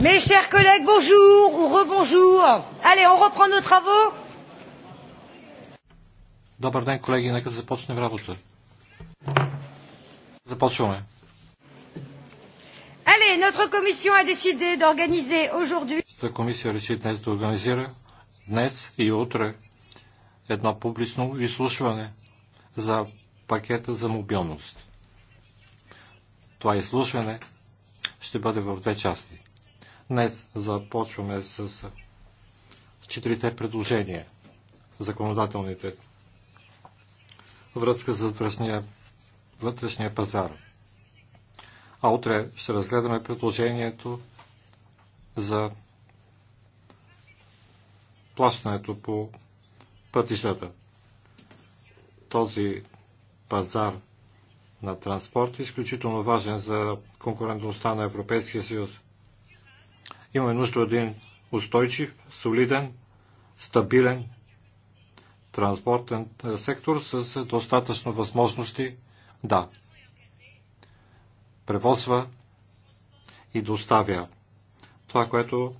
Mes chers collègues, bonjour ou rebonjour. Allez, on reprend nos travaux. Добър ден, колеги, нека започнем работа. Започваме. Allez, notre commission a décidé d'organiser aujourd'hui. Ста комисия реши днес да организира днес и утре едно публично изслушване за пакета за мобилност. Това изслушване ще бъде в две части. Днес започваме с четирите предложения, законодателните, връзка с вътрешния, вътрешния пазар. А утре ще разгледаме предложението за плащането по пътищата. Този пазар на транспорт е изключително важен за конкурентността на Европейския съюз. Имаме нужда от един устойчив, солиден, стабилен транспортен е, сектор с е, достатъчно възможности да превозва и доставя това, което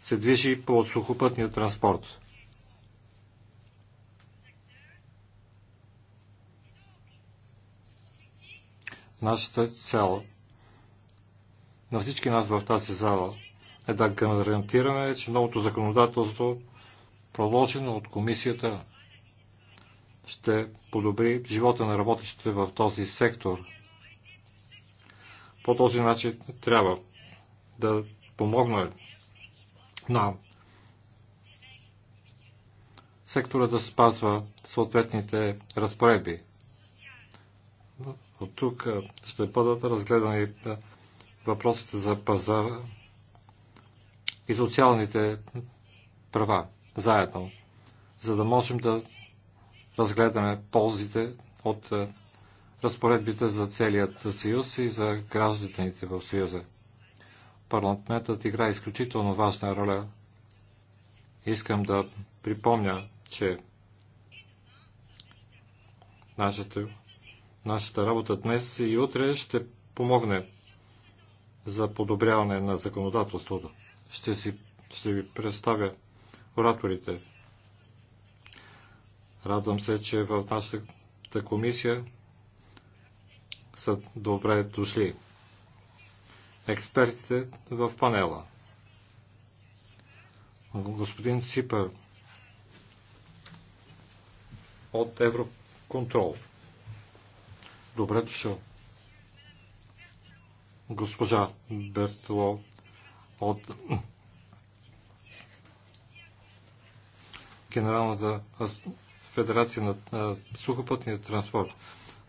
се движи по сухопътния транспорт. Нашата цел на всички нас в тази зала е да гарантираме, че новото законодателство, проложено от комисията, ще подобри живота на работещите в този сектор. По този начин трябва да помогне на сектора да спазва съответните разпоредби. От тук ще бъдат разгледани въпросите за пазара, и социалните права заедно, за да можем да разгледаме ползите от е, разпоредбите за целият съюз и за гражданите в съюза. Парламентът игра изключително важна роля. Искам да припомня, че нашата, нашата работа днес и утре ще помогне за подобряване на законодателството ще, си, ще ви представя ораторите. Радвам се, че в нашата комисия са добре дошли експертите в панела. Господин Сипър от Евроконтрол. Добре дошъл. Госпожа Бертоло от Генералната федерация на сухопътния транспорт.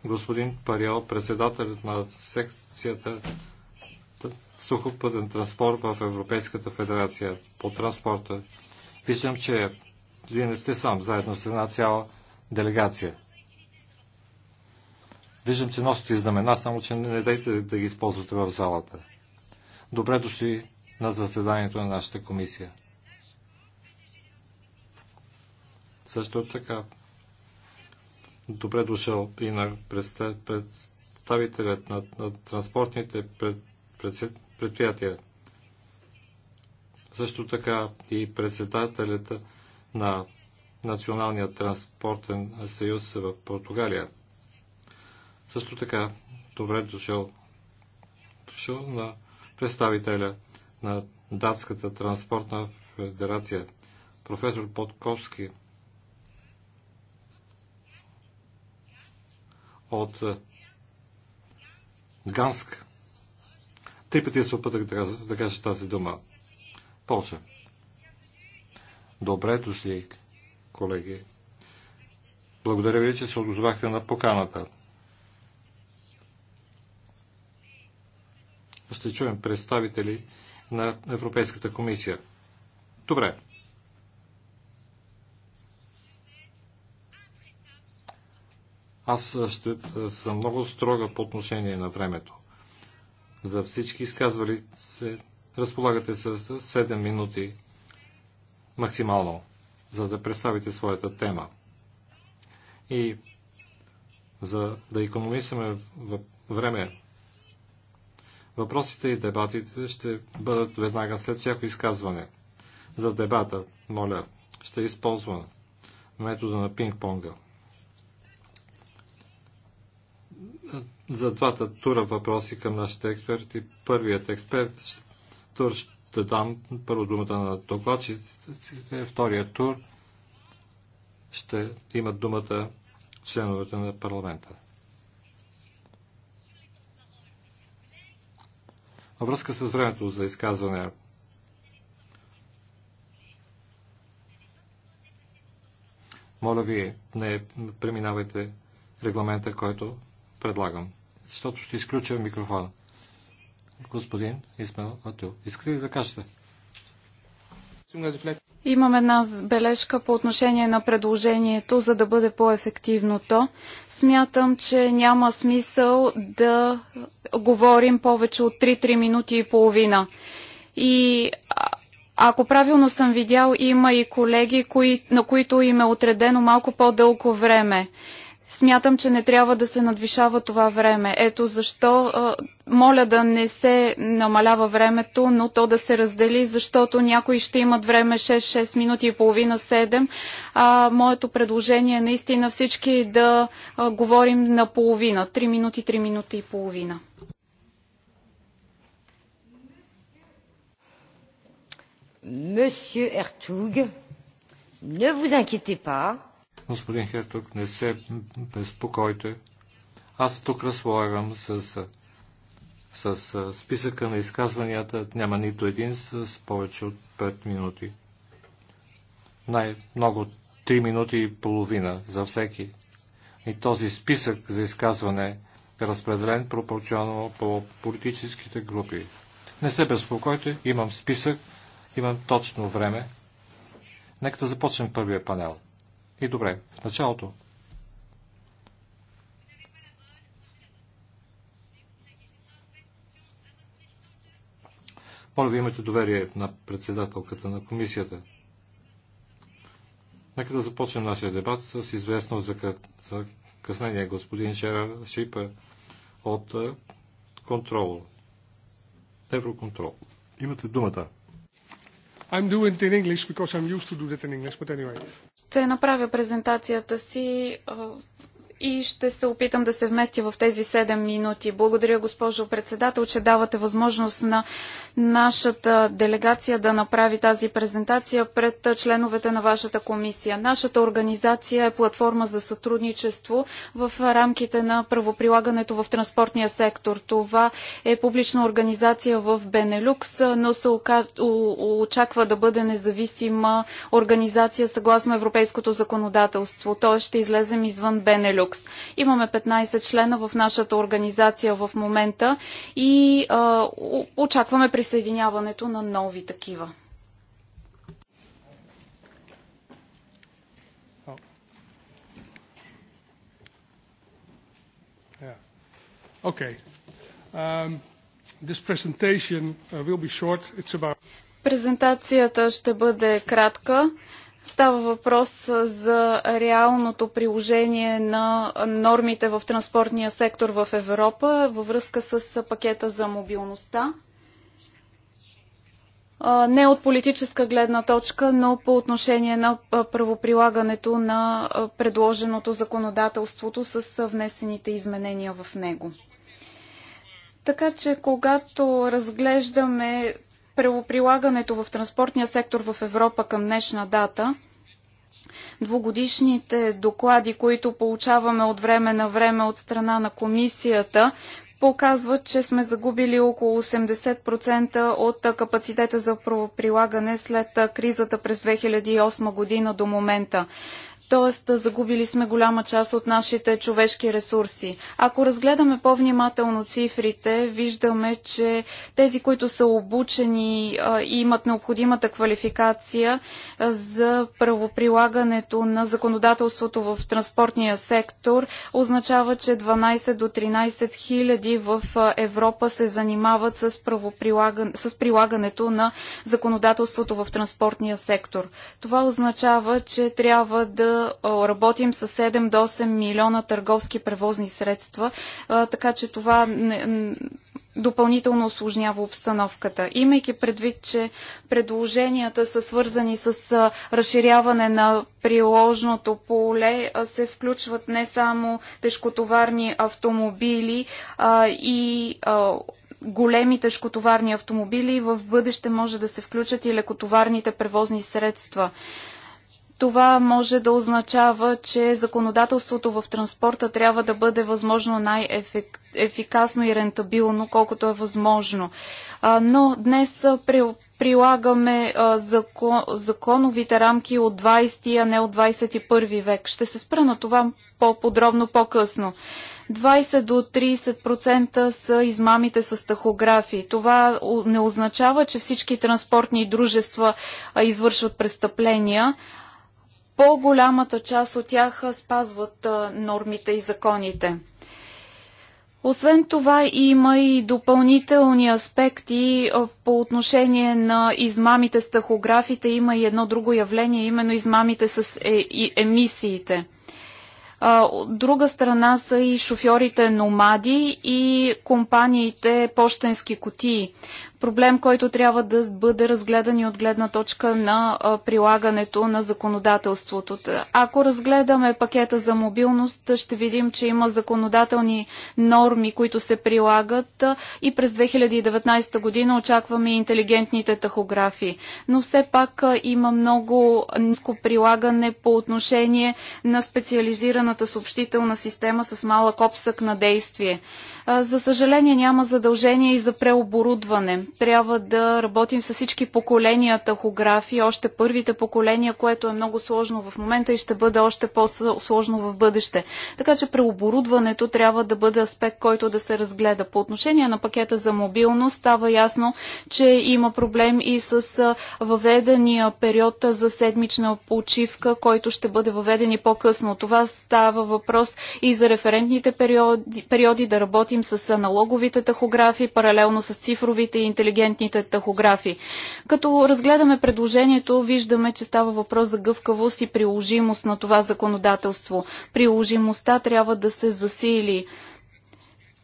Господин Париал, председател на секцията сухопътен транспорт в Европейската федерация по транспорта. Виждам, че вие не сте сам, заедно с една цяла делегация. Виждам, че носите знамена, само че не дайте да ги използвате в залата. Добре дошли на заседанието на нашата комисия. Също така, добре дошъл и на представителят на, на транспортните пред, пред, предприятия. Също така и председателят на Националния транспортен съюз в Португалия. Също така, добре дошъл, дошъл на представителя на Датската транспортна федерация, професор Подковски от Ганск. Три пъти се опитах да, да кажа тази дума. Полша. Добре дошли, колеги. Благодаря ви, че се отозвахте на поканата. Ще чуем представители на Европейската комисия. Добре. Аз ще съм много строга по отношение на времето. За всички изказвали се разполагате с 7 минути максимално, за да представите своята тема. И за да економисаме време Въпросите и дебатите ще бъдат веднага след всяко изказване. За дебата, моля, ще използвам метода на пинг-понга. За двата тура въпроси към нашите експерти. Първият експерт тур ще дам първо думата на докладчиците, вторият тур ще имат думата членовете на парламента. Във връзка с времето за изказване, моля ви, не преминавайте регламента, който предлагам, защото ще изключа микрофона. Господин Исмел Атю, искате ли да кажете? Имам една бележка по отношение на предложението, за да бъде по-ефективно то. Смятам, че няма смисъл да говорим повече от 3-3 минути и половина. И ако правилно съм видял, има и колеги, кои, на които им е отредено малко по-дълго време. Смятам, че не трябва да се надвишава това време. Ето защо а, моля да не се намалява времето, но то да се раздели, защото някои ще имат време 6-6 минути и половина 7. А моето предложение е наистина всички да а, говорим на половина. 3 минути, 3 минути и половина. Monsieur Ertug, ne vous inquiétez pas. Господин Хертук, не се безпокойте. Аз тук разполагам с, с списъка на изказванията. Няма нито един с повече от 5 минути. Най-много 3 минути и половина за всеки. И този списък за изказване е разпределен пропорционално по политическите групи. Не се безпокойте, имам списък, имам точно време. Нека да започнем първия панел. И добре, в началото. Моля ви, имате доверие на председателката на комисията. Нека да започнем нашия дебат с известно закъснение господин Жерар Шипа от е, контрол, Евроконтрол. Имате думата. I'm doing it in English because I'm used to do that in English, but anyway. Ще направя презентацията си и ще се опитам да се вместя в тези 7 минути. Благодаря, госпожо председател, че давате възможност на нашата делегация да направи тази презентация пред членовете на вашата комисия. Нашата организация е платформа за сътрудничество в рамките на правоприлагането в транспортния сектор. Това е публична организация в Бенелюкс, но се очаква да бъде независима организация съгласно европейското законодателство. Тоест ще излезем извън Бенелюкс. Люкс. Имаме 15 члена в нашата организация в момента и а, очакваме присъединяването на нови такива. Oh. Okay. Um, this presentation uh, will be short. It's about Презентацията ще бъде кратка. Става въпрос за реалното приложение на нормите в транспортния сектор в Европа във връзка с пакета за мобилността. Не от политическа гледна точка, но по отношение на правоприлагането на предложеното законодателството с внесените изменения в него. Така че, когато разглеждаме правоприлагането в транспортния сектор в Европа към днешна дата, двугодишните доклади, които получаваме от време на време от страна на комисията, показват, че сме загубили около 80% от капацитета за правоприлагане след кризата през 2008 година до момента. Тоест, загубили сме голяма част от нашите човешки ресурси. Ако разгледаме по-внимателно цифрите, виждаме, че тези, които са обучени и имат необходимата квалификация за правоприлагането на законодателството в транспортния сектор, означава, че 12 до 13 хиляди в Европа се занимават с, правоприлагане, с прилагането на законодателството в транспортния сектор. Това означава, че трябва да работим с 7 до 8 милиона търговски превозни средства, така че това допълнително осложнява обстановката. Имайки предвид, че предложенията са свързани с разширяване на приложното поле, се включват не само тежкотоварни автомобили а, и големи тежкотоварни автомобили, в бъдеще може да се включат и лекотоварните превозни средства. Това може да означава, че законодателството в транспорта трябва да бъде възможно най-ефикасно и рентабилно, колкото е възможно. Но днес прилагаме закон, законовите рамки от 20, а не от 21 век. Ще се спра на това по-подробно по-късно. 20 до 30% са измамите с тахографи. Това не означава, че всички транспортни дружества извършват престъпления, по-голямата част от тях спазват нормите и законите. Освен това има и допълнителни аспекти по отношение на измамите с тахографите. Има и едно друго явление, именно измамите с е, и емисиите. От друга страна са и шофьорите номади и компаниите пощенски котии проблем, който трябва да бъде разгледан и от гледна точка на прилагането на законодателството. Ако разгледаме пакета за мобилност, ще видим, че има законодателни норми, които се прилагат и през 2019 година очакваме интелигентните тахографии, Но все пак има много ниско прилагане по отношение на специализираната съобщителна система с малък обсък на действие. За съжаление няма задължение и за преоборудване трябва да работим с всички поколения тахографи, още първите поколения, което е много сложно в момента и ще бъде още по-сложно в бъдеще. Така че преоборудването трябва да бъде аспект, който да се разгледа. По отношение на пакета за мобилност става ясно, че има проблем и с въведения период за седмична почивка, който ще бъде въведен и по-късно. Това става въпрос и за референтните периоди, периоди да работим с аналоговите тахографи, паралелно с цифровите и интелигентните интелигентните тахографи. Като разгледаме предложението, виждаме, че става въпрос за гъвкавост и приложимост на това законодателство. Приложимостта трябва да се засили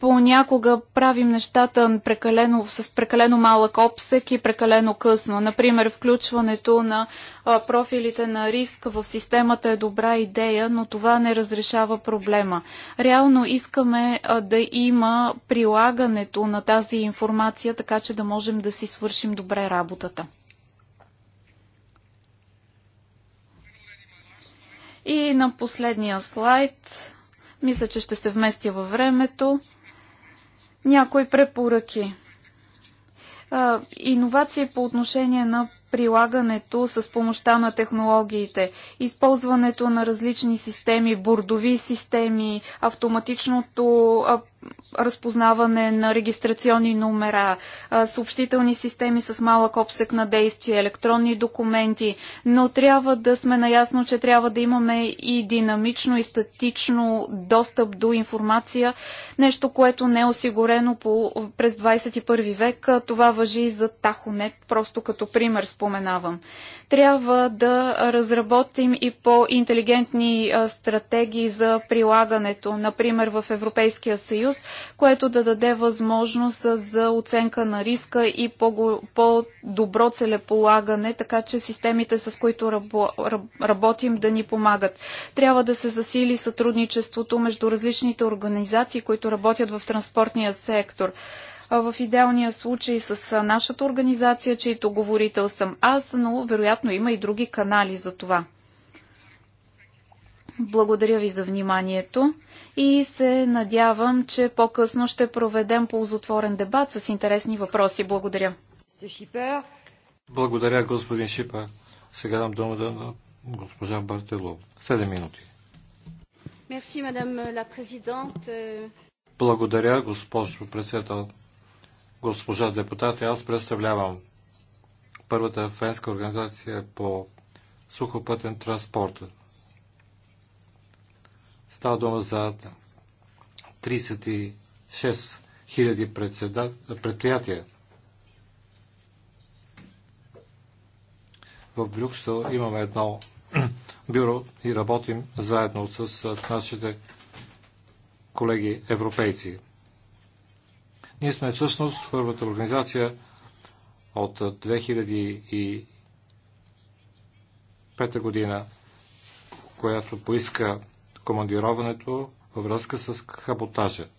понякога правим нещата прекалено, с прекалено малък обсек и прекалено късно. Например, включването на профилите на риск в системата е добра идея, но това не разрешава проблема. Реално искаме да има прилагането на тази информация, така че да можем да си свършим добре работата. И на последния слайд, мисля, че ще се вместя във времето. Някои препоръки. Иновации по отношение на прилагането с помощта на технологиите, използването на различни системи, бордови системи, автоматичното разпознаване на регистрационни номера, съобщителни системи с малък обсек на действие, електронни документи, но трябва да сме наясно, че трябва да имаме и динамично и статично достъп до информация, нещо, което не е осигурено по, през 21 век. Това въжи и за Тахонет, просто като пример споменавам. Трябва да разработим и по-интелигентни стратегии за прилагането, например в Европейския съюз, което да даде възможност за оценка на риска и по-добро целеполагане, така че системите, с които работим, да ни помагат. Трябва да се засили сътрудничеството между различните организации, които работят в транспортния сектор в идеалния случай с нашата организация, чието говорител съм аз, но вероятно има и други канали за това. Благодаря ви за вниманието и се надявам, че по-късно ще проведем ползотворен дебат с интересни въпроси. Благодаря. Благодаря, господин Шипа. Сега дам думата на госпожа Бартело. Седем минути. Благодаря, госпожо председател госпожа депутат и аз представлявам първата френска организация по сухопътен транспорт. Става дума за 36 000 предприятия. В Брюксел имаме едно бюро и работим заедно с нашите колеги европейци. Ние сме всъщност първата организация от 2005 година, която поиска командироването във връзка с хаботажа.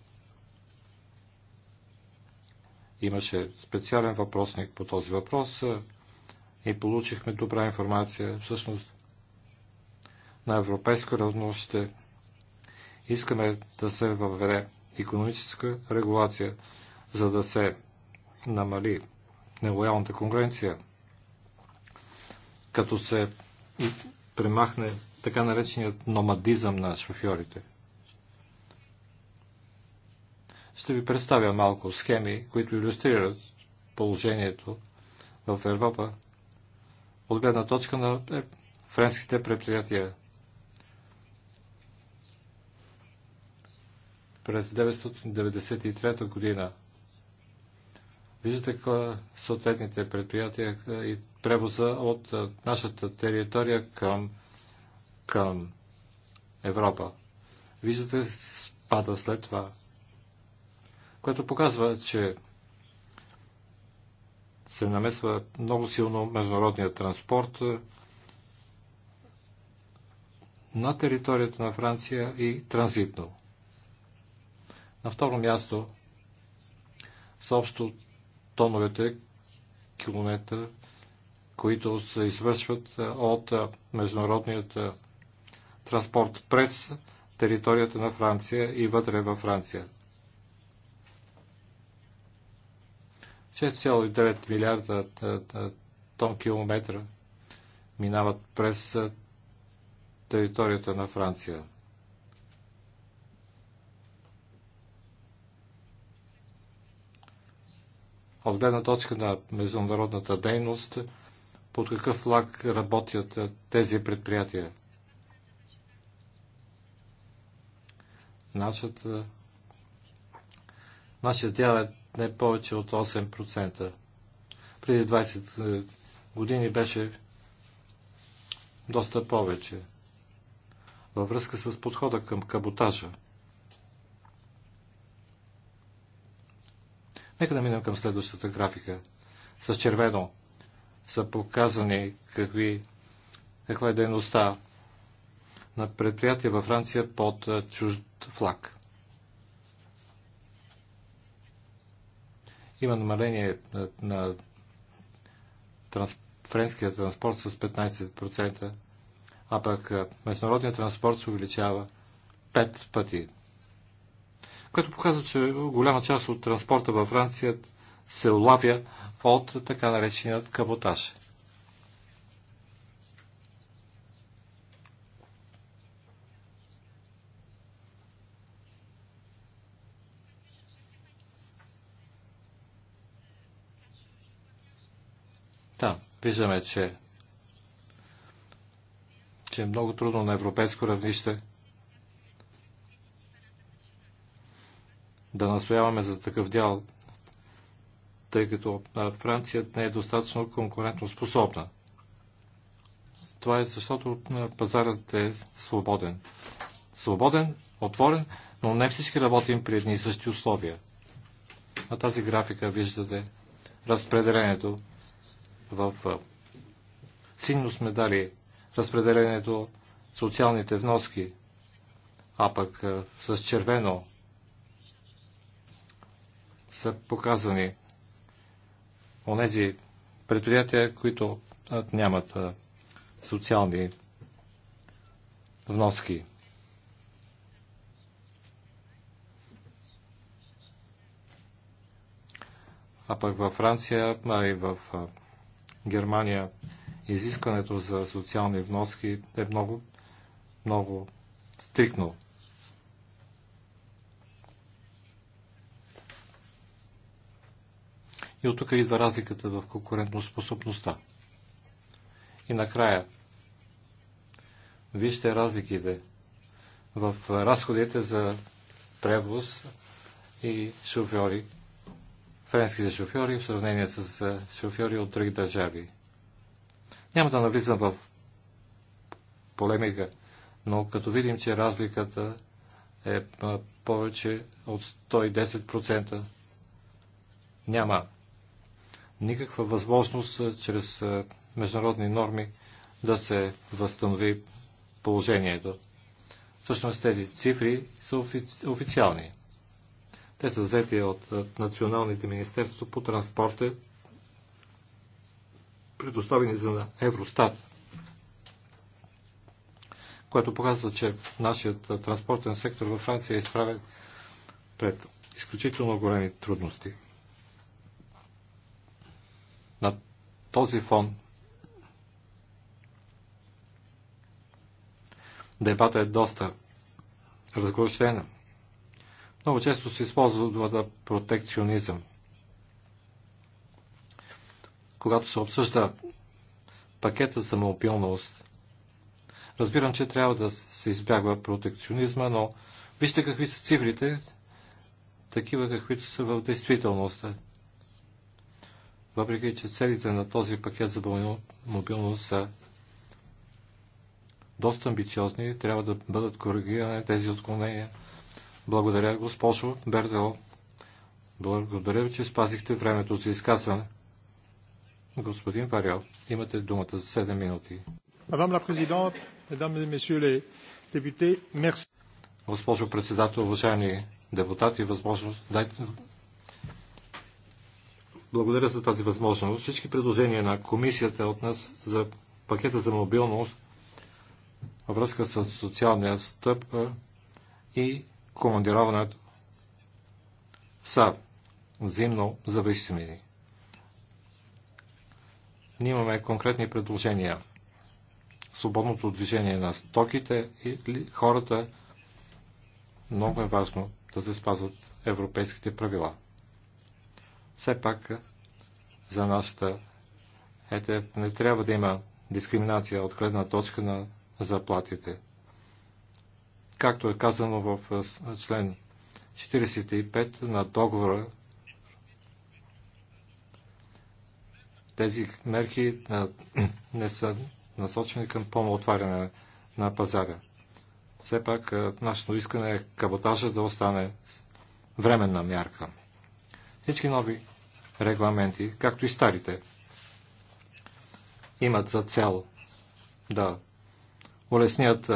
Имаше специален въпросник по този въпрос и получихме добра информация. Всъщност на европейско ще искаме да се въведе економическа регулация за да се намали нелоялната конкуренция, като се премахне така нареченият номадизъм на шофьорите. Ще ви представя малко схеми, които иллюстрират положението в Европа от гледна точка на е, френските предприятия. През 1993 година Виждате какво е съответните предприятия е, и превоза от е, нашата територия към, към Европа. Виждате спада след това, което показва, че се намесва много силно международния транспорт на територията на Франция и транзитно. На второ място са общо тоновете километър, които се извършват е, от е, международният е, транспорт през територията на Франция и вътре във Франция. 6,9 милиарда тон километра минават през територията на Франция. от гледна точка на международната дейност, под какъв лак работят тези предприятия. Нашата, нашия дял е не повече от 8%. Преди 20 е, години беше доста повече. Във връзка с подхода към каботажа – Нека да минем към следващата графика. С червено са показани какви, каква е дейността на предприятия във Франция под чужд флаг. Има намаление на френския транспорт с 15%, а пък международният транспорт се увеличава 5 пъти което показва, че голяма част от транспорта във Франция се улавя от така нареченият каботаж. Да, виждаме, че, че е много трудно на европейско равнище да настояваме за такъв дял, тъй като Франция не е достатъчно конкурентно способна. Това е защото пазарът е свободен. Свободен, отворен, но не всички работим при едни и същи условия. На тази графика виждате разпределението в синьо сме дали разпределението социалните вноски, а пък с червено са показани онези предприятия, които нямат социални вноски. А пък във Франция, а и в Германия изискването за социални вноски е много, много стрикно. И от тук идва разликата в конкурентоспособността. И накрая, вижте разликите в разходите за превоз и шофьори, френските шофьори в сравнение с шофьори от други държави. Няма да навлизам в полемика, но като видим, че разликата е повече от 110%, няма никаква възможност чрез международни норми да се възстанови положението. Всъщност тези цифри са офици... официални. Те са взети от националните министерства по транспорта, предоставени за Евростат, което показва, че нашият транспортен сектор във Франция е изправен пред изключително големи трудности. този фон дебата е доста разгорещена. Много често се използва думата протекционизъм. Когато се обсъжда пакета за мобилност, разбирам, че трябва да се избягва протекционизма, но вижте какви са цифрите, такива каквито са в действителността въпреки че целите на този пакет за мобилност са доста амбициозни, трябва да бъдат коригирани тези отклонения. Благодаря, госпожо Бердел. Благодаря, че спазихте времето за изказване. Господин Парио, имате думата за 7 минути. Госпожо председател, уважаеми депутати, възможност, дайте, благодаря за тази възможност. Всички предложения на комисията от нас за пакета за мобилност във връзка с социалния стъп и командироването са взаимно зависими. Ние имаме конкретни предложения. Свободното движение на стоките и хората много е важно да се спазват европейските правила. Все пак е, за нашата ете, не трябва да има дискриминация от гледна точка на заплатите. Както е казано в е, е, член 45 на договора, тези мерки не са насочени към пълно отваряне на пазара. Все пак нашето искане е каботажа да остане временна мярка. Всички нови регламенти, както и старите, имат за цел да улеснят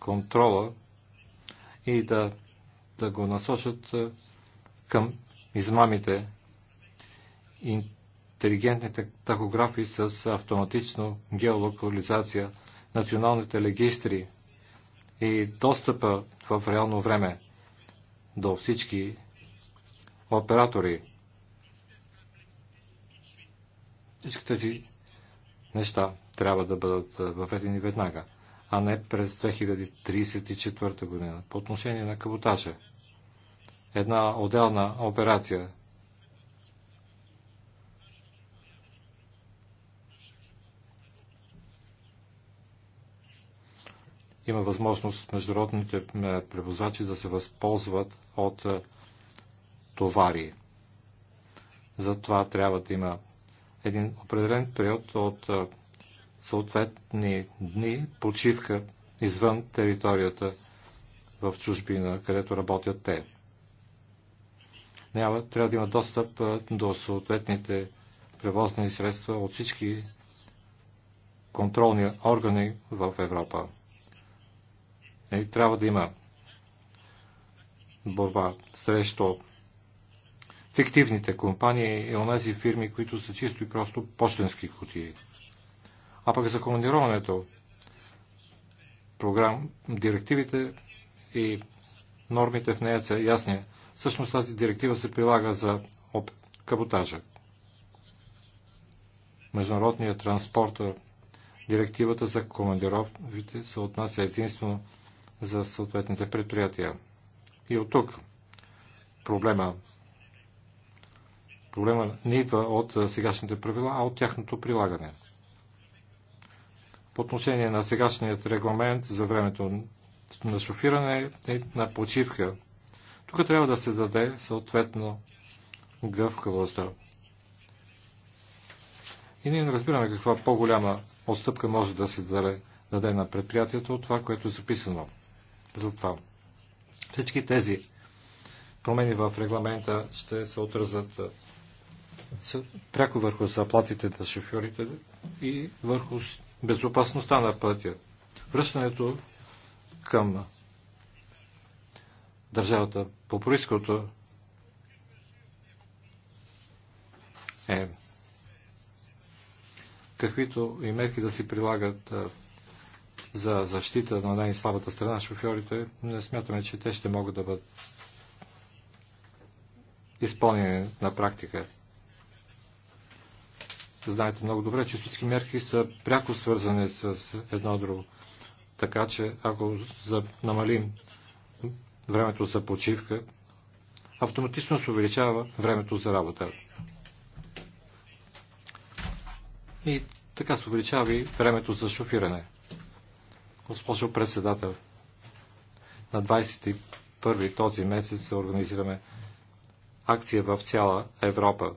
контрола и да, да го насочат към измамите. Интелигентните тахографи с автоматично геолокализация, националните регистри и достъпа в реално време до всички оператори. Всички тези неща трябва да бъдат е, въведени веднага, а не през 2034 година. По отношение на каботажа, една отделна операция има възможност международните е, превозвачи да се възползват от е, товари. Затова трябва да има един определен период от съответни дни почивка извън територията в чужбина, където работят те. Няма, трябва да има достъп до съответните превозни средства от всички контролни органи в Европа. И трябва да има борба срещу фиктивните компании и онези фирми, които са чисто и просто почтенски кутии. А пък за командироването, програм, директивите и нормите в нея са ясни. Всъщност тази директива се прилага за оп- каботажа. Международният транспорт, директивата за командировките се отнася единствено за съответните предприятия. И от тук проблема Проблема не идва от сегашните правила, а от тяхното прилагане. По отношение на сегашният регламент за времето на шофиране и на почивка, тук трябва да се даде съответно гъвкавостта. И ние не разбираме каква по-голяма отстъпка може да се даде, даде на предприятието от това, което е записано. Затова всички тези промени в регламента ще се отразят пряко върху заплатите на шофьорите и върху безопасността на пътя. Връщането към държавата по происхода е каквито и мерки да си прилагат за защита на най-слабата страна шофьорите, не смятаме, че те ще могат да бъдат изпълнени на практика. Знаете много добре, че всички мерки са пряко свързани с едно друго. Така че, ако за, намалим времето за почивка, автоматично се увеличава времето за работа. И така се увеличава и времето за шофиране. Госпожо председател, на 21 този месец организираме акция в цяла Европа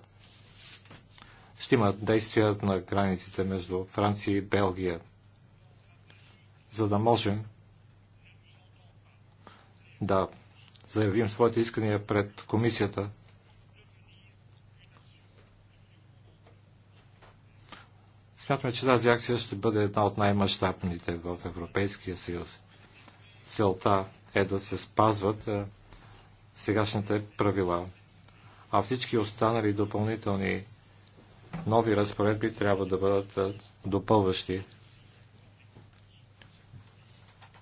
ще има действия на границите между Франция и Белгия, за да можем да заявим своите искания пред комисията. Смятаме, че тази акция ще бъде една от най-мащабните в Европейския съюз. Целта е да се спазват сегашните правила, а всички останали допълнителни нови разпоредби трябва да бъдат допълващи.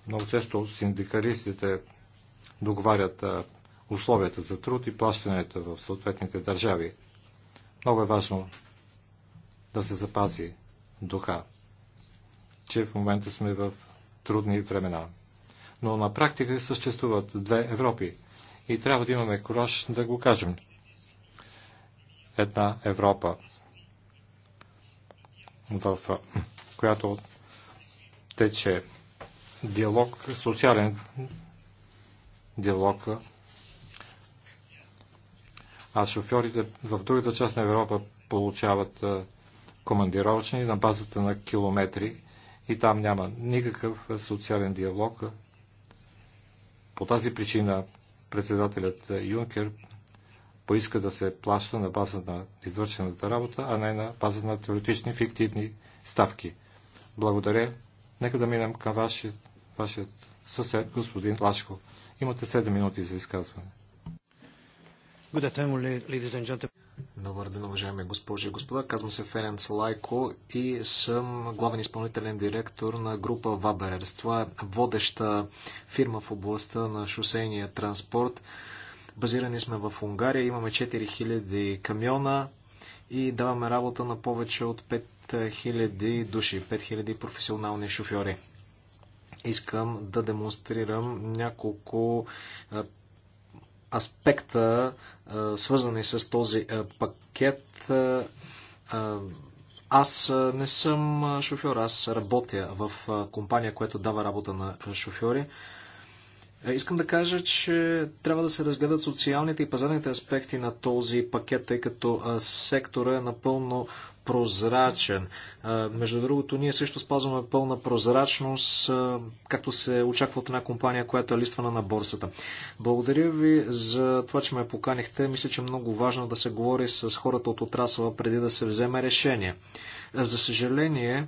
Много често синдикалистите договарят условията за труд и плащането в съответните държави. Много е важно да се запази духа, че в момента сме в трудни времена. Но на практика съществуват две Европи и трябва да имаме кораж да го кажем. Една Европа в която тече диалог, социален диалог. А шофьорите в другата част на Европа получават командировъчни на базата на километри и там няма никакъв социален диалог. По тази причина председателят Юнкер поиска да се плаща на база на извършената работа, а не на база на теоретични фиктивни ставки. Благодаря. Нека да минем към вашия, вашият съсед, господин Лашко. Имате 7 минути за изказване. Добър ден, уважаеми госпожи и господа. Казвам се Ференц Лайко и съм главен изпълнителен директор на група Ваберерс. Това е водеща фирма в областта на шосейния транспорт. Базирани сме в Унгария, имаме 4000 камиона и даваме работа на повече от 5000 души, 5000 професионални шофьори. Искам да демонстрирам няколко аспекта, свързани с този пакет. Аз не съм шофьор, аз работя в компания, която дава работа на шофьори. Е, искам да кажа, че трябва да се разгледат социалните и пазарните аспекти на този пакет, тъй като сектора е напълно прозрачен. Между другото, ние също спазваме пълна прозрачност, както се очаква от една компания, която е листвана на борсата. Благодаря ви за това, че ме поканихте. Мисля, че е много важно да се говори с хората от отрасъла преди да се вземе решение. За съжаление,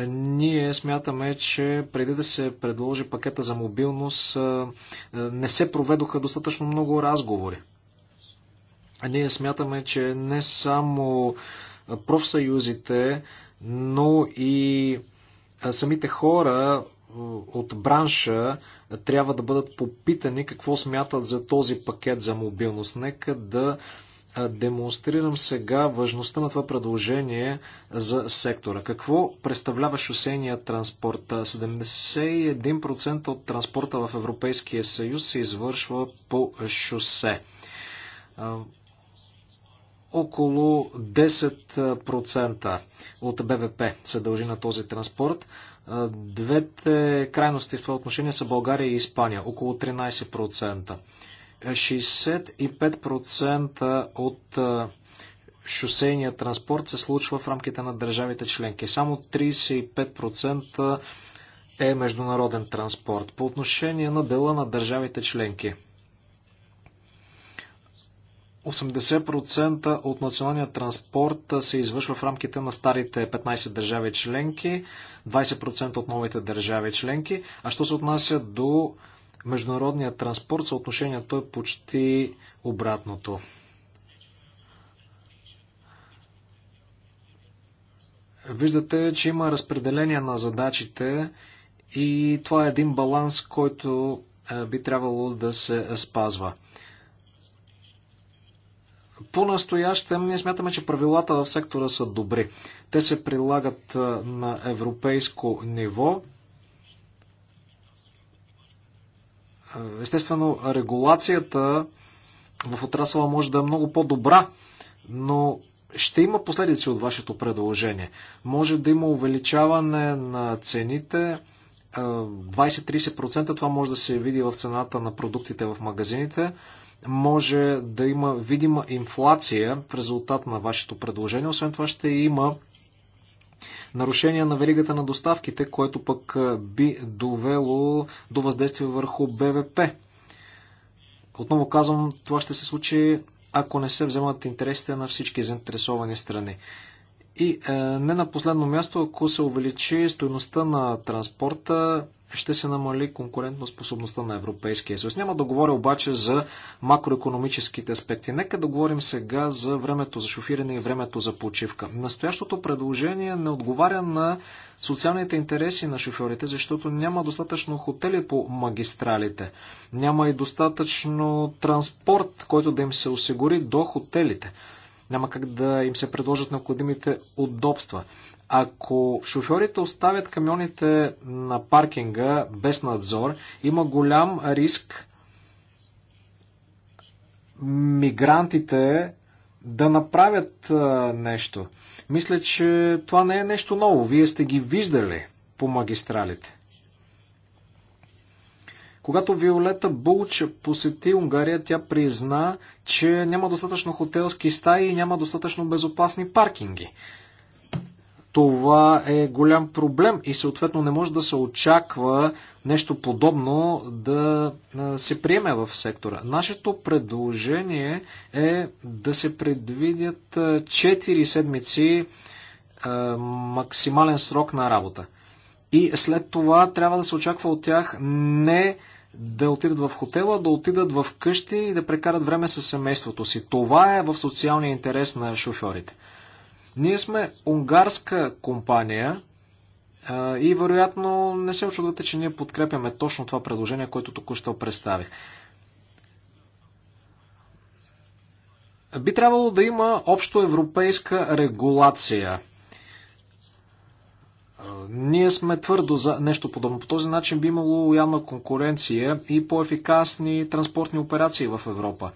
е, ние смятаме, че преди да се предложи пакета за мобилност, е, е, не се проведоха достатъчно много разговори. Ние смятаме, че не само профсъюзите, но и самите хора от бранша трябва да бъдат попитани какво смятат за този пакет за мобилност. Нека да демонстрирам сега важността на това предложение за сектора. Какво представлява шосейния транспорт? 71% от транспорта в Европейския съюз се извършва по шосе. Около 10% от БВП се дължи на този транспорт. Двете крайности в това отношение са България и Испания, около 13%. 65% от шосейния транспорт се случва в рамките на държавите членки. Само 35% е международен транспорт. По отношение на дела на държавите членки. 80% от националния транспорт се извършва в рамките на старите 15 държави членки, 20% от новите държави членки. А що се отнася до международния транспорт, съотношението е почти обратното. Виждате, че има разпределение на задачите и това е един баланс, който е, би трябвало да се спазва. По-настоящем ние смятаме, че правилата в сектора са добри. Те се прилагат е, на европейско ниво. Е, естествено, регулацията в отрасъла може да е много по-добра, но ще има последици от вашето предложение. Може да има увеличаване на цените. 20-30% е, това може да се види в цената на продуктите в магазините. Може да има видима инфлация в резултат на вашето предложение. Освен това ще има нарушение на веригата на доставките, което пък би довело до въздействие върху БВП. Отново казвам, това ще се случи, ако не се вземат интересите на всички заинтересовани страни. И е, не на последно място, ако се увеличи стоеността на транспорта, ще се намали конкурентно способността на Европейския съюз. Няма да говоря обаче за макроекономическите аспекти. Нека да говорим сега за времето за шофиране и времето за почивка. Настоящото предложение не отговаря на социалните интереси на шофьорите, защото няма достатъчно хотели по магистралите. Няма и достатъчно транспорт, който да им се осигури до хотелите. Няма как да им се предложат необходимите удобства. Ако шофьорите оставят камионите на паркинга без надзор, има голям риск мигрантите да направят нещо. Мисля, че това не е нещо ново. Вие сте ги виждали по магистралите. Когато Виолета Булч посети Унгария, тя призна, че няма достатъчно хотелски стаи и няма достатъчно безопасни паркинги това е голям проблем и съответно не може да се очаква нещо подобно да се приеме в сектора. Нашето предложение е да се предвидят 4 седмици максимален срок на работа. И след това трябва да се очаква от тях не да отидат в хотела, да отидат в къщи и да прекарат време с семейството си. Това е в социалния интерес на шофьорите. Ние сме унгарска компания и вероятно не се очудвате, че ние подкрепяме точно това предложение, което току-що представих. Би трябвало да има общо европейска регулация. Ние сме твърдо за нещо подобно. По този начин би имало лоялна конкуренция и по-ефикасни транспортни операции в Европа.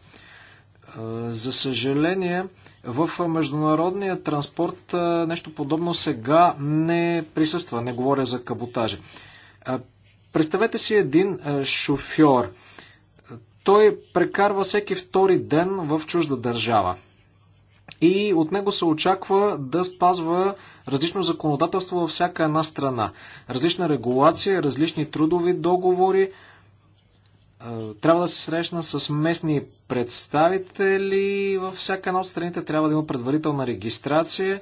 За съжаление, в международния транспорт нещо подобно сега не присъства, не говоря за каботажи. Представете си един шофьор. Той прекарва всеки втори ден в чужда държава. И от него се очаква да спазва различно законодателство във всяка една страна. Различна регулация, различни трудови договори, трябва да се срещна с местни представители във всяка една от страните, трябва да има предварителна регистрация.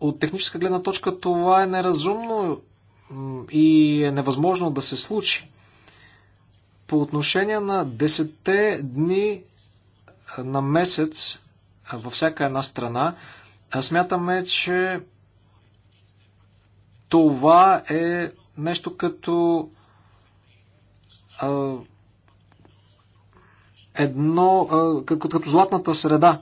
От техническа гледна точка това е неразумно и е невъзможно да се случи. По отношение на 10 дни на месец във всяка една страна, смятаме, че това е нещо като едно, като, като златната среда.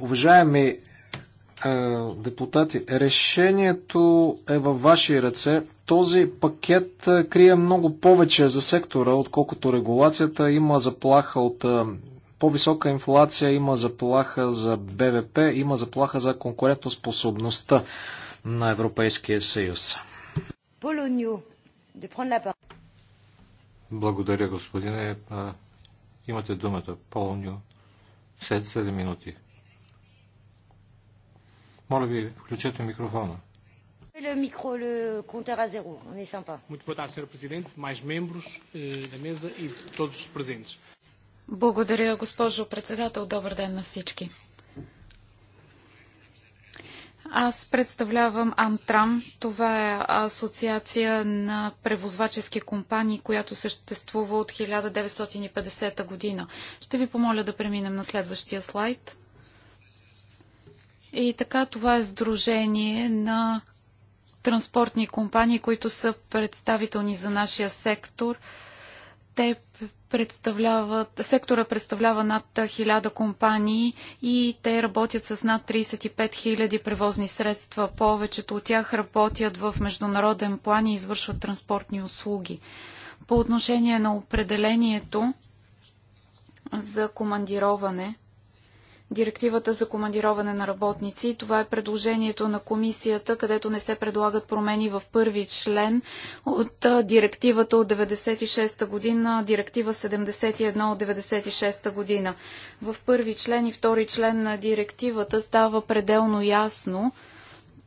Уважаеми депутати, решението е във ваши ръце. Този пакет крие много повече за сектора, отколкото регулацията. Има заплаха от по-висока инфлация, има заплаха за БВП, има заплаха за конкурентоспособността на Европейския съюз. Благодаря, господине. Имате думата. Полоню, След 7 минути. Моля ви, включете микрофона. Le micro, le compteur à zéro. On est sympa. Muito boa tarde, Sr. Presidente, mais membros eh, da mesa e todos os presentes. Благодаря, госпожо председател. Добър ден на всички. Аз представлявам Амтрам. Това е асоциация на превозвачески компании, която съществува от 1950 година. Ще ви помоля да преминем на следващия слайд. И така, това е сдружение на транспортни компании, които са представителни за нашия сектор – те представляват, сектора представлява над 1000 компании и те работят с над 35 000 превозни средства. Повечето от тях работят в международен план и извършват транспортни услуги. По отношение на определението за командироване – директивата за командироване на работници. Това е предложението на комисията, където не се предлагат промени в първи член от директивата от 96-та година, директива 71 от 96-та година. В първи член и втори член на директивата става пределно ясно,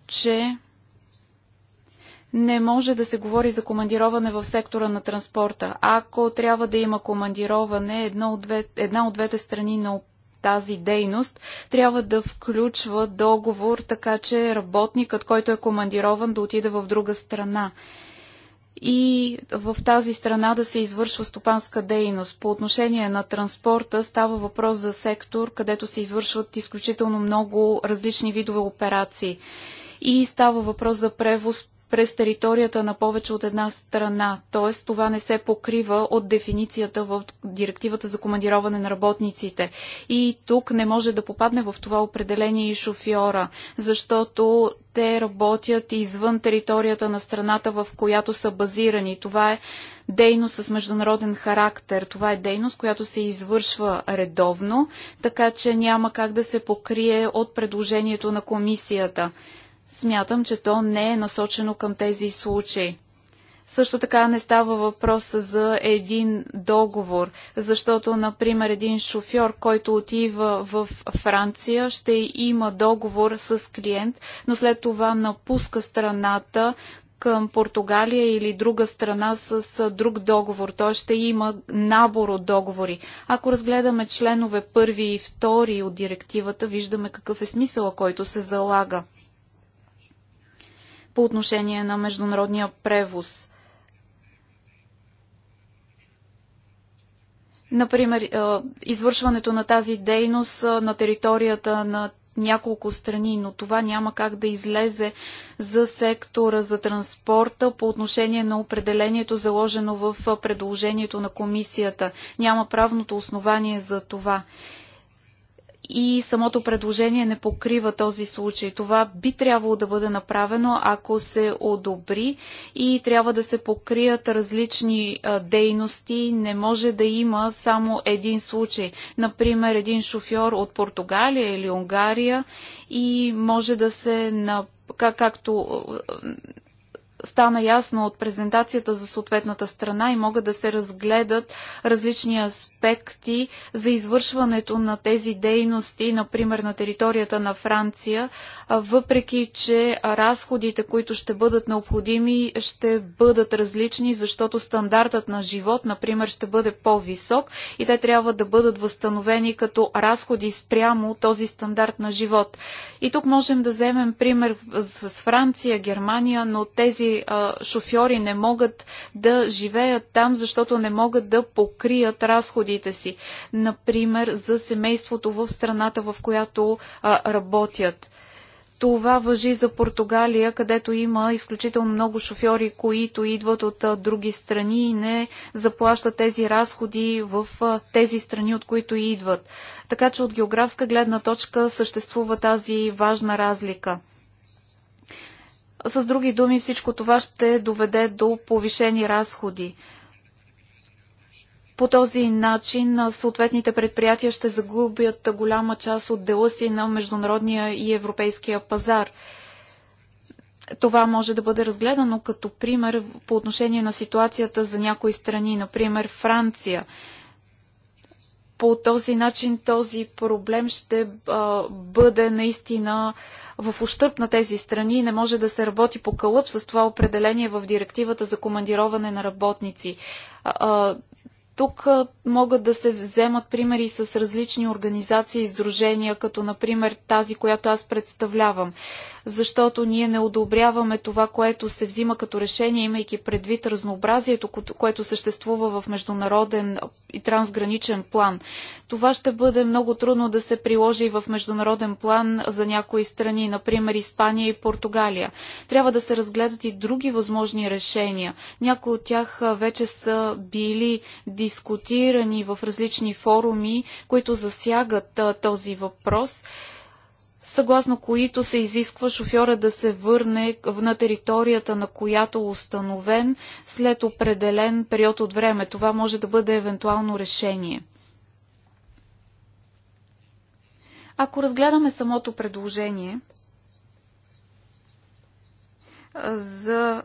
че не може да се говори за командироване в сектора на транспорта. Ако трябва да има командироване, една от двете страни на тази дейност трябва да включва договор, така че работникът, който е командирован, да отиде в друга страна и в тази страна да се извършва стопанска дейност. По отношение на транспорта става въпрос за сектор, където се извършват изключително много различни видове операции. И става въпрос за превоз през територията на повече от една страна. Т.е. това не се покрива от дефиницията в директивата за командироване на работниците. И тук не може да попадне в това определение и шофьора, защото те работят извън територията на страната, в която са базирани. Това е дейност с международен характер. Това е дейност, която се извършва редовно, така че няма как да се покрие от предложението на комисията смятам, че то не е насочено към тези случаи. Също така не става въпрос за един договор, защото, например, един шофьор, който отива в Франция, ще има договор с клиент, но след това напуска страната към Португалия или друга страна с друг договор. Той ще има набор от договори. Ако разгледаме членове първи и втори от директивата, виждаме какъв е смисъла, който се залага – по отношение на международния превоз. Например, е, извършването на тази дейност е, на територията на няколко страни, но това няма как да излезе за сектора за транспорта по отношение на определението заложено в е, предложението на комисията. Няма правното основание за това и самото предложение не покрива този случай. Това би трябвало да бъде направено, ако се одобри и трябва да се покрият различни а, дейности. Не може да има само един случай. Например, един шофьор от Португалия или Унгария и може да се, как, както стана ясно от презентацията за съответната страна и могат да се разгледат различни аспекти за извършването на тези дейности, например на територията на Франция, въпреки че разходите, които ще бъдат необходими, ще бъдат различни, защото стандартът на живот, например, ще бъде по-висок и те трябва да бъдат възстановени като разходи спрямо този стандарт на живот. И тук можем да вземем пример с Франция, Германия, но тези а, шофьори не могат да живеят там, защото не могат да покрият разходите си. Например, за семейството в страната, в която а, работят. Това въжи за Португалия, където има изключително много шофьори, които идват от а, други страни и не заплащат тези разходи в а, тези страни, от които идват. Така че от географска гледна точка съществува тази важна разлика. С други думи, всичко това ще доведе до повишени разходи. По този начин съответните предприятия ще загубят голяма част от дела си на международния и европейския пазар. Това може да бъде разгледано като пример по отношение на ситуацията за някои страни, например Франция. По този начин този проблем ще бъде наистина в ущърп на тези страни и не може да се работи по кълъп с това определение в директивата за командироване на работници. тук могат да се вземат примери с различни организации и издружения, като например тази, която аз представлявам защото ние не одобряваме това, което се взима като решение, имайки предвид разнообразието, което съществува в международен и трансграничен план. Това ще бъде много трудно да се приложи и в международен план за някои страни, например Испания и Португалия. Трябва да се разгледат и други възможни решения. Някои от тях вече са били дискутирани в различни форуми, които засягат този въпрос съгласно които се изисква шофьора да се върне на територията, на която е установен след определен период от време. Това може да бъде евентуално решение. Ако разгледаме самото предложение за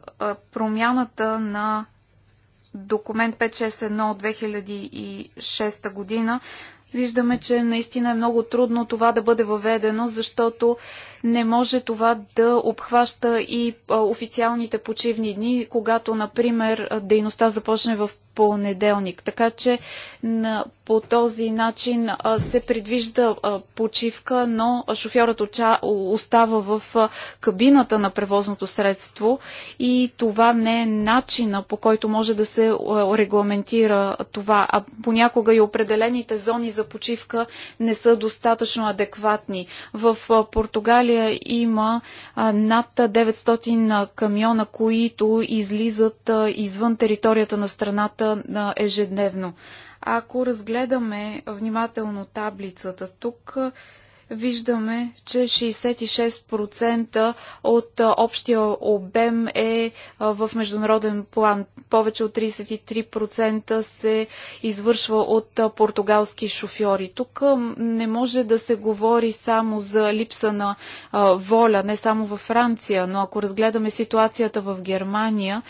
промяната на документ 561 от 2006 година Виждаме, че наистина е много трудно това да бъде въведено, защото не може това да обхваща и официалните почивни дни, когато, например, дейността започне в понеделник. Така че по този начин се предвижда почивка, но шофьорът остава в кабината на превозното средство и това не е начина по който може да се регламентира това. А понякога и определените зони за почивка не са достатъчно адекватни. В Португалия България има над 900 камиона, които излизат извън територията на страната ежедневно. Ако разгледаме внимателно таблицата тук, виждаме, че 66% от общия обем е в международен план. Повече от 33% се извършва от португалски шофьори. Тук не може да се говори само за липса на воля, не само във Франция, но ако разгледаме ситуацията в Германия,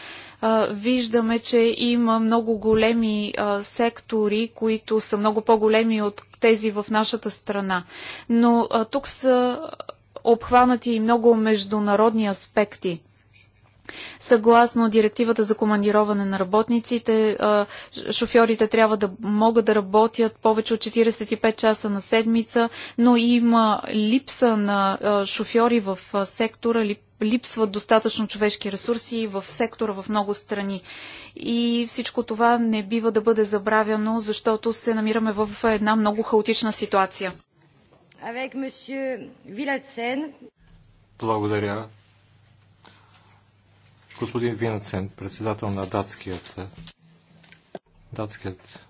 виждаме, че има много големи сектори, които са много по-големи от тези в нашата страна. Но тук са обхванати и много международни аспекти. Съгласно директивата за командироване на работниците, шофьорите трябва да могат да работят повече от 45 часа на седмица, но има липса на шофьори в сектора, липса липсват достатъчно човешки ресурси в сектора в много страни. И всичко това не бива да бъде забравяно, защото се намираме в една много хаотична ситуация. Благодаря. Господин Винацен, председател на датският, датският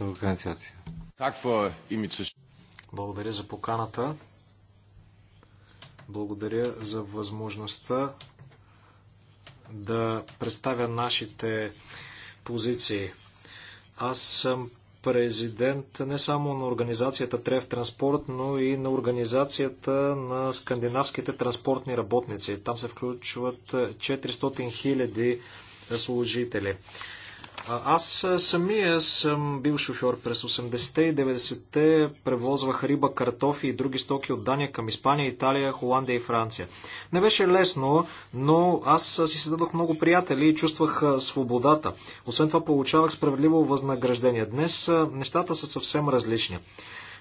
организация. Благодаря за поканата. Благодаря за възможността да представя нашите позиции. Аз съм президент не само на организацията Трев Транспорт, но и на организацията на скандинавските транспортни работници. Там се включват 400 000 служители. Аз самия съм бил шофьор през 80-те и 90-те, превозвах риба, картофи и други стоки от Дания към Испания, Италия, Холандия и Франция. Не беше лесно, но аз си създадох много приятели и чувствах свободата. Освен това получавах справедливо възнаграждение. Днес нещата са съвсем различни.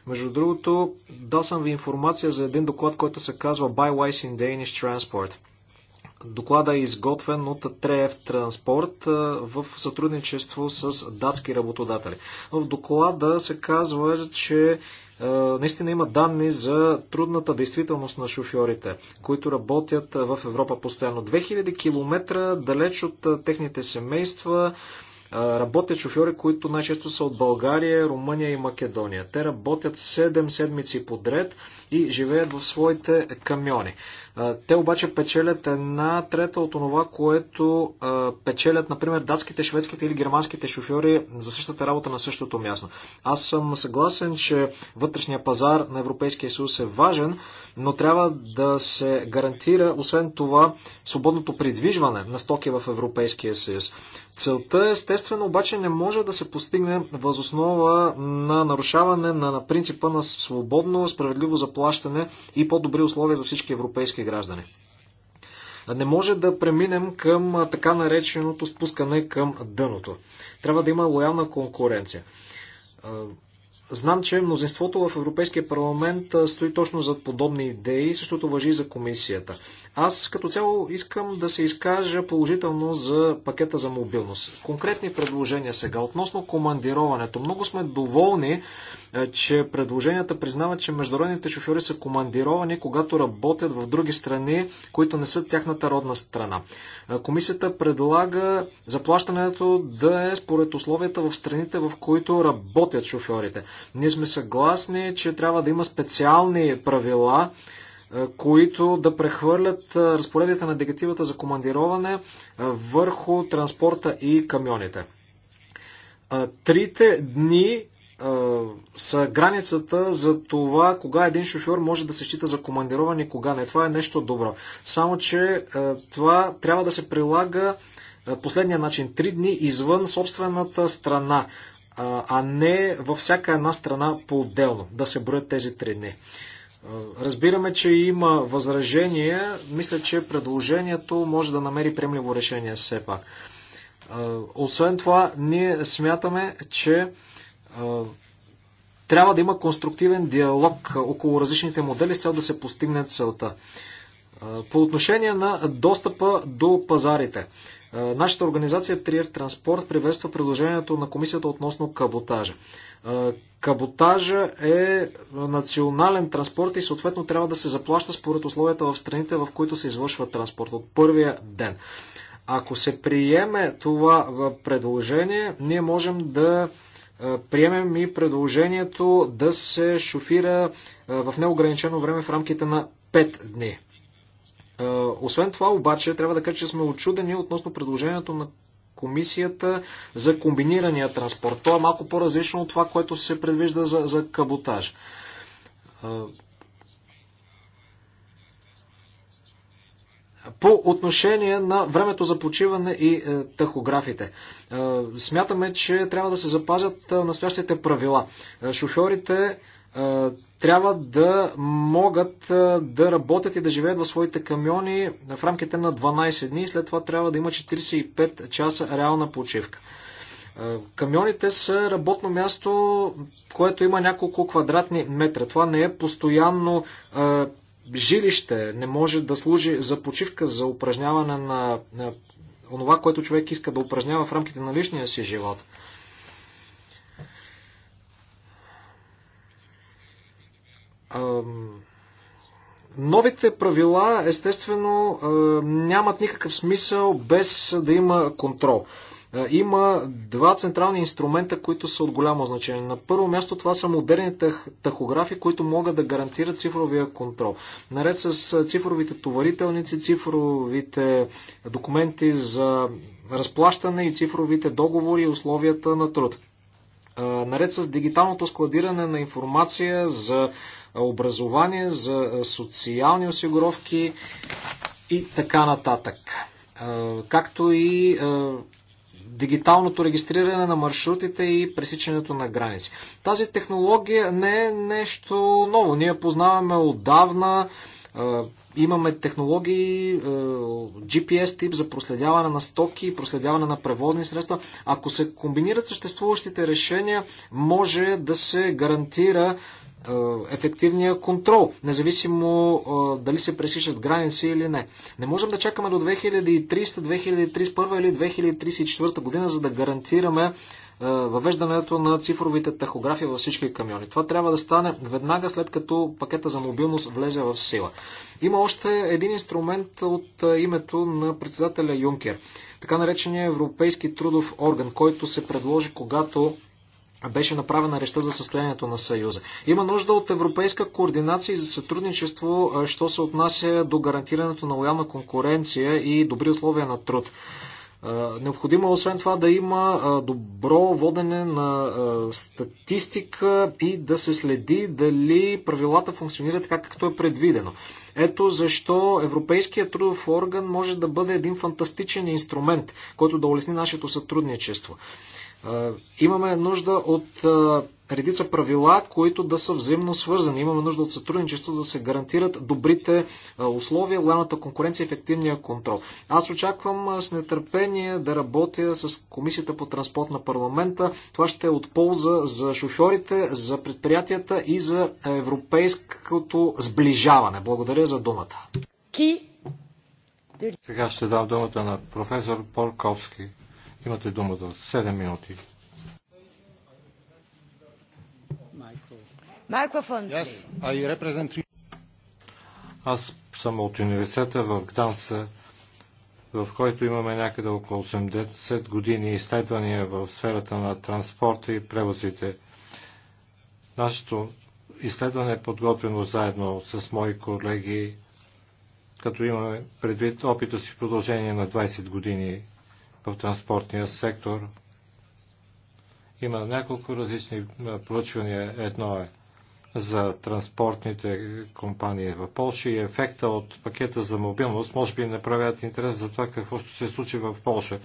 Между другото, дал съм ви информация за един доклад, който се казва Buy Wise in Danish Transport – Доклада е изготвен от Треев Транспорт в сътрудничество с датски работодатели. В доклада се казва, че наистина има данни за трудната действителност на шофьорите, които работят в Европа постоянно. 2000 км далеч от техните семейства работят шофьори, които най-често са от България, Румъния и Македония. Те работят 7 седмици подред и живеят в своите камиони. Те обаче печелят една трета от това, което печелят, например, датските, шведските или германските шофьори за същата работа на същото място. Аз съм съгласен, че вътрешния пазар на Европейския съюз е важен, но трябва да се гарантира, освен това, свободното придвижване на стоки в Европейския съюз. Целта естествено обаче не може да се постигне възоснова на нарушаване на, на принципа на свободно, справедливо заплащане плащане и по-добри условия за всички европейски граждани. Не може да преминем към така нареченото спускане към дъното. Трябва да има лоялна конкуренция. Знам, че мнозинството в Европейския парламент стои точно зад подобни идеи, същото въжи и за комисията. Аз като цяло искам да се изкажа положително за пакета за мобилност. Конкретни предложения сега относно командироването. Много сме доволни, е, че предложенията признават, че международните шофьори са командировани, когато работят в други страни, които не са тяхната родна страна. Е, комисията предлага заплащането да е според условията в страните, в които работят шофьорите. Ние сме съгласни, че трябва да има специални правила, които да прехвърлят разпоредите на дегативата за командироване върху транспорта и камионите. Трите дни са границата за това кога един шофьор може да се счита за командирован и кога не. Това е нещо добро. Само, че това трябва да се прилага последния начин. Три дни извън собствената страна, а не във всяка една страна по-отделно да се броят тези три дни. Разбираме, че има възражение, Мисля, че предложението може да намери приемливо решение все пак. Освен това, ние смятаме, че трябва да има конструктивен диалог около различните модели с цел да се постигне целта. По отношение на достъпа до пазарите. Нашата организация Триер Транспорт приветства предложението на комисията относно каботажа. Каботажа е национален транспорт и съответно трябва да се заплаща според условията в страните, в които се извършва транспорт от първия ден. Ако се приеме това предложение, ние можем да приемем и предложението да се шофира в неограничено време в рамките на 5 дни. Освен това, обаче, трябва да кажа, че сме очудени относно предложението на комисията за комбинирания транспорт. То е малко по-различно от това, което се предвижда за, за каботаж. По отношение на времето за почиване и е, тахографите, е, смятаме, че трябва да се запазят е, настоящите правила. Е, шофьорите трябва да могат да работят и да живеят в своите камиони в рамките на 12 дни. След това трябва да има 45 часа реална почивка. Камионите са работно място, което има няколко квадратни метра. Това не е постоянно жилище, не може да служи за почивка, за упражняване на, на онова, което човек иска да упражнява в рамките на личния си живот. Новите правила, естествено, нямат никакъв смисъл без да има контрол. Има два централни инструмента, които са от голямо значение. На първо място това са модерни тахографи, които могат да гарантират цифровия контрол. Наред с цифровите товарителници, цифровите документи за разплащане и цифровите договори и условията на труд. Наред с дигиталното складиране на информация за образование, за социални осигуровки и така нататък. Както и дигиталното регистриране на маршрутите и пресичането на граници. Тази технология не е нещо ново. Ние познаваме отдавна. Имаме технологии, GPS тип за проследяване на стоки и проследяване на превозни средства. Ако се комбинират съществуващите решения, може да се гарантира ефективния контрол, независимо дали се пресичат граници или не. Не можем да чакаме до 2300, 2031 или 2034 година, за да гарантираме въвеждането на цифровите тахографи във всички камиони. Това трябва да стане веднага след като пакета за мобилност влезе в сила. Има още един инструмент от името на председателя Юнкер, така наречения Европейски трудов орган, който се предложи, когато беше направена реща за състоянието на Съюза. Има нужда от европейска координация и за сътрудничество, що се отнася до гарантирането на лоялна конкуренция и добри условия на труд. Необходимо е освен това да има добро водене на статистика и да се следи дали правилата функционират така, както е предвидено. Ето защо Европейският трудов орган може да бъде един фантастичен инструмент, който да улесни нашето сътрудничество. Имаме нужда от редица правила, които да са взаимно свързани. Имаме нужда от сътрудничество, за да се гарантират добрите условия, главната конкуренция и ефективния контрол. Аз очаквам с нетърпение да работя с Комисията по транспорт на парламента. Това ще е от полза за шофьорите, за предприятията и за европейското сближаване. Благодаря за думата. Сега ще дам думата на професор Порковски. Имате думата 7 минути. Аз съм от университета в Гданса, в който имаме някъде около 80 години изследвания в сферата на транспорта и превозите. Нашето изследване е подготвено заедно с мои колеги, като имаме предвид опита си в продължение на 20 години в транспортния сектор. Има няколко различни проучвания. Едно е за транспортните компании в Польша и ефекта от пакета за мобилност може би не правят интерес за това какво ще се случи в Польша.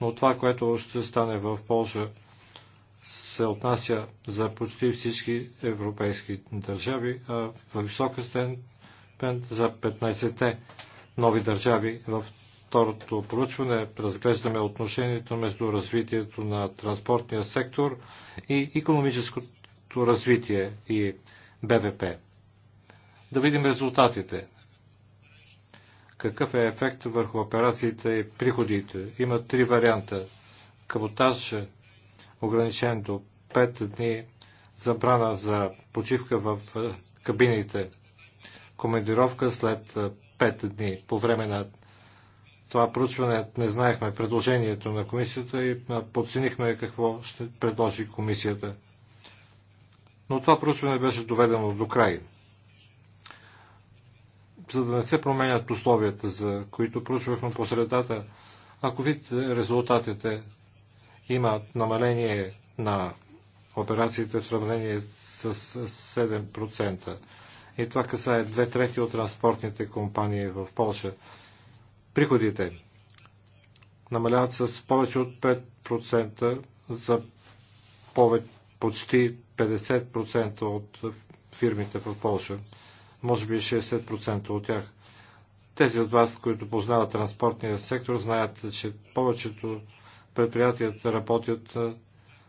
Но това, което ще стане в Польша, се отнася за почти всички европейски държави, а в висока степен за 15-те нови държави в второто проучване е разглеждаме отношението между развитието на транспортния сектор и економическото развитие и БВП. Да видим резултатите. Какъв е ефект върху операциите и приходите? Има три варианта. Каботаж ограничен до 5 дни, забрана за почивка в е, кабините, командировка след 5 е, дни по време на това проучване не знаехме предложението на комисията и подценихме какво ще предложи комисията. Но това проучване беше доведено до край. За да не се променят условията, за които проучвахме по средата, ако видите резултатите, има намаление на операциите в сравнение с 7%. И това касае две трети от транспортните компании в Польша. Приходите намаляват с повече от 5% за повече, почти 50% от фирмите в Польша, може би 60% от тях. Тези от вас, които познават транспортния сектор, знаят, че повечето предприятията работят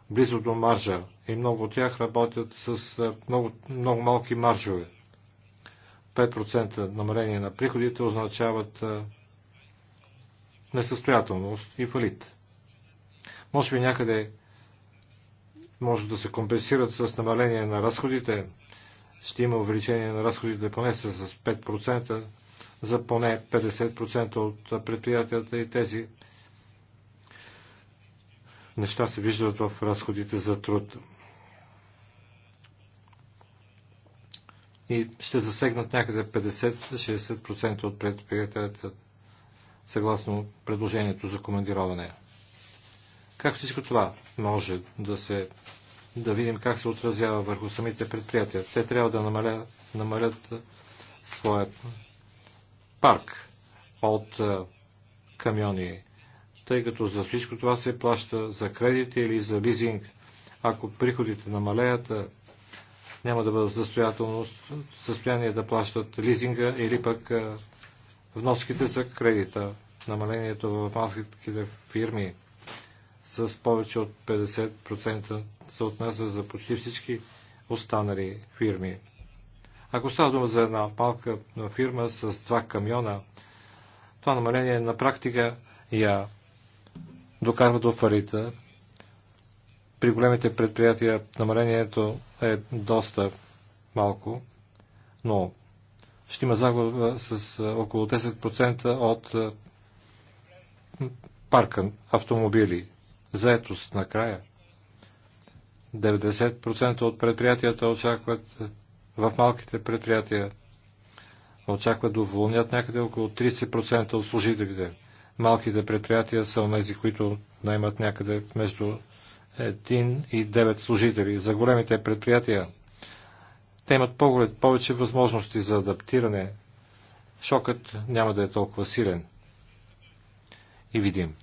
близо до маржа и много от тях работят с много, много малки маржове. 5% намаление на приходите означават несъстоятелност и фалит. Може би някъде може да се компенсират с намаление на разходите. Ще има увеличение на разходите поне с 5% за поне 50% от предприятията и тези неща се виждат в разходите за труд. И ще засегнат някъде 50-60% от предприятията съгласно предложението за командироване. Как всичко това може да се да видим как се отразява върху самите предприятия. Те трябва да намалят, намалят своят парк от камиони, тъй като за всичко това се плаща за кредити или за лизинг. Ако приходите намалеят, няма да бъдат в състояние да плащат лизинга или пък вноските за кредита, намалението в малките фирми с повече от 50% се отнася за почти всички останали фирми. Ако става дума за една малка фирма с два камиона, това намаление на практика я докарва до фарита. При големите предприятия намалението е доста малко, но ще има загуба с около 10% от парка автомобили. Заетост накрая. 90% от предприятията очакват в малките предприятия очакват да уволнят някъде около 30% от служителите. Малките предприятия са онези, които наймат някъде между 1 и 9 служители. За големите предприятия те имат повече възможности за адаптиране. Шокът няма да е толкова силен и видим.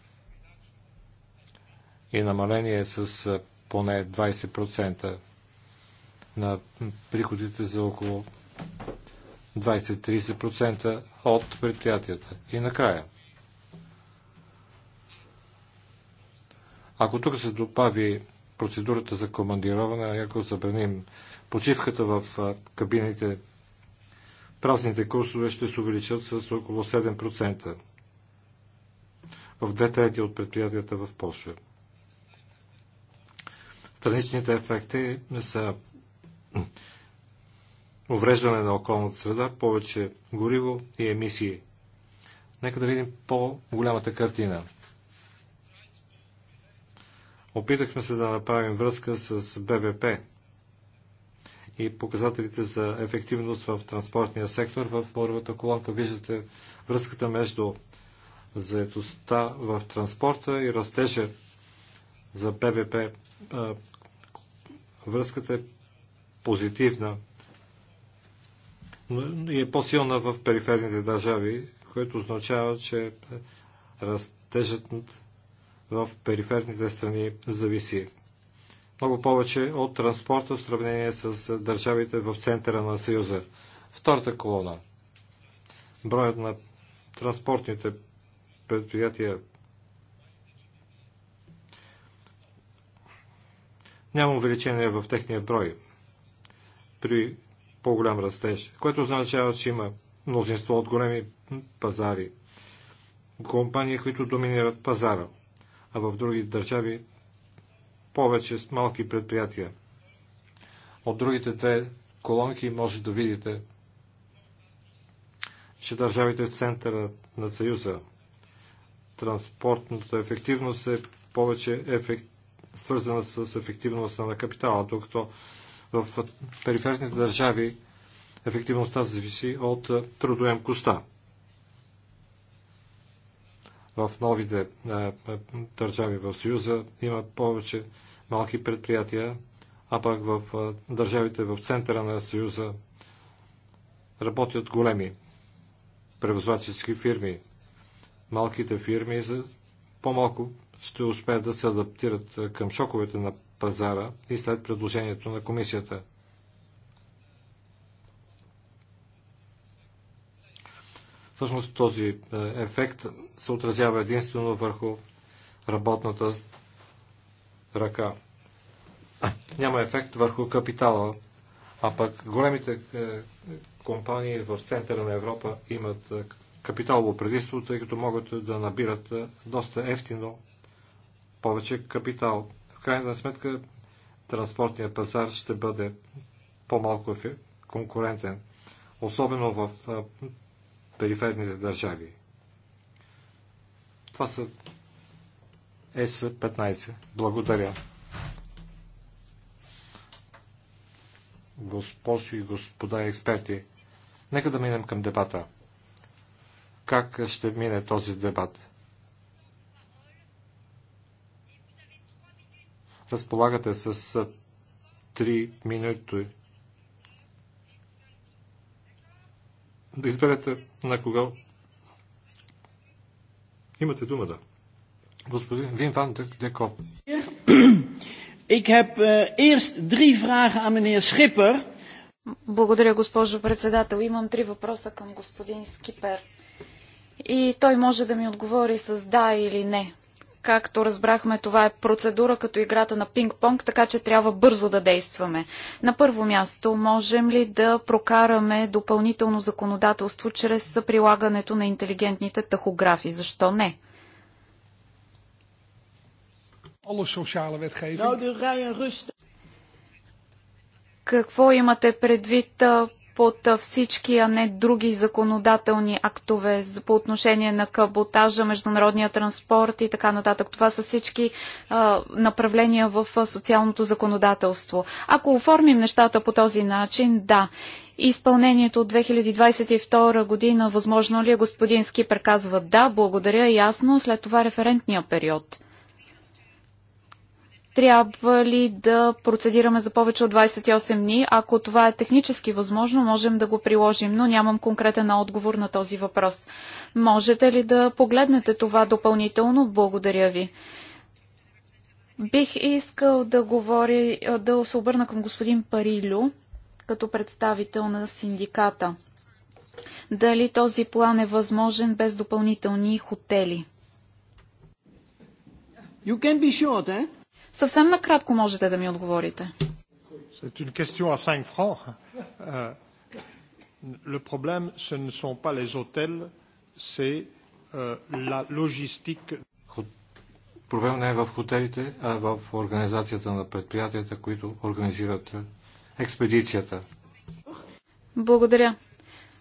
И намаление с поне 20% на приходите за около 20-30% от предприятията. И накрая. Ако тук се добави процедурата за командироване, ако забраним почивката в кабините, празните курсове ще се увеличат с около 7% в две трети от предприятията в Польша. Страничните ефекти са увреждане на околната среда, повече гориво и емисии. Нека да видим по-голямата картина. Опитахме се да направим връзка с БВП и показателите за ефективност в транспортния сектор. В първата колонка виждате връзката между заедостта в транспорта и растежа за ПВП. Връзката е позитивна и е по-силна в периферните държави, което означава, че растежът в периферните страни зависи много повече от транспорта в сравнение с държавите в центъра на Съюза. Втората колона. Броят на транспортните предприятия няма увеличение в техния брой при по-голям растеж, което означава, че има множество от големи пазари, компании, които доминират пазара, а в други държави повече с малки предприятия. От другите две колонки може да видите, че държавите в центъра на Съюза транспортната ефективност е повече ефект, свързана с ефективността на капитала, докато в периферните държави ефективността зависи от трудоемкостта в новите е, е, държави в Съюза има повече малки предприятия, а пък в е, държавите в центъра на Съюза работят големи превозвачески фирми. Малките фирми за по-малко ще успеят да се адаптират към шоковете на пазара и след предложението на комисията. Всъщност този е, ефект се отразява единствено върху работната ръка. Няма ефект върху капитала, а пък големите е, компании в центъра на Европа имат е, капиталово предимство, тъй като могат да набират доста ефтино повече капитал. В крайна сметка транспортния пазар ще бъде по-малко конкурентен, особено в периферните държави. Това са ЕС-15. Благодаря. Госпожи и господа експерти, нека да минем към дебата. Как ще мине този дебат? Разполагате с 3 минути да изберете на кого. Имате дума Да. Господин Вин Ван Декоп. Ik heb eh, eerst drie vragen aan meneer Schipper. Благодаря, госпожо председател. Имам три въпроса към господин Скипер. И той може да ми отговори с да или не. Както разбрахме, това е процедура като играта на пинг-понг, така че трябва бързо да действаме. На първо място, можем ли да прокараме допълнително законодателство чрез прилагането на интелигентните тахографи? Защо не? Alle sociale wetgeving. Какво имате предвид под всички, а не други законодателни актове по отношение на каботажа, международния транспорт и така нататък. Това са всички а, направления в социалното законодателство. Ако оформим нещата по този начин, да. Изпълнението от 2022 година, възможно ли е, господин Скипер казва да, благодаря, ясно, след това референтния период – трябва ли да процедираме за повече от 28 дни? Ако това е технически възможно, можем да го приложим, но нямам конкретен отговор на този въпрос. Можете ли да погледнете това допълнително? Благодаря ви. Бих искал да говоря, да се обърна към господин Парилю, като представител на синдиката. Дали този план е възможен без допълнителни хотели? You can be short, eh? Съвсем накратко можете да ми отговорите. C'est une question à 5 francs. Euh, le problème, ce ne sont pas les hôtels, c'est euh, la logistique. Проблем не е в хотелите, а в организацията на предприятията, които организират е, експедицията. Благодаря.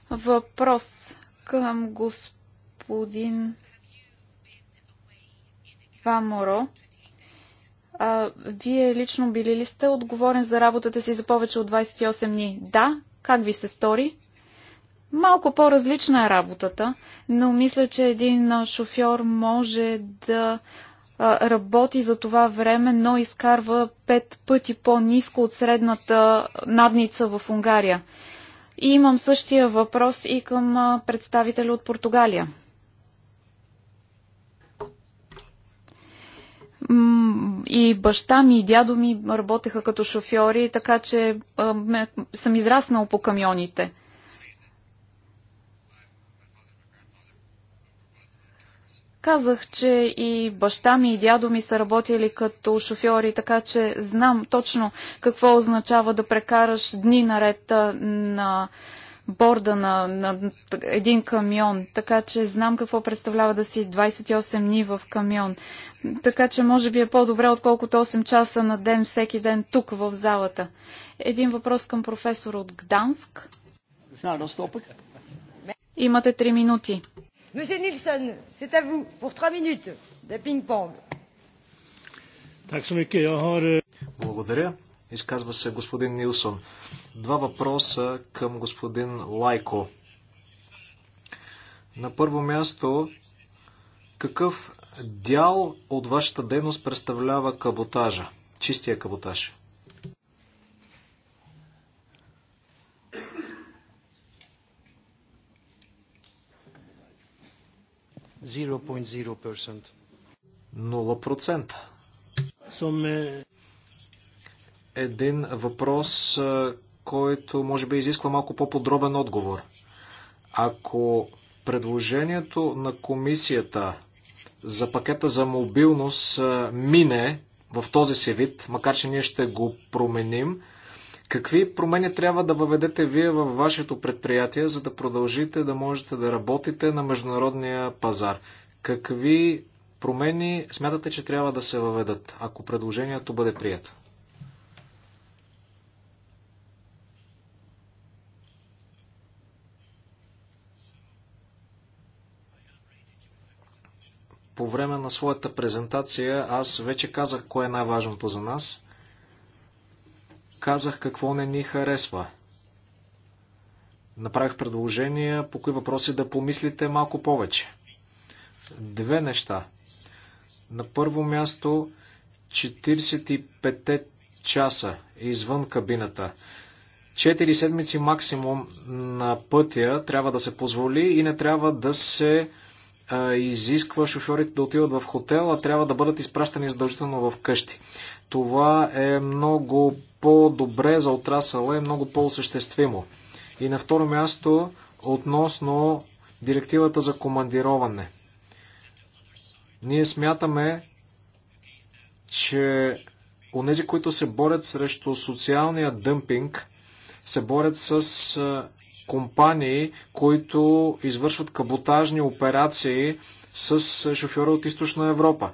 Въпрос към господин Ваморо. А, вие лично били ли сте отговорен за работата си за повече от 28 дни? Да. Как ви се стори? Малко по-различна е работата, но мисля, че един шофьор може да работи за това време, но изкарва пет пъти по-низко от средната надница в Унгария. И имам същия въпрос и към представителя от Португалия. и баща ми и дядо ми работеха като шофьори, така че съм израснал по камионите. Казах, че и баща ми и дядо ми са работили като шофьори, така че знам точно какво означава да прекараш дни наред на борда на, на един камион, така че знам какво представлява да си 28 дни в камион. Така че може би е по-добре, отколкото 8 часа на ден, всеки ден тук в залата. Един въпрос към професор от Гданск. Имате 3 минути. Monsieur Нилсън, сета ву, vous 3 минути, да пинг-понг. Благодаря. Изказва се господин Нилсон. Два въпроса към господин Лайко. На първо място, какъв дял от вашата дейност представлява каботажа, чистия каботаж? Нула процента. Един въпрос който може би изисква малко по-подробен отговор. Ако предложението на комисията за пакета за мобилност мине в този си вид, макар че ние ще го променим, какви промени трябва да въведете вие във вашето предприятие, за да продължите да можете да работите на международния пазар? Какви промени смятате, че трябва да се въведат, ако предложението бъде прието? По време на своята презентация аз вече казах кое е най-важното за нас. Казах какво не ни харесва. Направих предложения по кои въпроси да помислите малко повече. Две неща. На първо място 45 часа извън кабината. Четири седмици максимум на пътя трябва да се позволи и не трябва да се изисква шофьорите да отиват в хотела, трябва да бъдат изпращани задължително в къщи. Това е много по-добре за отрасъла, е много по-осъществимо. И на второ място, относно директивата за командироване. Ние смятаме, че онези, които се борят срещу социалния дъмпинг, се борят с компании, които извършват каботажни операции с е, шофьора от Източна Европа.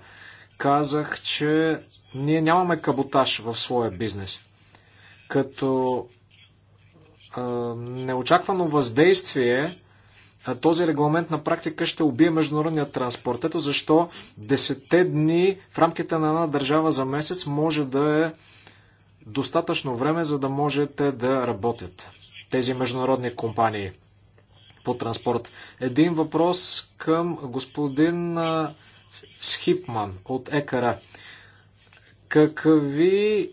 Казах, че ние нямаме каботаж в своя бизнес. Като а, е, неочаквано въздействие, а е, този регламент на практика ще убие международния транспорт. Ето защо десетте дни в рамките на една държава за месец може да е достатъчно време, за да можете да работят тези международни компании по транспорт. Един въпрос към господин Схипман от ЕКАРА. Какви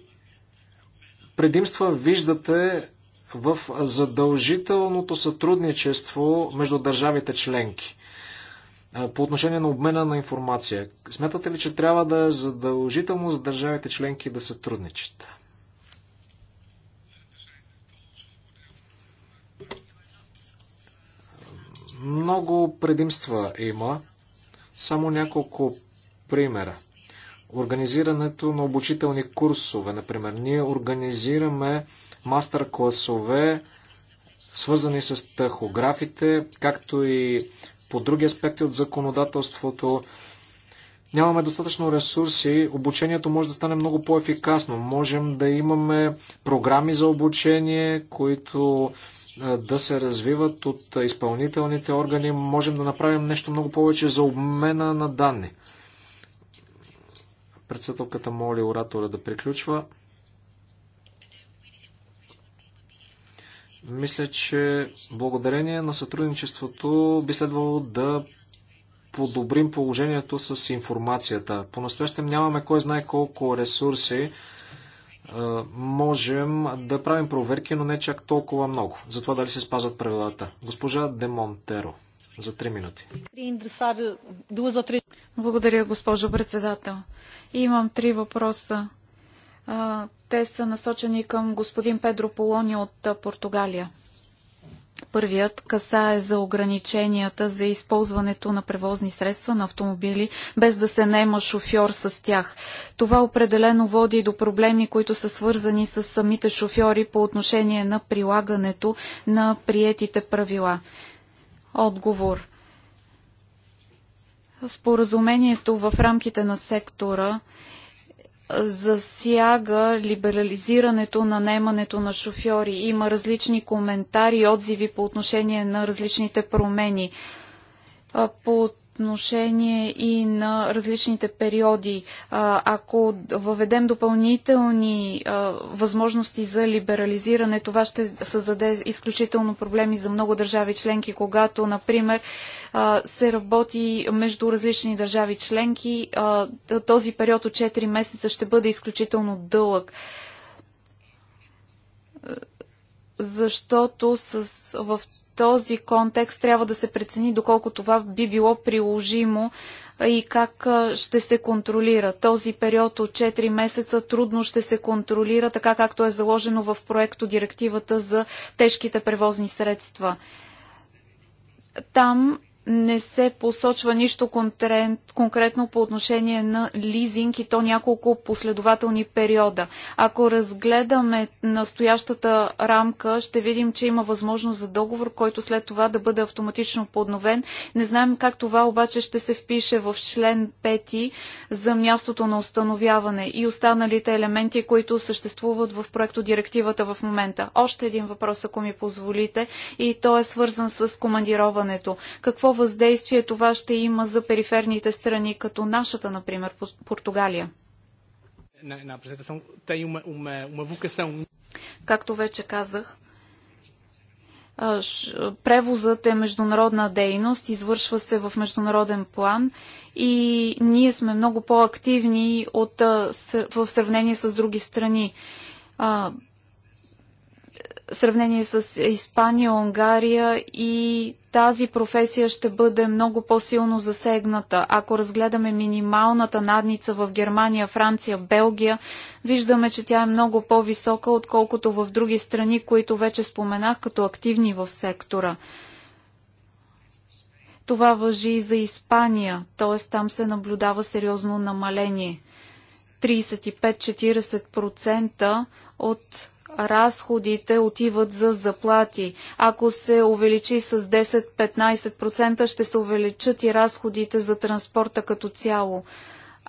предимства виждате в задължителното сътрудничество между държавите членки по отношение на обмена на информация? Смятате ли, че трябва да е задължително за държавите членки да сътрудничат? Много предимства има. Само няколко примера. Организирането на обучителни курсове, например. Ние организираме мастер-класове, свързани с тахографите, както и по други аспекти от законодателството. Нямаме достатъчно ресурси, обучението може да стане много по-ефикасно. Можем да имаме програми за обучение, които да се развиват от изпълнителните органи, можем да направим нещо много повече за обмена на данни. Председателката моли оратора да приключва. Мисля, че благодарение на сътрудничеството би следвало да подобрим положението с информацията. По-настоящем нямаме кой знае колко ресурси, е, можем да правим проверки, но не чак толкова много. За това дали се спазват правилата. Госпожа Демонтеро, за 3 минути. Благодаря, госпожо председател. Имам три въпроса. Е, те са насочени към господин Педро Полони от Португалия. Първият касае за ограниченията за използването на превозни средства на автомобили, без да се нема шофьор с тях. Това определено води до проблеми, които са свързани с самите шофьори по отношение на прилагането на приетите правила. Отговор. Споразумението в рамките на сектора засяга либерализирането на наемането на шофьори. Има различни коментари и отзиви по отношение на различните промени. По отношение и на различните периоди. Ако въведем допълнителни възможности за либерализиране, това ще създаде изключително проблеми за много държави членки, когато, например, се работи между различни държави членки. Този период от 4 месеца ще бъде изключително дълъг е, защото с, в този контекст трябва да се прецени доколко това би било приложимо и как ще се контролира. Този период от 4 месеца трудно ще се контролира, така както е заложено в проекто директивата за тежките превозни средства. Там не се посочва нищо конкретно по отношение на лизинг и то няколко последователни периода. Ако разгледаме настоящата рамка, ще видим, че има възможност за договор, който след това да бъде автоматично подновен. Не знаем как това обаче ще се впише в член 5 за мястото на установяване и останалите елементи, които съществуват в проекто директивата в момента. Още един въпрос, ако ми позволите, и то е свързан с командироването. Какво какво въздействие това ще има за периферните страни, като нашата, например, Португалия? Както вече казах, превозът е международна дейност, извършва се в международен план и ние сме много по-активни в сравнение с други страни сравнение с Испания, Унгария и тази професия ще бъде много по-силно засегната. Ако разгледаме минималната надница в Германия, Франция, Белгия, виждаме, че тя е много по-висока, отколкото в други страни, които вече споменах като активни в сектора. Това въжи и за Испания, т.е. там се наблюдава сериозно намаление. 35-40% от разходите отиват за заплати. Ако се увеличи с 10-15%, ще се увеличат и разходите за транспорта като цяло.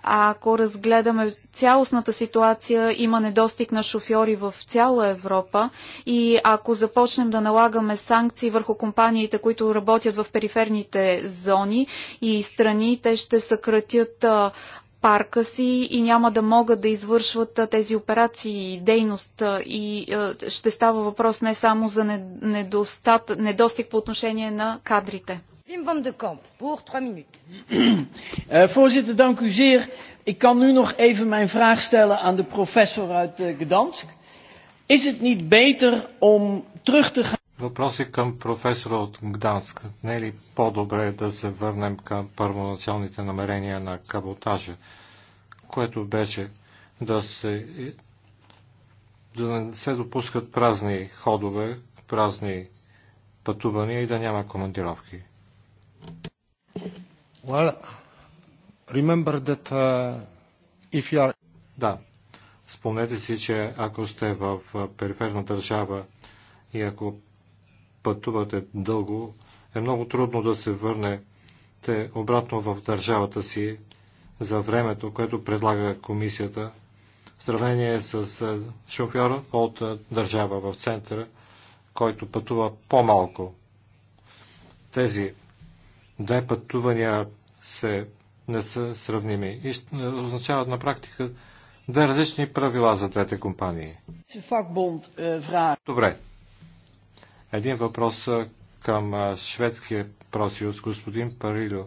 А ако разгледаме цялостната ситуация, има недостиг на шофьори в цяла Европа и ако започнем да налагаме санкции върху компаниите, които работят в периферните зони и страни, те ще съкратят парка си и няма да могат да извършват тези операции и дейност. И ще става въпрос не само за недостат, недостиг по отношение на кадрите. Eh, voorzitter, dank u zeer. Ik kan nu nog even mijn vraag stellen aan de professor uit eh, Gdansk. Is het niet beter om terug te gaan? Въпроси към професора от Гданск. Не е ли по-добре да се върнем към първоначалните намерения на каботажа, което беше да се да не се допускат празни ходове, празни пътувания и да няма командировки? Well, remember that uh, if you are... Да. Спомнете си, че ако сте в периферна държава и ако пътувате дълго, е много трудно да се върнете обратно в държавата си за времето, което предлага комисията, в сравнение с е, шофьора от е, държава в центъра, който пътува по-малко. Тези две пътувания се, не са сравними и е, означават на практика две различни правила за двете компании. Добре, един въпрос към шведския просиус, господин Парилю.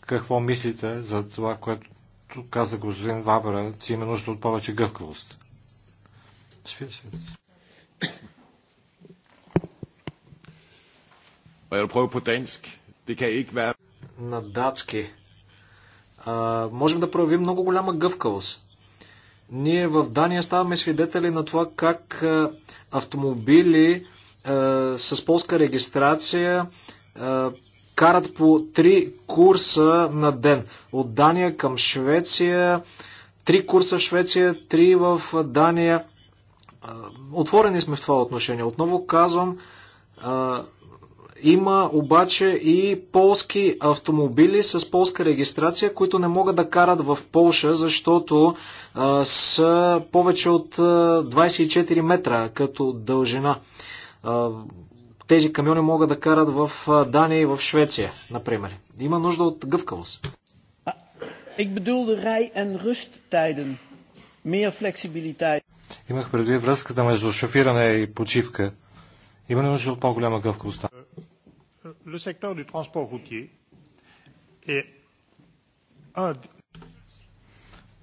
Какво мислите за това, което каза господин Вабера, че има нужда от повече гъвкавост? На датски. А, можем да проявим много голяма гъвкавост. Ние в Дания ставаме свидетели на това как автомобили е, с полска регистрация е, карат по 3 курса на ден. От Дания към Швеция, 3 курса в Швеция, 3 в Дания. Е, отворени сме в това отношение. Отново казвам, има обаче и полски автомобили с полска регистрация, които не могат да карат в Полша, защото а, са повече от а, 24 метра като дължина тези камиони могат да карат в Дания и в Швеция, например. Има нужда от гъвкавост. Ik bedoelde rij- en rusttijden. Meer flexibiliteit. Имах предвид връзката между шофиране и почивка. Има нужда от по-голяма гъвкавост. Le secteur du transport routier est un...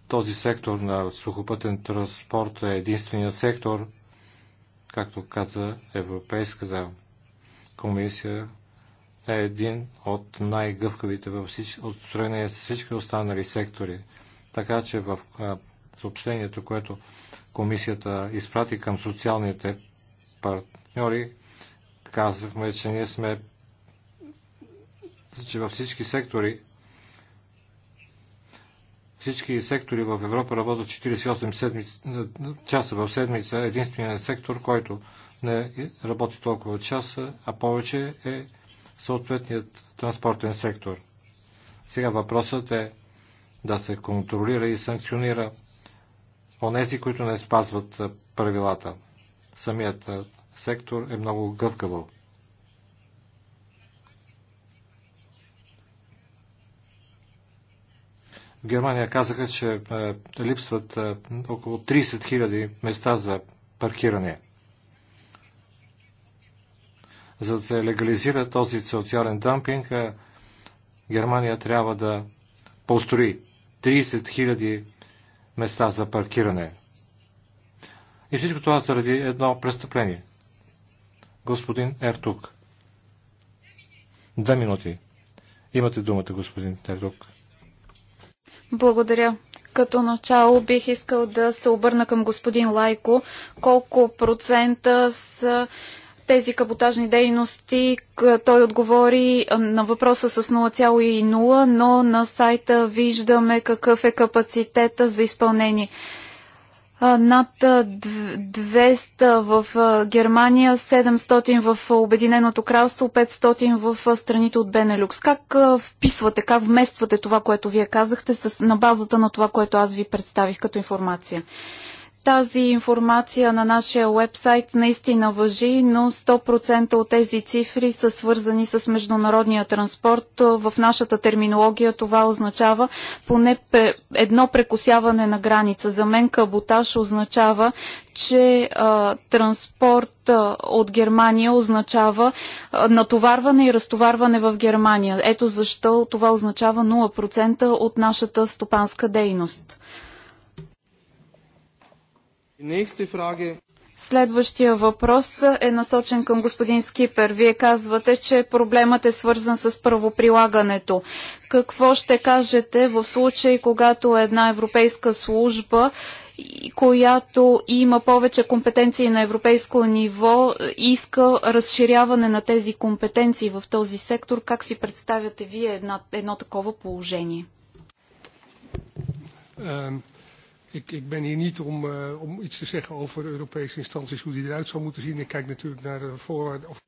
Този сектор на сухопътен транспорт е единствения сектор, както каза Европейската комисия, е един от най-гъвкавите в отстроение с всички останали сектори. Така че в съобщението, което комисията изпрати към социалните партньори, казахме, че ние сме че във всички сектори всички сектори в Европа работят 48 седмици, часа в седмица. Единственият сектор, който не работи толкова часа, а повече е съответният транспортен сектор. Сега въпросът е да се контролира и санкционира онези, които не спазват правилата. Самият сектор е много гъвкаво. Германия казаха, че е, липсват е, около 30 000 места за паркиране. За да се легализира този социален дампинг, е, Германия трябва да построи 30 000 места за паркиране. И всичко това заради едно престъпление. Господин Ертук. Две минути. Имате думата, господин Ертук. Благодаря. Като начало бих искал да се обърна към господин Лайко. Колко процента са тези каботажни дейности, той отговори на въпроса с 0,0, но на сайта виждаме какъв е капацитета за изпълнение над 200 в Германия, 700 в Обединеното кралство, 500 в страните от Бенелюкс. Как вписвате, как вмествате това, което вие казахте с, на базата на това, което аз ви представих като информация? Тази информация на нашия вебсайт наистина въжи, но 100% от тези цифри са свързани с международния транспорт. В нашата терминология това означава поне едно прекосяване на граница. За мен каботаж означава, че а, транспорт а, от Германия означава а, натоварване и разтоварване в Германия. Ето защо това означава 0% от нашата стопанска дейност. Следващия въпрос е насочен към господин Скипер. Вие казвате, че проблемът е свързан с правоприлагането. Какво ще кажете в случай, когато една европейска служба която има повече компетенции на европейско ниво, иска разширяване на тези компетенции в този сектор. Как си представяте вие една, едно такова положение? Um, Ik, ik ben hier niet om, uh, om iets te zeggen over de Europese instanties, hoe die eruit zou moeten zien. Ik kijk natuurlijk naar de voorwaarden. Of...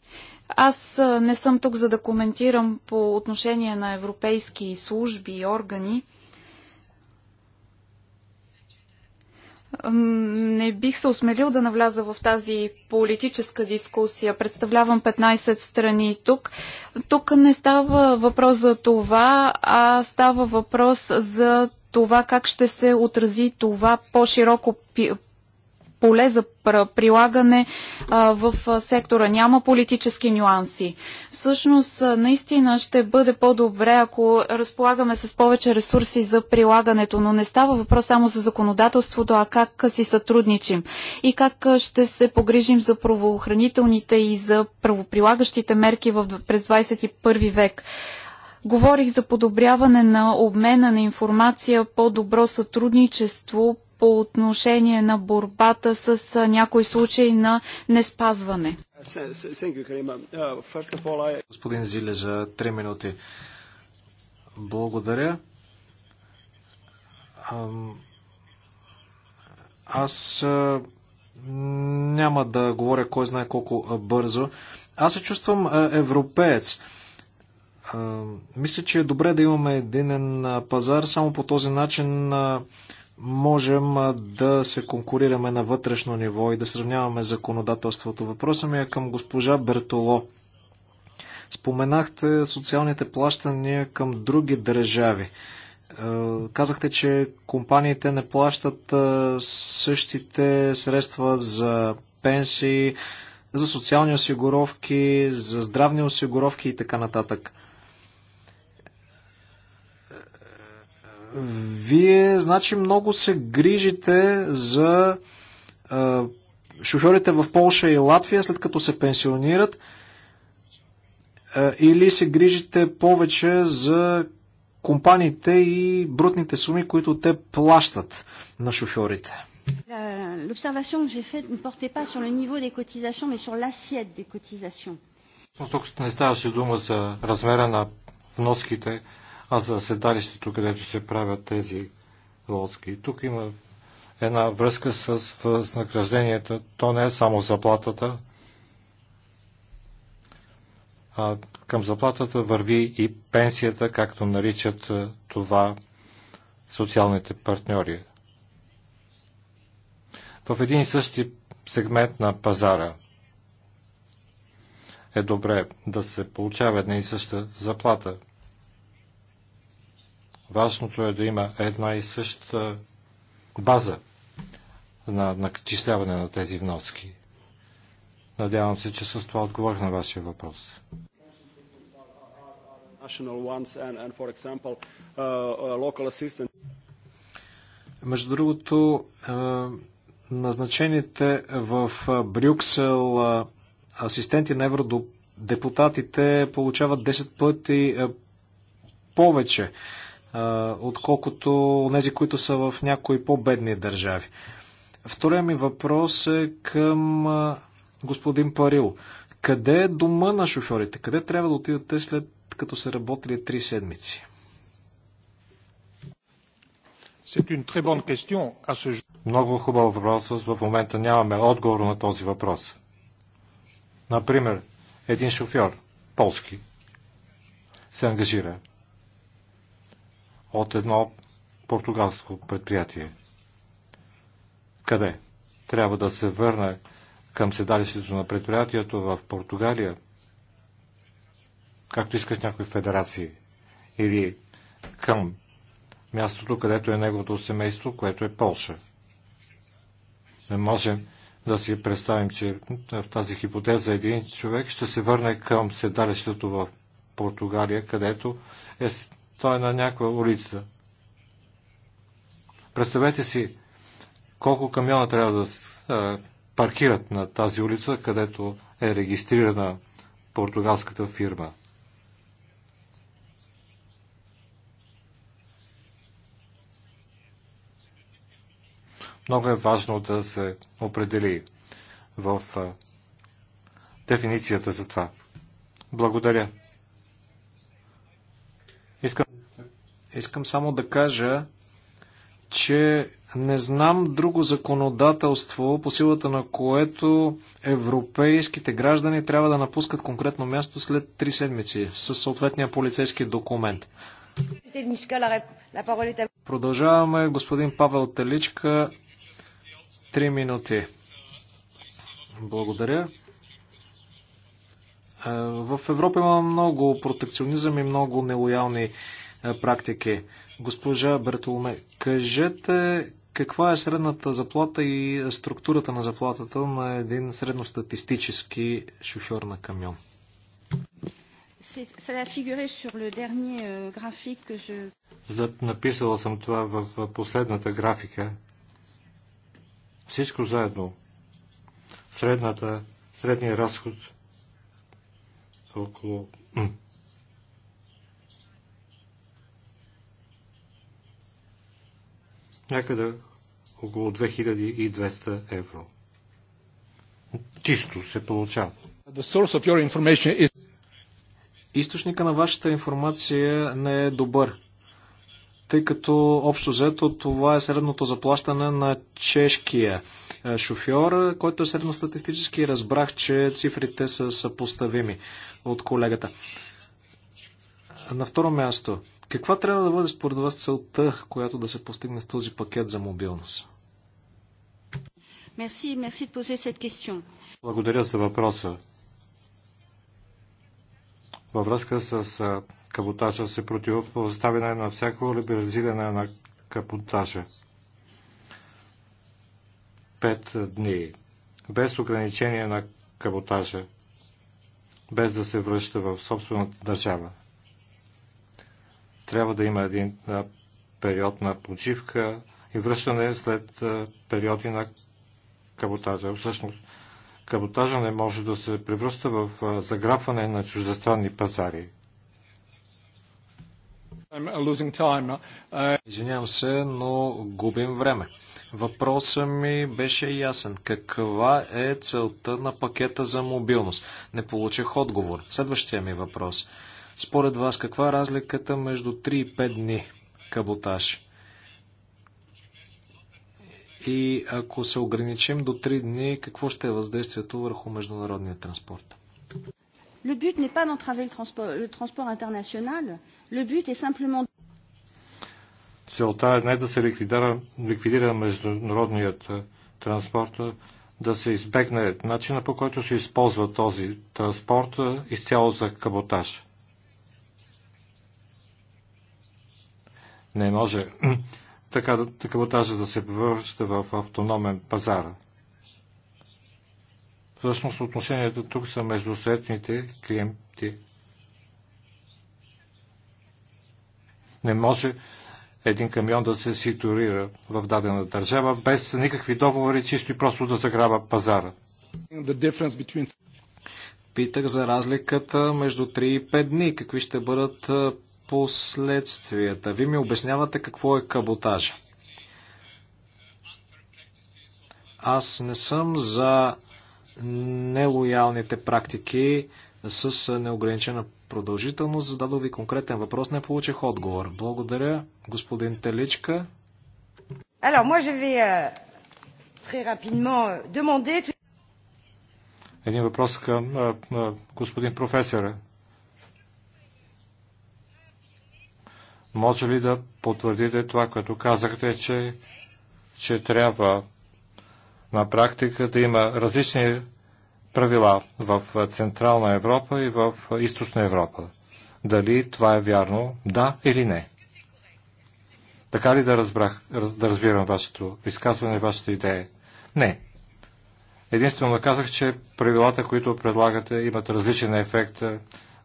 Аз eh, не съм тук за да коментирам по отношение на европейски служби и органи. Не бих се осмелил да навляза в тази политическа дискусия. Представлявам 15 страни тук. Тук не става въпрос за това, а става въпрос за това как ще се отрази това по-широко поле за прилагане а, в сектора. Няма политически нюанси. Всъщност, наистина ще бъде по-добре, ако разполагаме с повече ресурси за прилагането, но не става въпрос само за законодателството, а как си сътрудничим и как ще се погрижим за правоохранителните и за правоприлагащите мерки в, през 21 век. Говорих за подобряване на обмена на информация, по-добро сътрудничество по отношение на борбата с някои случаи на неспазване. Uh, Господин Зиле за три минути. Благодаря. Аз няма да говоря кой знае колко бързо. Аз се чувствам европеец мисля, че е добре да имаме единен пазар. Само по този начин можем да се конкурираме на вътрешно ниво и да сравняваме законодателството. Въпросът ми е към госпожа Бертоло. Споменахте социалните плащания към други държави. Казахте, че компаниите не плащат същите средства за пенсии, за социални осигуровки, за здравни осигуровки и така нататък. Вие, значи, много се грижите за а, шофьорите в Полша и Латвия, след като се пенсионират, а, или се грижите повече за компаниите и брутните суми, които те плащат на шофьорите. L'observation que j'ai faite ne portait pas sur le niveau des cotisations, mais sur l'assiette des cotisations. не ставаше дума за размера на вноските, а за седалището, където се правят тези лодски. Тук има една връзка с възнагражденията. То не е само заплатата, а към заплатата върви и пенсията, както наричат това социалните партньори. В един и същи сегмент на пазара е добре да се получава една и съща заплата – Важното е да има една и съща база на начисляване на тези вноски. Надявам се, че с това отговорих на вашия въпрос. Uh, uh, Между другото, е, назначените в е, Брюксел е, асистенти на евродепутатите получават 10 пъти повече отколкото тези, които са в някои по-бедни държави. Втория ми въпрос е към господин Парил. Къде е дома на шофьорите? Къде трябва да отидат те след като са работили три седмици? Много хубав въпрос. В момента нямаме отговор на този въпрос. Например, един шофьор, полски, се ангажира от едно португалско предприятие. Къде? Трябва да се върне към седалището на предприятието в Португалия, както искат някои федерации, или към мястото, където е неговото семейство, което е Полша. Не можем да си представим, че в тази хипотеза един човек ще се върне към седалището в Португалия, където е той е на някаква улица. Представете си колко камиона трябва да паркират на тази улица, където е регистрирана португалската фирма. Много е важно да се определи в дефиницията за това. Благодаря. Искам, искам само да кажа, че не знам друго законодателство, по силата на което европейските граждани трябва да напускат конкретно място след три седмици с съответния полицейски документ. Продължаваме господин Павел Теличка. Три минути. Благодаря. Е, в Европа има много протекционизъм и много нелоялни е, практики. Госпожа Бертоломе, кажете каква е средната заплата и структурата на заплатата на един средностатистически шофьор на камион? Е, написала съм това в последната графика. Всичко заедно. Средната, средния разход – около някъде около 2200 евро. Чисто се получава. Източника на вашата информация не е добър, тъй като общо взето това е средното заплащане на чешкия шофьор, който е средностатистически. Разбрах, че цифрите са съпоставими от колегата. На второ място, каква трябва да бъде според вас целта, която да се постигне с този пакет за мобилност? Merci, merci de poser cette question. Благодаря за въпроса. Във връзка с каботажа се противопоставяне на всяко либерализиране на каботажа пет дни, без ограничение на каботажа, без да се връща в собствената държава. Трябва да има един период на почивка и връщане след периоди на каботажа. Всъщност, каботажа не може да се превръща в заграбване на чуждестранни пазари. Uh, Извинявам се, но губим време. Въпросът ми беше ясен. Каква е целта на пакета за мобилност? Не получих отговор. Следващия ми въпрос. Според вас, каква е разликата между 3 и 5 дни каботаж? И ако се ограничим до 3 дни, какво ще е въздействието върху международния транспорт? Le but n'est pas d'entraver le transport, le transport international, le but est simplement Целта е не да се ликвидира, ликвидира международният транспорт, да се избегне начина по който се използва този транспорт изцяло за каботаж. Не може така каботажа да се превръща в автономен пазар. Всъщност отношенията тук са между средните клиенти. Не може един камион да се ситуира в дадена държава без никакви договори, чисто и просто да заграба пазара. Питах за разликата между 3 и 5 дни. Какви ще бъдат последствията? Ви ми обяснявате какво е каботажа. Аз не съм за нелоялните практики с неограничена продължителност. Зададох ви конкретен въпрос, не получих отговор. Благодаря, господин Теличка. Alors, moi, je euh, très rapidement euh, demander... Един въпрос към а, а, господин професора. Може ли да потвърдите това, което казахте, че, че трябва на практика да има различни правила в Централна Европа и в Източна Европа. Дали това е вярно, да или не? Така ли да, разбрах, да разбирам вашето изказване, вашата идея? Не. Единствено казах, че правилата, които предлагате, имат различен ефект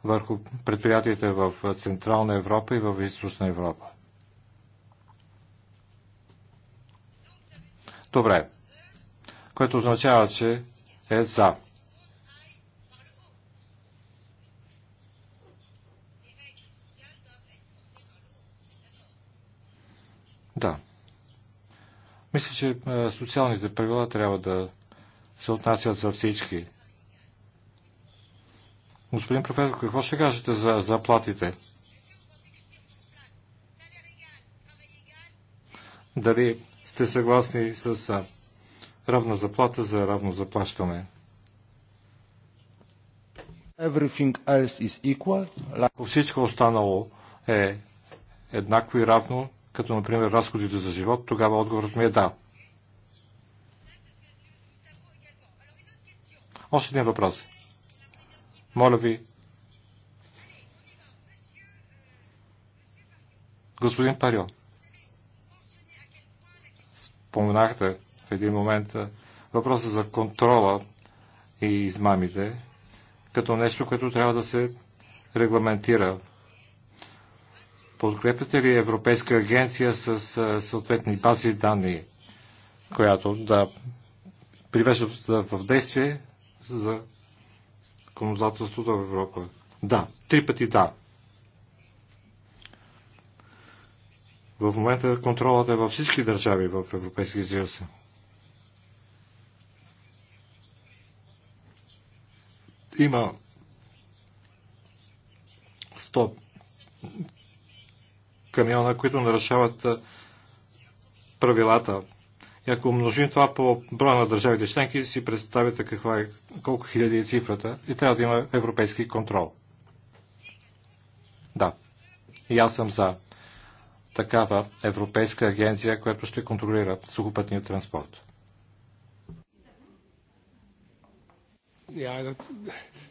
върху предприятията в Централна Европа и в Източна Европа. Добре което означава, че е за. Да. Мисля, че е, социалните правила трябва да се отнасят за всички. Господин професор, какво ще кажете за заплатите? Дали сте съгласни с е, равна заплата за равно заплащане. Ако всичко останало е еднакво и равно, като например разходите за живот, тогава отговорът ми е да. Още един въпрос. Моля ви. Господин Парио, споменахте в един момент въпроса за контрола и измамите като нещо, което трябва да се регламентира. Подкрепяте ли Европейска агенция с съответни бази данни, която да привежда в действие за законодателството в Европа? Да, три пъти да. В момента контролът е във всички държави в Европейския съюз. Има 100 камиона, които нарушават правилата. И ако умножим това по броя на държавите членки, си представите каква е, колко хиляди е цифрата и трябва да има европейски контрол. Да, и аз съм за такава европейска агенция, която ще контролира сухопътния транспорт. ja, dat,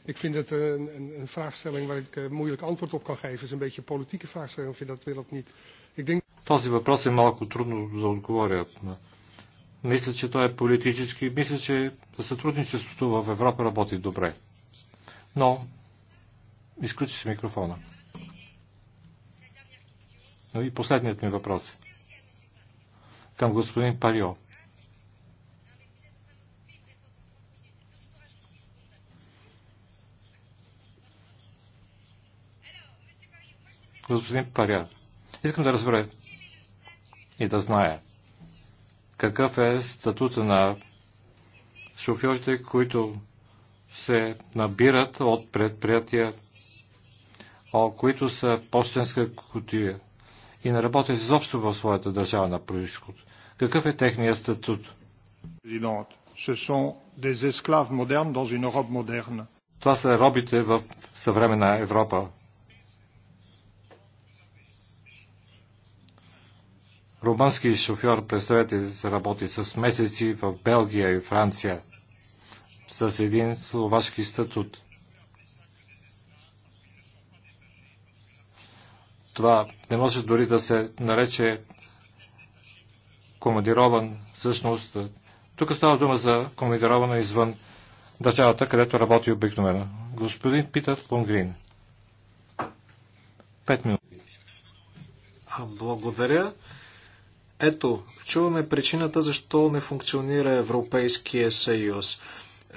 ik vind het een, een, een vraagstelling waar ik uh, moeilijk antwoord op kan geven. Het is een beetje een politieke vraagstelling of je dat wil of niet. Ik denk... Този въпрос е малко трудно да отговоря. Мисля, че той е политически. Мисля, че сътрудничеството в Европа работи добре. Но изключи се микрофона. И последният ми въпрос е към господин Парио. господин Паря. Искам да разбера и да знае какъв е статута на шофьорите, които се набират от предприятия, които са почтенска кутия и не работят изобщо в своята държава на происход. Какъв е техния статут? Това са робите в съвременна Европа. румънски шофьор, представете се, работи с месеци в Белгия и Франция с един словашки статут. Това не може дори да се нарече командирован всъщност. Тук става дума за командировано извън държавата, където работи обикновено. Господин Питър Лонгрин. Пет минути. Благодаря. Ето, чуваме причината защо не функционира Европейския съюз.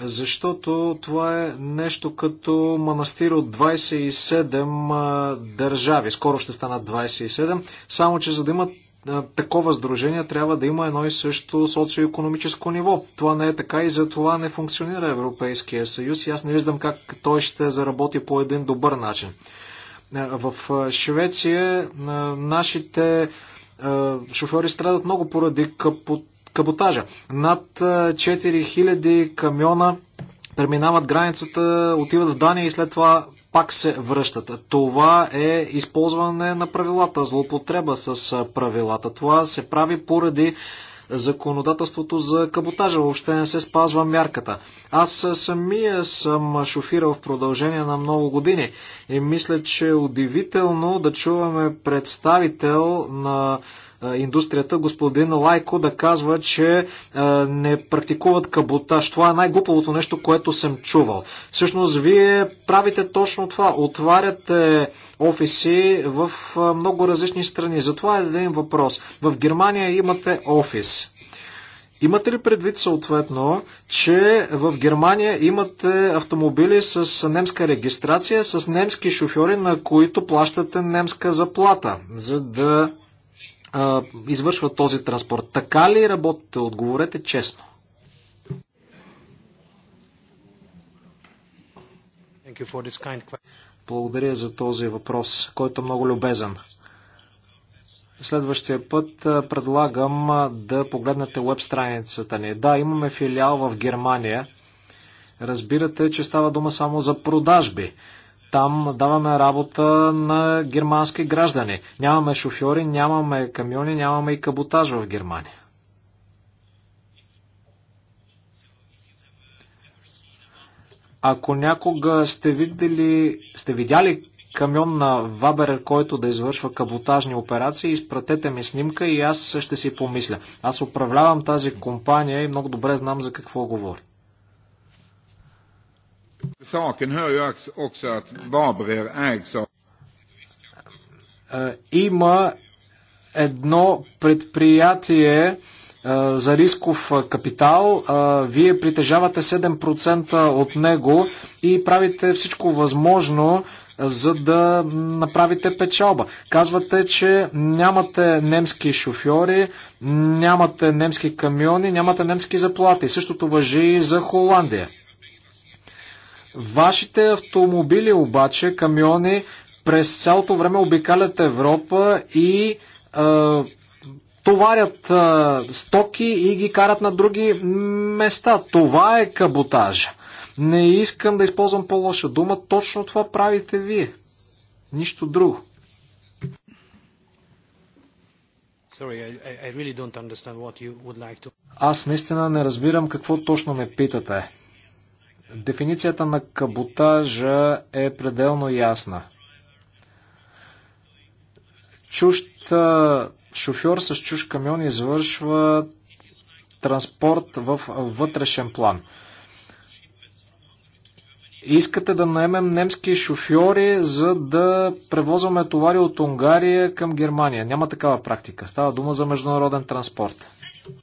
Защото това е нещо като манастир от 27 държави. Скоро ще станат 27. Само, че за да имат такова сдружение трябва да има едно и също социо-економическо ниво. Това не е така и за това не функционира Европейския съюз и аз не виждам как той ще заработи по един добър начин. В Швеция нашите е, шофьори страдат много поради каботажа. Над 4000 е, камиона преминават границата, отиват в Дания и след това пак се връщат. Това е използване на правилата, злоупотреба с е, правилата. Това се прави поради законодателството за каботажа. Въобще не се спазва мярката. Аз самия съм шофирал в продължение на много години и мисля, че е удивително да чуваме представител на индустрията, господин Лайко да казва, че не практикуват каботаж. Това е най-глупавото нещо, което съм чувал. Всъщност, вие правите точно това. Отваряте офиси в много различни страни. Затова е един въпрос. В Германия имате офис. Имате ли предвид съответно, че в Германия имате автомобили с немска регистрация, с немски шофьори, на които плащате немска заплата, за да а, извършва този транспорт. Така ли работите? Отговорете честно. Благодаря за този въпрос, който е много любезен. Следващия път предлагам да погледнете веб страницата ни. Да, имаме филиал в Германия. Разбирате, че става дума само за продажби там даваме работа на германски граждани. Нямаме шофьори, нямаме камиони, нямаме и каботаж в Германия. Ако някога сте видели, сте видяли камион на Вабер, който да извършва каботажни операции, изпратете ми снимка и аз ще си помисля. Аз управлявам тази компания и много добре знам за какво говоря. Saken hör ju också att Barber ägs av... Е, има едно предприятие е, за рисков е, капитал. вие притежавате 7% от него и правите всичко възможно, за да направите печалба. Казвате, че нямате немски шофьори, нямате немски камиони, нямате немски заплати. Същото въжи и за Холандия. Вашите автомобили обаче, камиони, през цялото време обикалят Европа и е, товарят е, стоки и ги карат на други места. Това е каботажа. Не искам да използвам по-лоша дума, точно това правите вие. Нищо друго. Аз наистина не разбирам какво точно ме питате. Дефиницията на каботажа е пределно ясна. Чужд шофьор с чуж камион извършва транспорт в вътрешен план. Искате да наемем немски шофьори, за да превозваме товари от Унгария към Германия. Няма такава практика. Става дума за международен транспорт.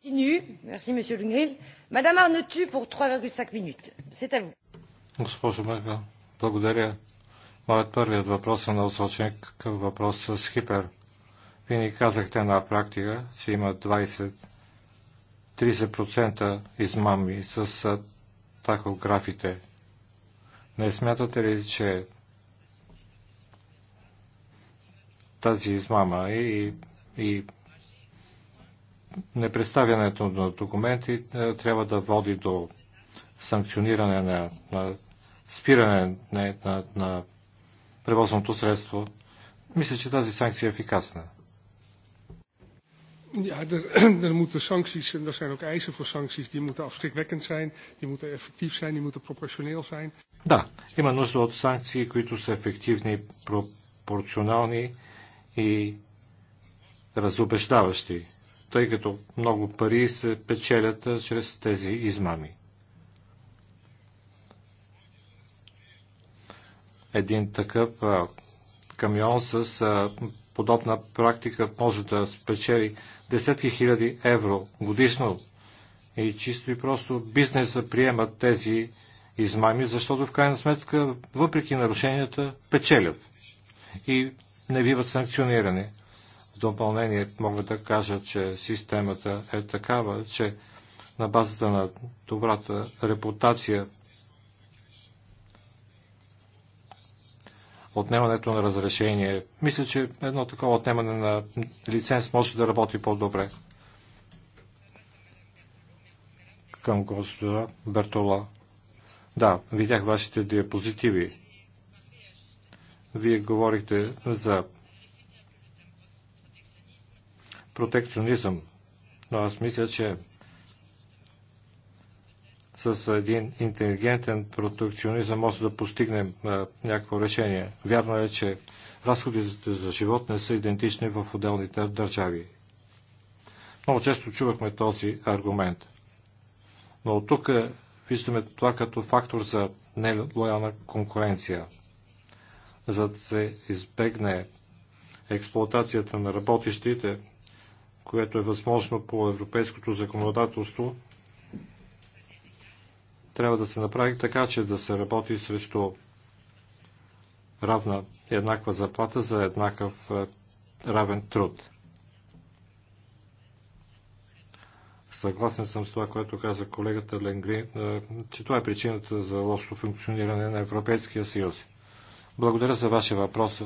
Merci, Мадам по 3,5 минути. Госпожо Мерка, благодаря. Моят първият въпрос е насочен към въпрос с хипер. Вие ни казахте на практика, че има 20-30% измами с тахографите. Не смятате ли, че тази измама и, и непредставянето на документи е, трябва да води до санкциониране на, на спиране на, на, на превозното средство. Мисля, че тази санкция е ефикасна. Ja, er, er moeten sancties, en er zijn ook eisen voor sancties, die moeten afschrikwekkend zijn, die moeten effectief zijn, die moeten proportioneel zijn. Да, има нужда от санкции, които са ефективни, пропорционални и разобеждаващи тъй като много пари се печелят чрез тези измами. Един такъв камион с подобна практика може да спечели десетки хиляди евро годишно. И чисто и просто бизнеса приемат тези измами, защото в крайна сметка, въпреки нарушенията, печелят и не биват санкционирани. В допълнение мога да кажа, че системата е такава, че на базата на добрата репутация отнемането на разрешение. Мисля, че едно такова отнемане на лиценз може да работи по-добре. Към господа Бертола. Да, видях вашите диапозитиви. Вие говорихте за протекционизъм. Но аз мисля, че с един интелигентен протекционизъм може да постигнем някакво решение. Вярно е, че разходите за живот не са идентични в отделните държави. Много често чувахме този аргумент. Но от тук е, виждаме това като фактор за нелоялна конкуренция. За да се избегне експлоатацията на работещите, което е възможно по европейското законодателство, трябва да се направи така, че да се работи срещу равна еднаква заплата за еднакъв е, равен труд. Съгласен съм с това, което каза колегата Ленгри, е, че това е причината за лошото функциониране на Европейския съюз. Благодаря за вашия въпрос.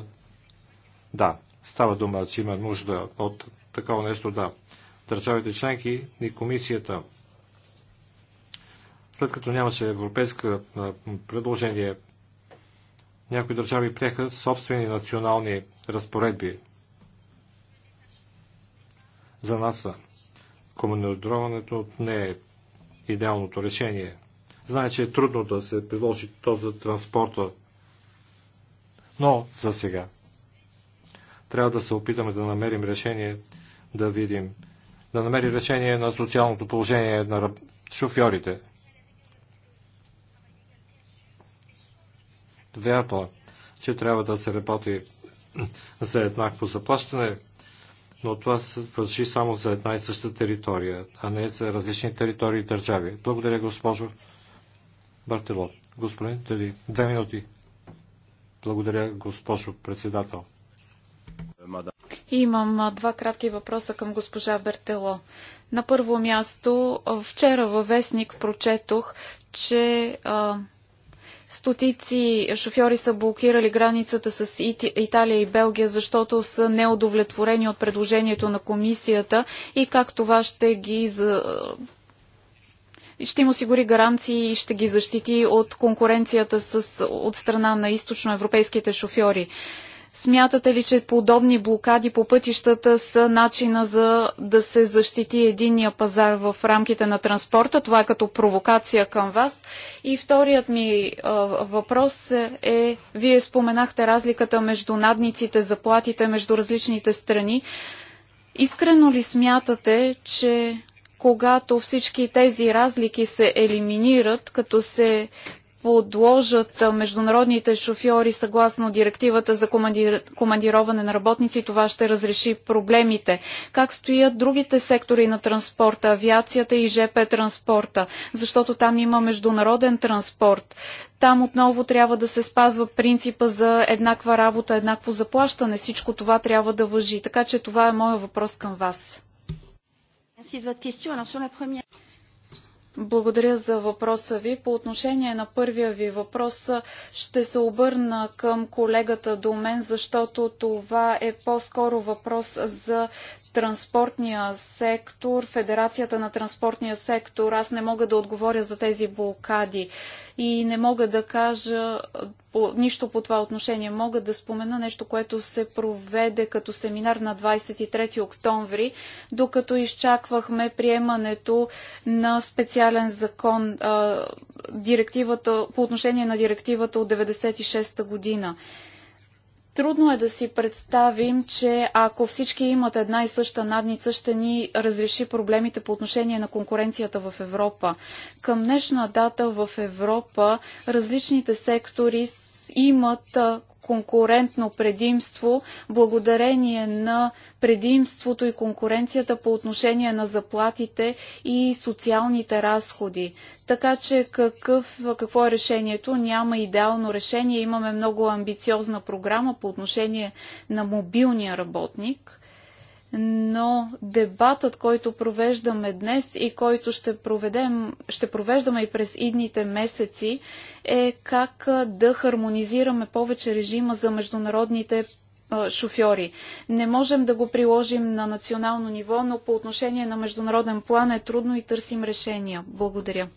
Да, става дума, че има нужда от такова нещо да. Държавите членки и комисията. След като нямаше европейска предложение, някои държави приеха собствени национални разпоредби. За нас командироването не е идеалното решение. Знае, че е трудно да се приложи този транспорт, транспорта, но за сега трябва да се опитаме да намерим решение да видим, да намери решение на социалното положение на шофьорите. Вярно, е, че трябва да се работи за еднакво заплащане, но това върши само за една и съща територия, а не за различни територии и държави. Благодаря, госпожо Бартело. Господин Дали, две минути. Благодаря, госпожо председател. Имам два кратки въпроса към госпожа Бертело. На първо място, вчера във вестник прочетох, че а, стотици шофьори са блокирали границата с Италия и Белгия, защото са неудовлетворени от предложението на комисията и как това ще ги за ще им осигури гаранции и ще ги защити от конкуренцията с, от страна на източноевропейските шофьори. Смятате ли, че подобни блокади по пътищата са начина за да се защити единния пазар в рамките на транспорта? Това е като провокация към вас. И вторият ми а, въпрос е, вие споменахте разликата между надниците, заплатите между различните страни. Искрено ли смятате, че когато всички тези разлики се елиминират, като се подложат международните шофьори съгласно директивата за командироване на работници, това ще разреши проблемите. Как стоят другите сектори на транспорта, авиацията и ЖП транспорта, защото там има международен транспорт. Там отново трябва да се спазва принципа за еднаква работа, еднакво заплащане. Всичко това трябва да въжи. Така че това е моят въпрос към вас. Благодаря за въпроса ви. По отношение на първия ви въпрос ще се обърна към колегата до мен, защото това е по-скоро въпрос за транспортния сектор, Федерацията на транспортния сектор, аз не мога да отговоря за тези блокади и не мога да кажа по, нищо по това отношение. Мога да спомена нещо, което се проведе като семинар на 23 октомври, докато изчаквахме приемането на специален закон, а, директивата, по отношение на директивата от 96-та година. Трудно е да си представим, че ако всички имат една и съща надница, ще ни разреши проблемите по отношение на конкуренцията в Европа. Към днешна дата в Европа различните сектори имат конкурентно предимство благодарение на предимството и конкуренцията по отношение на заплатите и социалните разходи. Така че какъв, какво е решението? Няма идеално решение. Имаме много амбициозна програма по отношение на мобилния работник но дебатът, който провеждаме днес и който ще, проведем, ще провеждаме и през идните месеци, е как да хармонизираме повече режима за международните шофьори. Не можем да го приложим на национално ниво, но по отношение на международен план е трудно и търсим решения. Благодаря.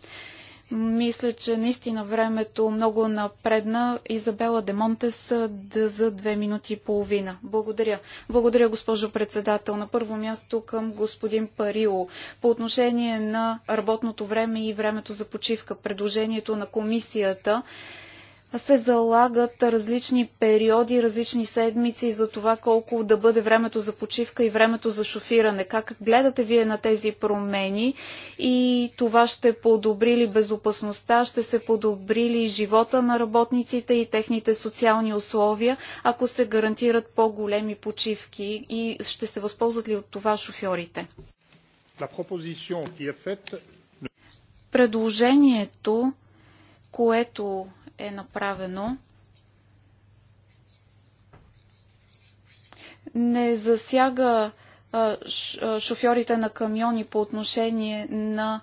Мисля, че наистина времето много напредна. Изабела Демонтес за две минути и половина. Благодаря. Благодаря, госпожо председател. На първо място към господин Парило. По отношение на работното време и времето за почивка, предложението на комисията се залагат различни периоди, различни седмици за това колко да бъде времето за почивка и времето за шофиране. Как гледате вие на тези промени и това ще подобри ли безопасността, ще се подобри ли живота на работниците и техните социални условия, ако се гарантират по-големи почивки и ще се възползват ли от това шофьорите? Предложението, което е направено, не засяга шофьорите на камиони по отношение на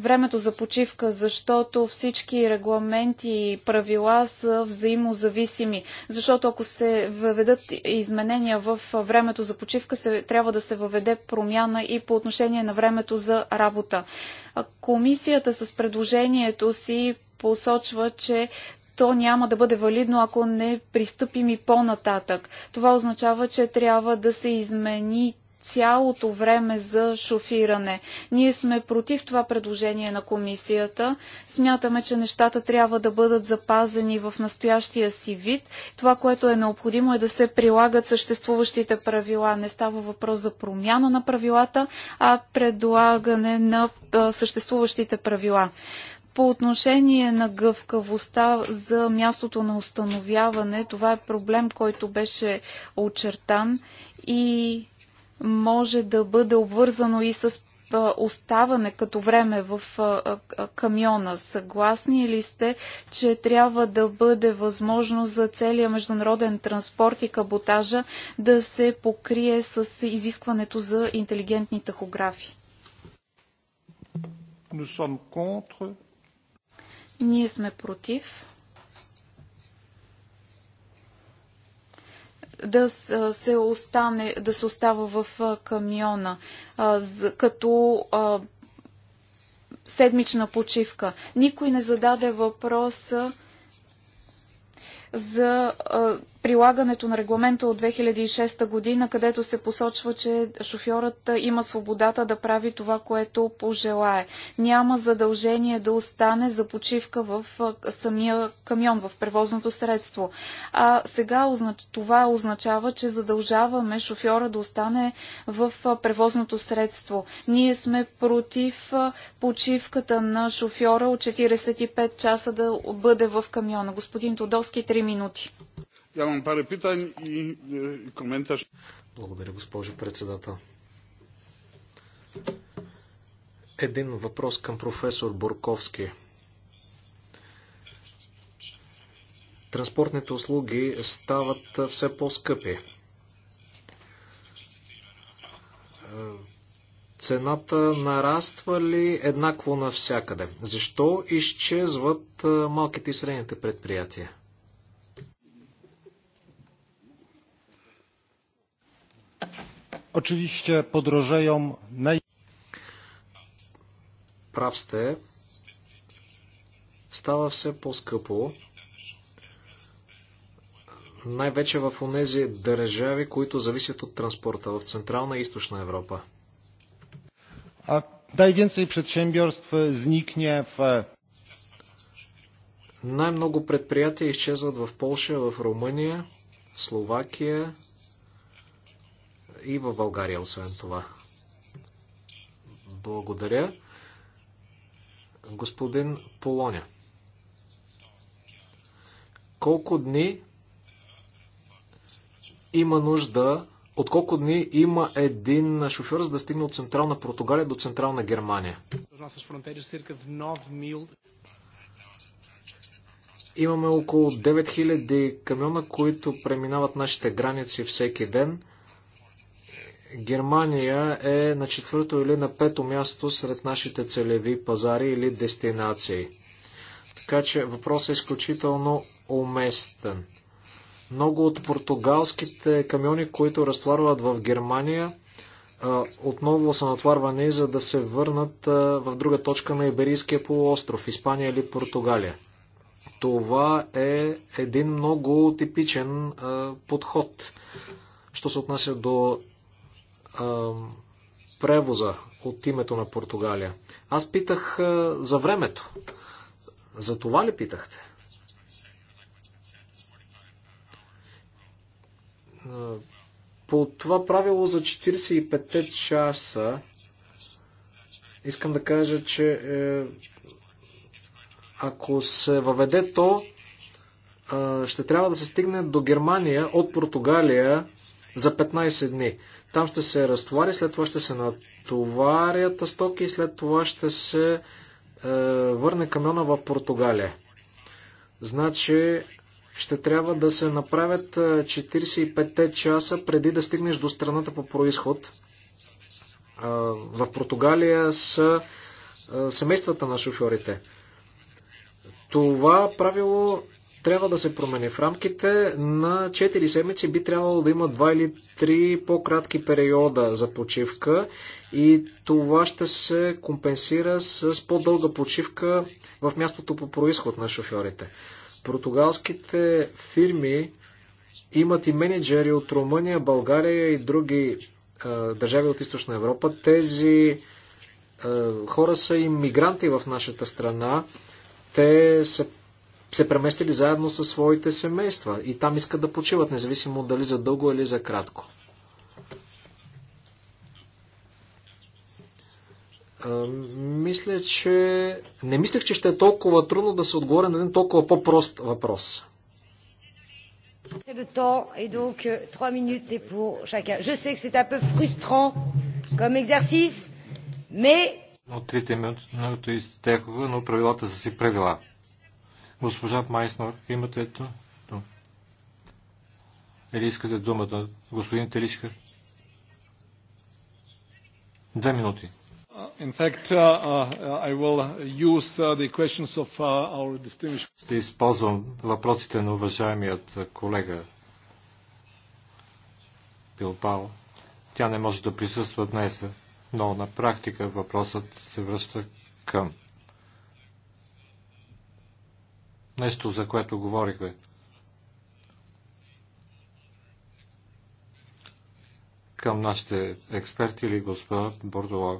времето за почивка, защото всички регламенти и правила са взаимозависими. Защото ако се въведат изменения в времето за почивка, се, трябва да се въведе промяна и по отношение на времето за работа. Комисията с предложението си посочва, че то няма да бъде валидно, ако не пристъпим и по-нататък. Това означава, че трябва да се измени цялото време за шофиране. Ние сме против това предложение на комисията. Смятаме, че нещата трябва да бъдат запазени в настоящия си вид. Това, което е необходимо е да се прилагат съществуващите правила. Не става въпрос за промяна на правилата, а предлагане на съществуващите правила по отношение на гъвкавостта за мястото на установяване, това е проблем, който беше очертан и може да бъде обвързано и с оставане като време в камиона. Съгласни ли сте, че трябва да бъде възможно за целия международен транспорт и каботажа да се покрие с изискването за интелигентни тахографи? Ние сме против. да се, остане, да се остава в камиона, като седмична почивка. Никой не зададе въпроса за прилагането на регламента от 2006 година, където се посочва, че шофьорът има свободата да прави това, което пожелае. Няма задължение да остане за почивка в самия камион, в превозното средство. А сега това означава, че задължаваме шофьора да остане в превозното средство. Ние сме против почивката на шофьора от 45 часа да бъде в камиона. Господин Тодоски, 3 минути. Ja mam parę pytań i e, komentarz. Благодаря, госпожо председател. Един въпрос към професор Бурковски. Транспортните услуги стават все по-скъпи. Цената нараства ли еднакво навсякъде? Защо изчезват малките и средните предприятия? Oczywiście podrożeją naj... Прав Става все по-скъпо. Най-вече в унези държави, които зависят от транспорта в Централна и Източна Европа. А най-więcej предприятиев зникне в най-много предприятия изчезват в Полша, в Румъния, Словакия, и в България, освен това. Благодаря. Господин Полоня. Колко дни има нужда, от колко дни има един шофьор, за да стигне от Централна Португалия до Централна Германия? Имаме около 9000 камиона, които преминават нашите граници всеки ден – Германия е на четвърто или на пето място сред нашите целеви пазари или дестинации. Така че въпросът е изключително уместен. Много от португалските камиони, които разтварват в Германия, отново са натварвани, за да се върнат в друга точка на Иберийския полуостров, Испания или Португалия. Това е един много типичен подход, що се отнася до превоза от името на Португалия. Аз питах за времето. За това ли питахте? По това правило за 45 часа искам да кажа, че е, ако се въведе то, а, ще трябва да се стигне до Германия от Португалия за 15 дни. Там ще се разтовари, след това ще се натоварят стоки и след това ще се е, върне камиона в Португалия. Значи ще трябва да се направят 45 е, часа преди да стигнеш до страната по происход. Е, в Португалия са е, семействата на шофьорите. Това правило трябва да се промени. В рамките на 4 седмици би трябвало да има 2 или 3 по-кратки периода за почивка и това ще се компенсира с по-дълга почивка в мястото по происход на шофьорите. Португалските фирми имат и менеджери от Румъния, България и други е, държави от Източна Европа. Тези е, хора са иммигранти в нашата страна. Те се се преместили заедно със своите семейства и там искат да почиват, независимо дали за дълго или за кратко. мисля, че... Не мислех, че ще е толкова трудно да се отговоря на един толкова по-прост въпрос. Le temps et donc euh, trois minutes c'est pour chacun. Je sais que c'est un peu frustrant comme exercice, mais... Но трите минути но правилата са си правила. Госпожа Майснор, имате ето? Или искате думата? Господин Телишка? Две минути. Uh, in fact, uh, uh, I will use the questions of our distinguished... Ще използвам въпросите на уважаемият колега Билбао. Тя не може да присъства днес, но на практика въпросът се връща към Нещо, за което говорихме. Към нашите експерти или господа Бордова.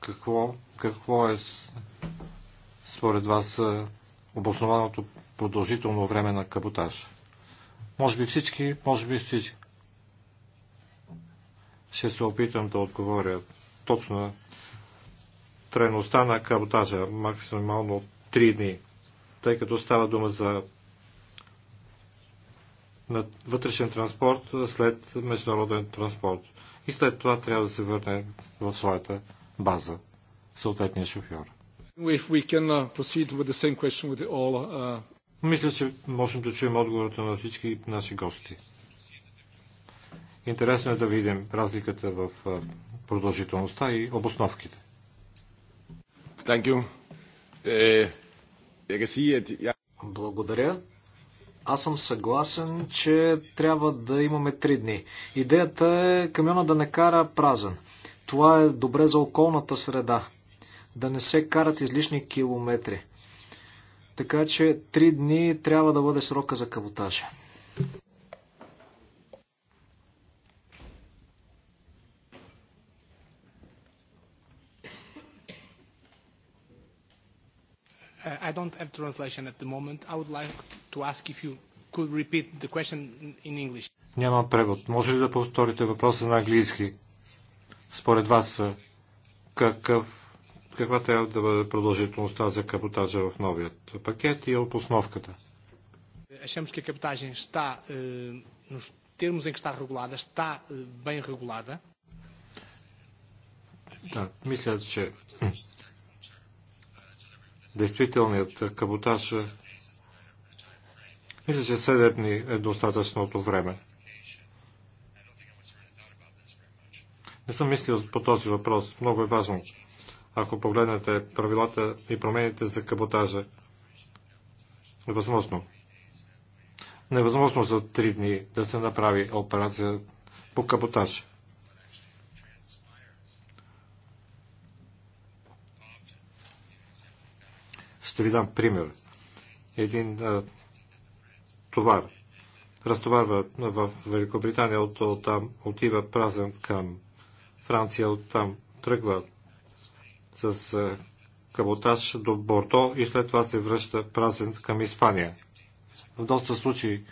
Какво, какво е според вас е, обоснованото продължително време на каботаж? Може би всички, може би всички. Ще се опитам да отговоря точно трайността на каботажа максимално 3 дни, тъй като става дума за на вътрешен транспорт след международен транспорт. И след това трябва да се върне в своята база, съответния шофьор. Uh, uh, Мисля, че можем да чуем отговорите на всички наши гости. Интересно е да видим разликата в uh, продължителността и обосновките. Eh, Благодаря. Аз съм съгласен, че трябва да имаме три дни. Идеята е камиона да не кара празен. Това е добре за околната среда. Да не се карат излишни километри. Така че три дни трябва да бъде срока за каботажа. I don't have translation at the moment. I would like to ask if you could repeat the question in English. Няма превод. Може ли да повторите въпроса на английски? Според вас, какъв, каква трябва да бъде продължителността за капотажа в новият пакет и обосновката? Achamos que a cabotagem está, nos termos em que está regulada, está bem regulada. Да, мисля, че действителният каботаж. Е, мисля, че 7 дни е достатъчното време. Не съм мислил по този въпрос. Много е важно. Ако погледнете правилата и промените за каботажа, невъзможно. Невъзможно за 3 дни да се направи операция по каботаж. Ще ви дам пример. Един а, товар разтоварва в Великобритания, от, от там отива празен към Франция, оттам тръгва с а, каботаж до Борто и след това се връща празен към Испания. В доста случаи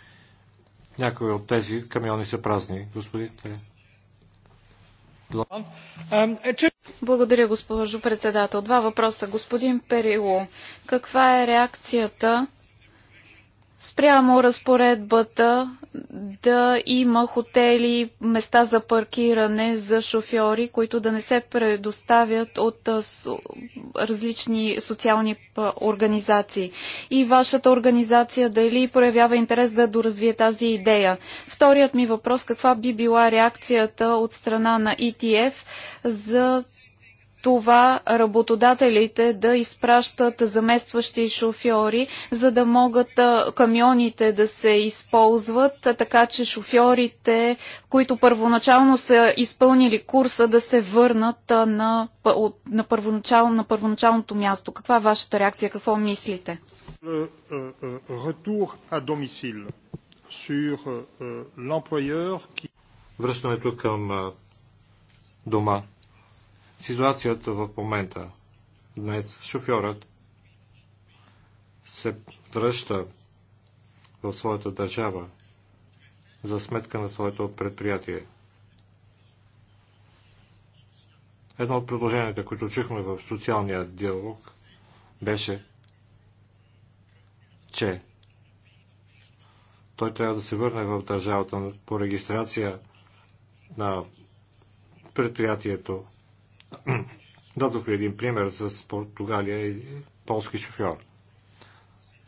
някои от тези камиони са празни, господин Те. Um, uh, благодаря, госпожо председател. Два въпроса. Господин Перило, каква е реакцията спрямо разпоредбата да има хотели, места за паркиране за шофьори, които да не се предоставят от различни социални организации. И вашата организация дали проявява интерес да доразвие тази идея? Вторият ми въпрос, каква би била реакцията от страна на ETF за това работодателите да изпращат заместващи шофьори, за да могат камионите да се използват, така че шофьорите, които първоначално са изпълнили курса, да се върнат на, на, първоначал, на първоначалното място. Каква е вашата реакция? Какво мислите? Е, е, е, Връщането към дома ситуацията в момента. Днес шофьорът се връща в своята държава за сметка на своето предприятие. Едно от предложенията, които чухме в социалния диалог, беше, че той трябва да се върне в държавата по регистрация на предприятието Дадох ви един пример с Португалия и полски шофьор.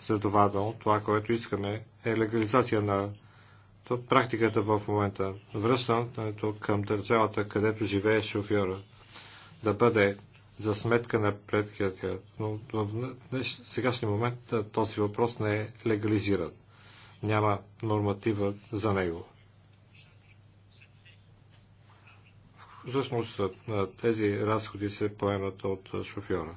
Следователно, това, което искаме, е легализация на практиката в момента. Връщането към държавата, където живее шофьора, да бъде за сметка на предкрития. Но в сегашния момент този въпрос не е легализиран. Няма норматива за него. Всъщност тези разходи се поемат от шофьора.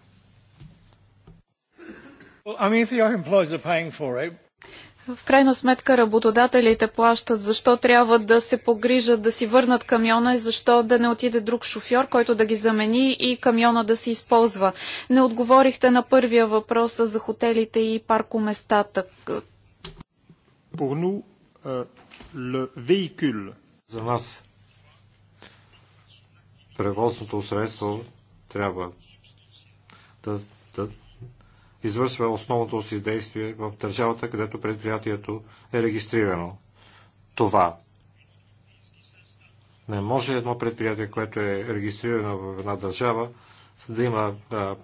В крайна сметка работодателите плащат. Защо трябва да се погрижат да си върнат камиона и защо да не отиде друг шофьор, който да ги замени и камиона да се използва? Не отговорихте на първия въпрос за хотелите и паркоместата. Euh, за нас превозното средство трябва да, да извършва основното си действие в държавата, където предприятието е регистрирано. Това не може едно предприятие, което е регистрирано в една държава, да има а,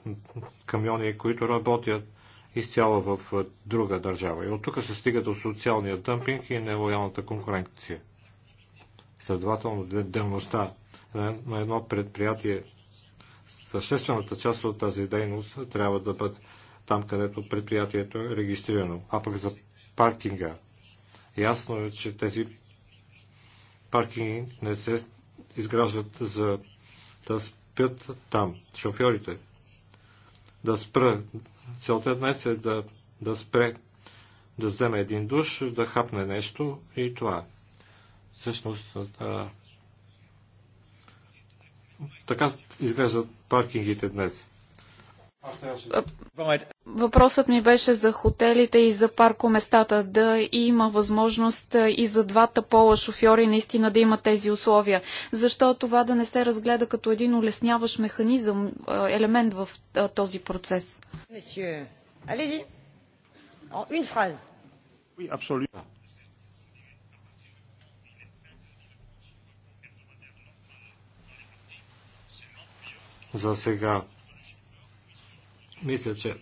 камиони, които работят изцяло в друга държава. И от тук се стига до социалния дъмпинг и нелоялната конкуренция. Следователно, дейността на едно предприятие. Съществената част от тази дейност трябва да бъде там, където предприятието е регистрирано. А пък за паркинга. Ясно е, че тези паркинги не се изграждат за да спят там шофьорите. Да спра. Целта днес е да, да спре, да вземе един душ, да хапне нещо и това. Всъщност, така изглеждат паркингите днес. Въпросът ми беше за хотелите и за паркоместата. Да има възможност и за двата пола шофьори наистина да имат тези условия. Защо това да не се разгледа като един улесняващ механизъм, елемент в този процес? Месье, allez за сега. Мисля, че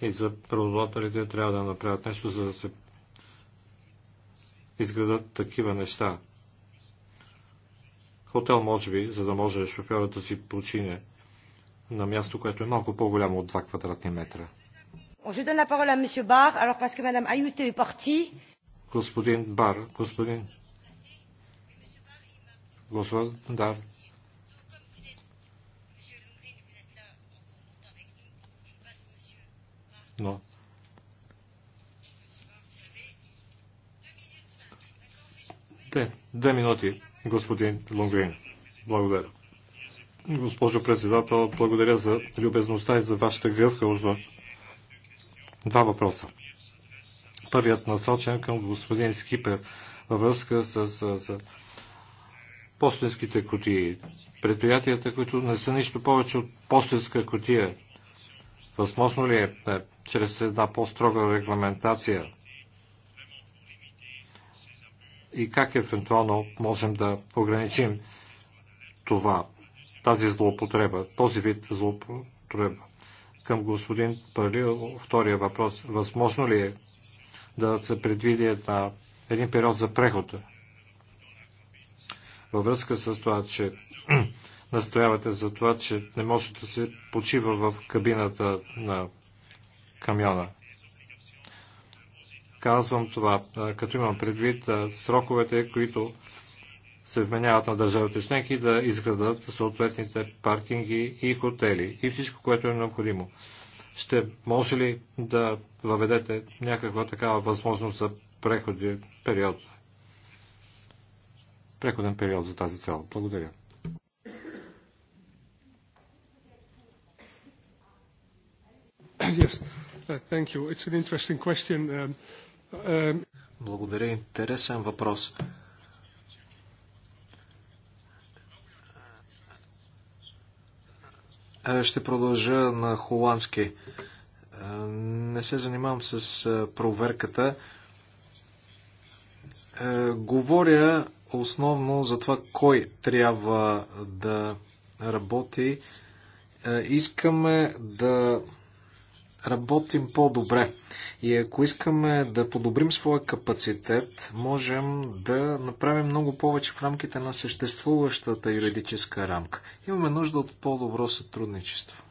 и за правоотелите трябва да направят нещо, за да се изградат такива неща. Хотел, може би, за да може шофьорът да си почине на място, което е малко по-голямо от 2 квадратни метра. Господин Бар, господин... Господин Дар, Но Те, две минути, господин Лонгрин. Благодаря. Госпожо председател, благодаря за любезността и за вашата гъвкавост. Два въпроса. Първият насочен към господин Скипер във връзка с, с, с почтенските кутии. Предприятията, които не са нищо повече от постенска кутия. Възможно ли е, е чрез една по-строга регламентация и как евентуално можем да ограничим това, тази злоупотреба, този вид злоупотреба? Към господин Пали, втория въпрос. Възможно ли е да се предвиди една, един период за прехода? Във връзка с това, че настоявате за това, че не може да се почива в кабината на камиона. Казвам това, като имам предвид сроковете, които се вменяват на държавите членки да изградат съответните паркинги и хотели и всичко, което е необходимо. Ще може ли да въведете някаква такава възможност за преходен период? Преходен период за тази цел. Благодаря. Yes. Uh, thank you. It's an interesting question. Um, um, Благодаря. Интересен въпрос. Е, ще продължа на холандски. Е, не се занимавам с е, проверката. Говоря основно за това кой трябва да работи. Искаме да работим по-добре. И ако искаме да подобрим своя капацитет, можем да направим много повече в рамките на съществуващата юридическа рамка. Имаме нужда от по-добро сътрудничество.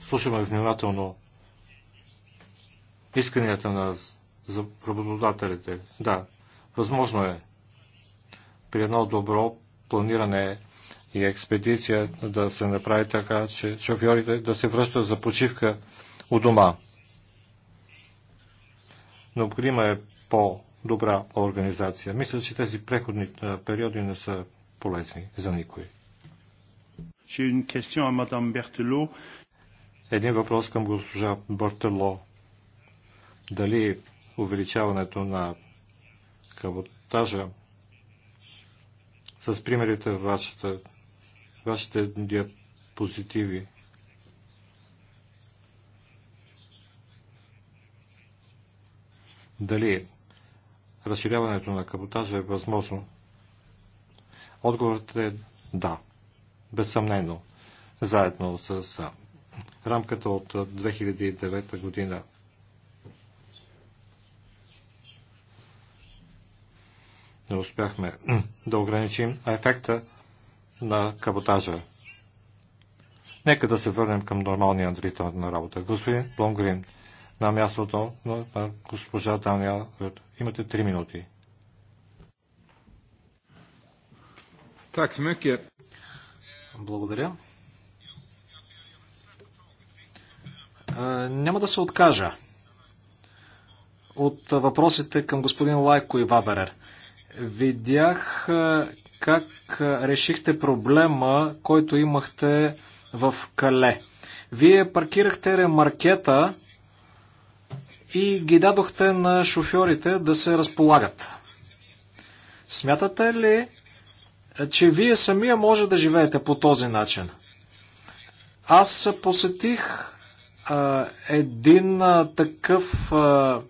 Слушаме внимателно исканията на работодателите. Да, възможно е при едно добро планиране и експедиция да се направи така, че шофьорите да се връщат за почивка у дома. Необходима е по-добра организация. Мисля, че тези преходни периоди не са полезни за никой. Един въпрос към госпожа Бартело. Дали увеличаването на каботажа с примерите в вашата, вашите диапозитиви. Дали разширяването на каботажа е възможно? Отговорът е да, безсъмнено, заедно с рамката от 2009 година не успяхме да ограничим ефекта на каботажа. Нека да се върнем към нормалния ритъм на работа. Господин Блонгрин, на мястото на, госпожа Дания, имате три минути. Так, смеки. Благодаря. няма да се откажа от въпросите към господин Лайко и Ваберер. Видях как решихте проблема, който имахте в Кале. Вие паркирахте ремаркета и ги дадохте на шофьорите да се разполагат. Смятате ли, че вие самия може да живеете по този начин? Аз посетих а, един а, такъв а,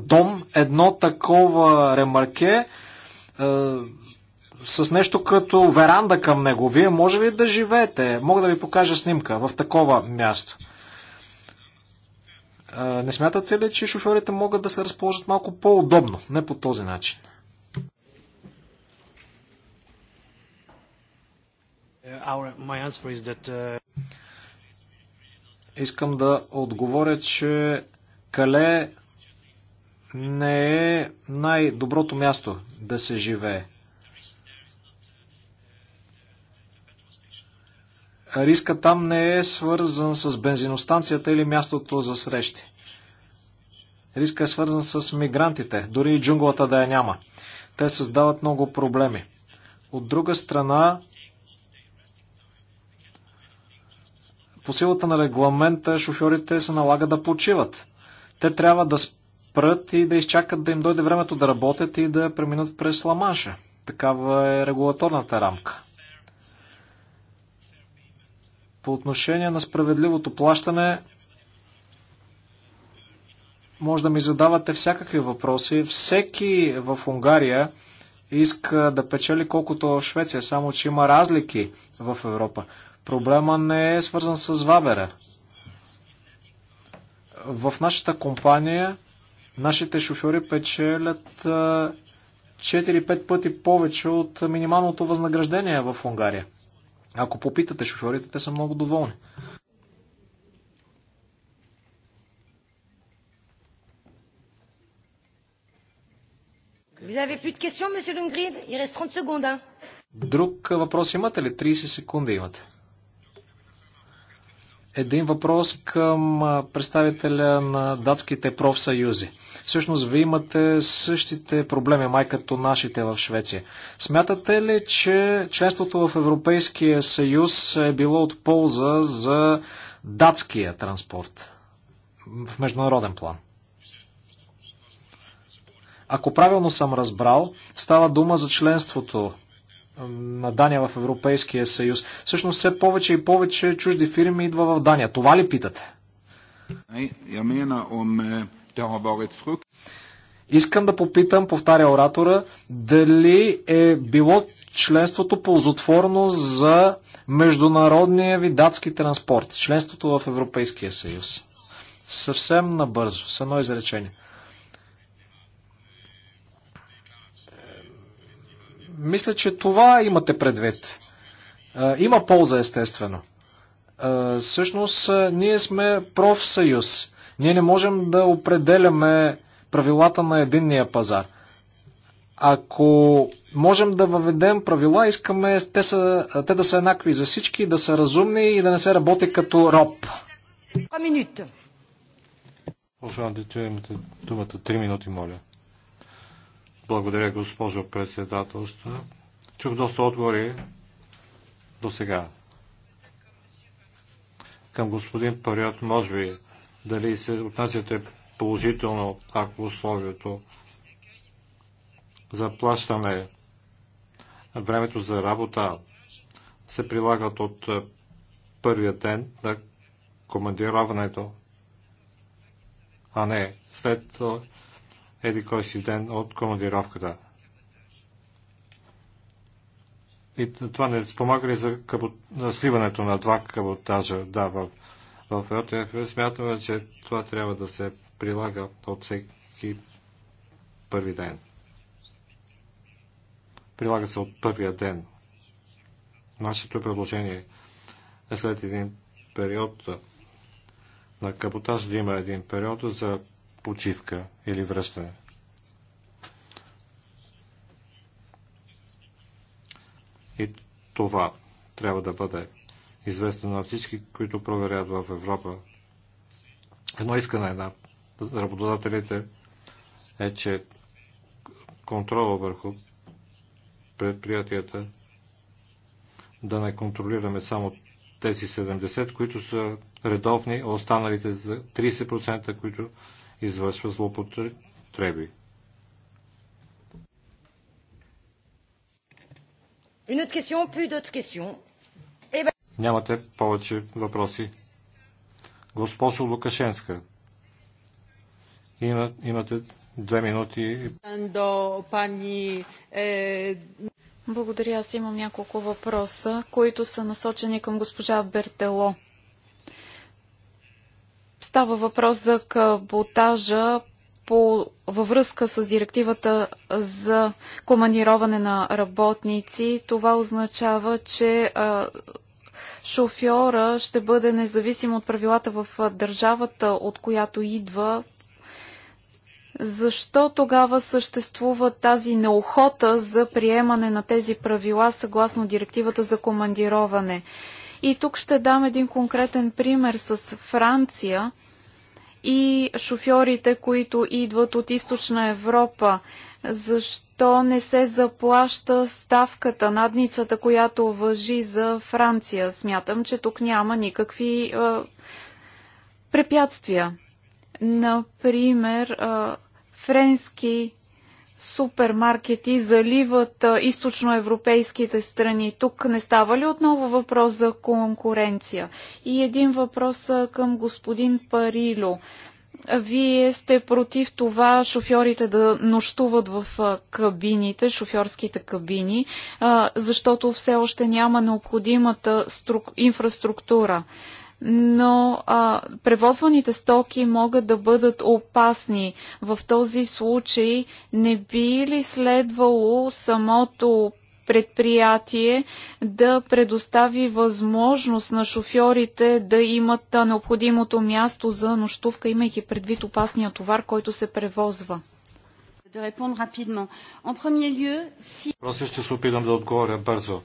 дом, едно такова ремарке с нещо като веранда към него. Вие може ли да живеете? Мога да ви покажа снимка в такова място. Не смятате ли, че шофьорите могат да се разположат малко по-удобно? Не по този начин. Uh, uh, Искам да отговоря, че Кале не е най-доброто място да се живее. Риска там не е свързан с бензиностанцията или мястото за срещи. Риска е свързан с мигрантите, дори и джунглата да я няма. Те създават много проблеми. От друга страна, по силата на регламента шофьорите се налага да почиват. Те трябва да спят спрат и да изчакат да им дойде времето да работят и да преминат през Ламанша. Такава е регулаторната рамка. По отношение на справедливото плащане, може да ми задавате всякакви въпроси. Всеки в Унгария иска да печели колкото в Швеция, само че има разлики в Европа. Проблема не е свързан с Вабера. В нашата компания Нашите шофьори печелят 4-5 пъти повече от минималното възнаграждение в Унгария. Ако попитате шофьорите, те са много доволни. Друг въпрос имате ли? 30 секунди имате един въпрос към представителя на датските профсъюзи. Всъщност, вие имате същите проблеми, май като нашите в Швеция. Смятате ли, че членството в Европейския съюз е било от полза за датския транспорт в международен план? Ако правилно съм разбрал, става дума за членството на Дания в Европейския съюз. Всъщност все повече и повече чужди фирми идва в Дания. Това ли питате? Е, Искам да попитам, повтаря оратора, дали е било членството ползотворно за международния ви датски транспорт, членството в Европейския съюз. Съвсем набързо, с едно изречение. Мисля, че това имате предвид. Има полза, естествено. Всъщност, ние сме профсъюз. Ние не можем да определяме правилата на единния пазар. Ако можем да въведем правила, искаме те, са, те да са еднакви за всички, да са разумни и да не се работи като роб. Минута. Уважаемите, имате думата. Три минути, моля. Благодаря, госпожо председателство. Чух доста отговори до сега. Към господин Париот, може би, дали се отнасяте положително, ако условието заплащане, времето за работа се прилагат от е, първия ден на командироването, а не след е, еди кой си ден от командировката. И това не спомага ли за кабот... сливането на два каботажа? Да, в, в РТФ смятаме, че това трябва да се прилага от всеки първи ден. Прилага се от първия ден. Нашето предложение е след един период на каботаж да има един период за почивка или връщане. И това трябва да бъде известно на всички, които проверят в Европа. Едно искане на работодателите е, че контрола върху предприятията да не контролираме само тези 70, които са редовни, останалите за 30%, които извършва злоупотреби. Eh Нямате повече въпроси. Госпожо Лукашенска, има, имате две минути. Е, Благодаря. Аз имам няколко въпроса, които са насочени към госпожа Бертело. Става въпрос за каботажа по, във връзка с директивата за командироване на работници. Това означава, че а, шофьора ще бъде независим от правилата в държавата, от която идва. Защо тогава съществува тази неохота за приемане на тези правила съгласно директивата за командироване? И тук ще дам един конкретен пример с Франция и шофьорите, които идват от източна Европа. Защо не се заплаща ставката, надницата, която въжи за Франция? Смятам, че тук няма никакви е, препятствия. Например, е, френски супермаркети заливат източноевропейските страни. Тук не става ли отново въпрос за конкуренция? И един въпрос към господин Парило. Вие сте против това шофьорите да нощуват в кабините, шофьорските кабини, защото все още няма необходимата инфраструктура но а, превозваните стоки могат да бъдат опасни. В този случай не би ли следвало самото предприятие да предостави възможност на шофьорите да имат необходимото място за нощувка, имайки предвид опасния товар, който се превозва? Просто ще се опитам да отговоря бързо.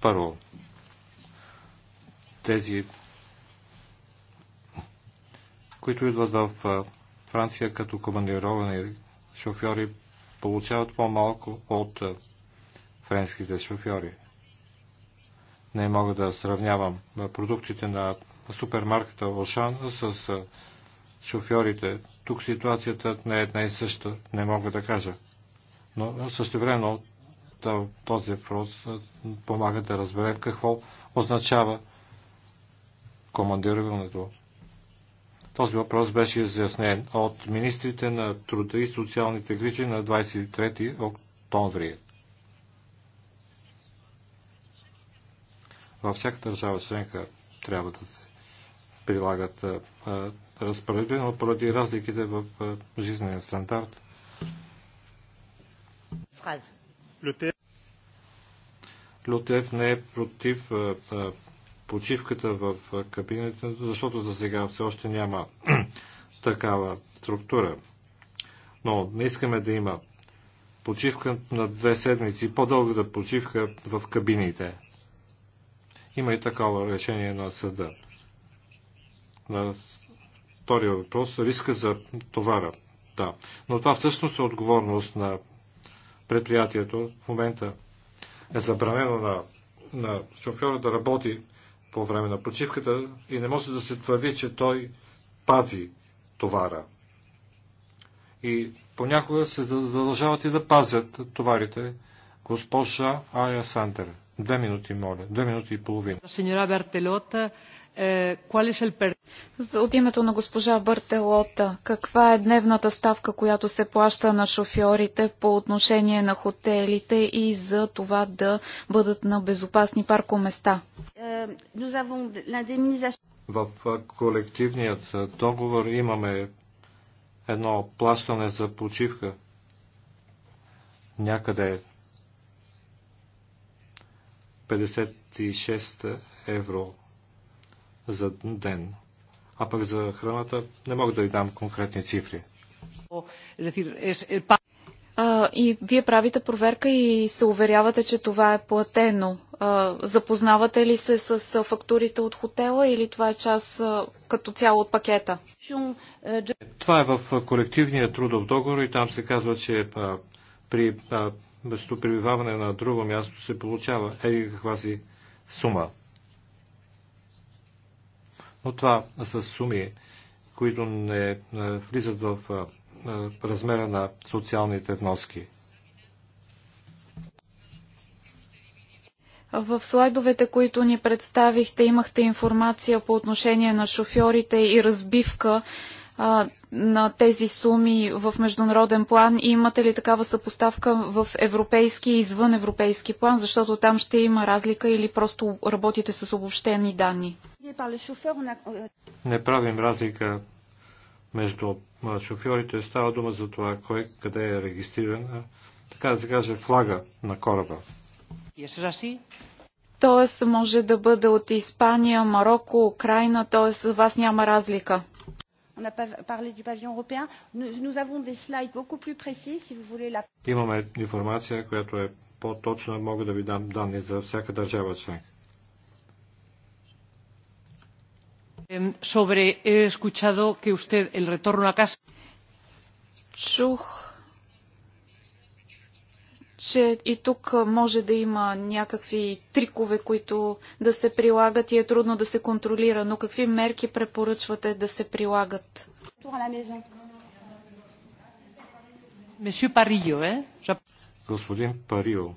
Първо, тези които идват в Франция като командировани шофьори, получават по-малко от френските шофьори. Не мога да сравнявам продуктите на супермаркета Ошан с шофьорите. Тук ситуацията не е една и съща, не мога да кажа. Но също време този въпрос помага да разберем какво означава командироването този въпрос беше изяснен от министрите на труда и социалните грижи на 23 октомври. Във всяка държава членка трябва да се прилагат разпоредби, но поради разликите в жизнен стандарт. Лютев не е против почивката в кабинета, защото за сега все още няма такава структура. Но не искаме да има почивка на две седмици, по-дългата почивка в кабините. Има и такова решение на съда. На втория въпрос риска за товара. Да. Но това всъщност е отговорност на предприятието. В момента е забранено на, на шофьора да работи по време на почивката и не може да се твърди, че той пази товара. И понякога се задължават и да пазят товарите. Госпожа Ая Сантер. Две минути, моля. Две минути и половина. Сеньора Бертелота, е, от името на госпожа Бъртелота, каква е дневната ставка, която се плаща на шофьорите по отношение на хотелите и за това да бъдат на безопасни паркоместа? Е, в колективният договор имаме едно плащане за почивка някъде 56 евро за ден. А пък за храната не мога да ви дам конкретни цифри. Е, е, е, а, и вие правите проверка и се уверявате, че това е платено запознавате ли се с фактурите от хотела или това е част като цяло от пакета? Това е в колективния трудов договор и там се казва, че при местопребиваване на друго място се получава еди каква си сума. Но това са суми, които не влизат в размера на социалните вноски. В слайдовете, които ни представихте, имахте информация по отношение на шофьорите и разбивка а, на тези суми в международен план и имате ли такава съпоставка в европейски и извън европейски план, защото там ще има разлика или просто работите с обобщени данни? Не правим разлика между шофьорите. Става дума за това кой къде е регистриран. Така да се каже флага на кораба. Тоест може да бъде от Испания, Марокко, Украина, т.е. за вас няма разлика. Имаме информация, която е по-точна, мога да ви дам данни за всяка държава член. Sobre, he escuchado que usted el retorno a casa. Чух че и тук може да има някакви трикове, които да се прилагат и е трудно да се контролира, но какви мерки препоръчвате да се прилагат? Е? Господин Парио,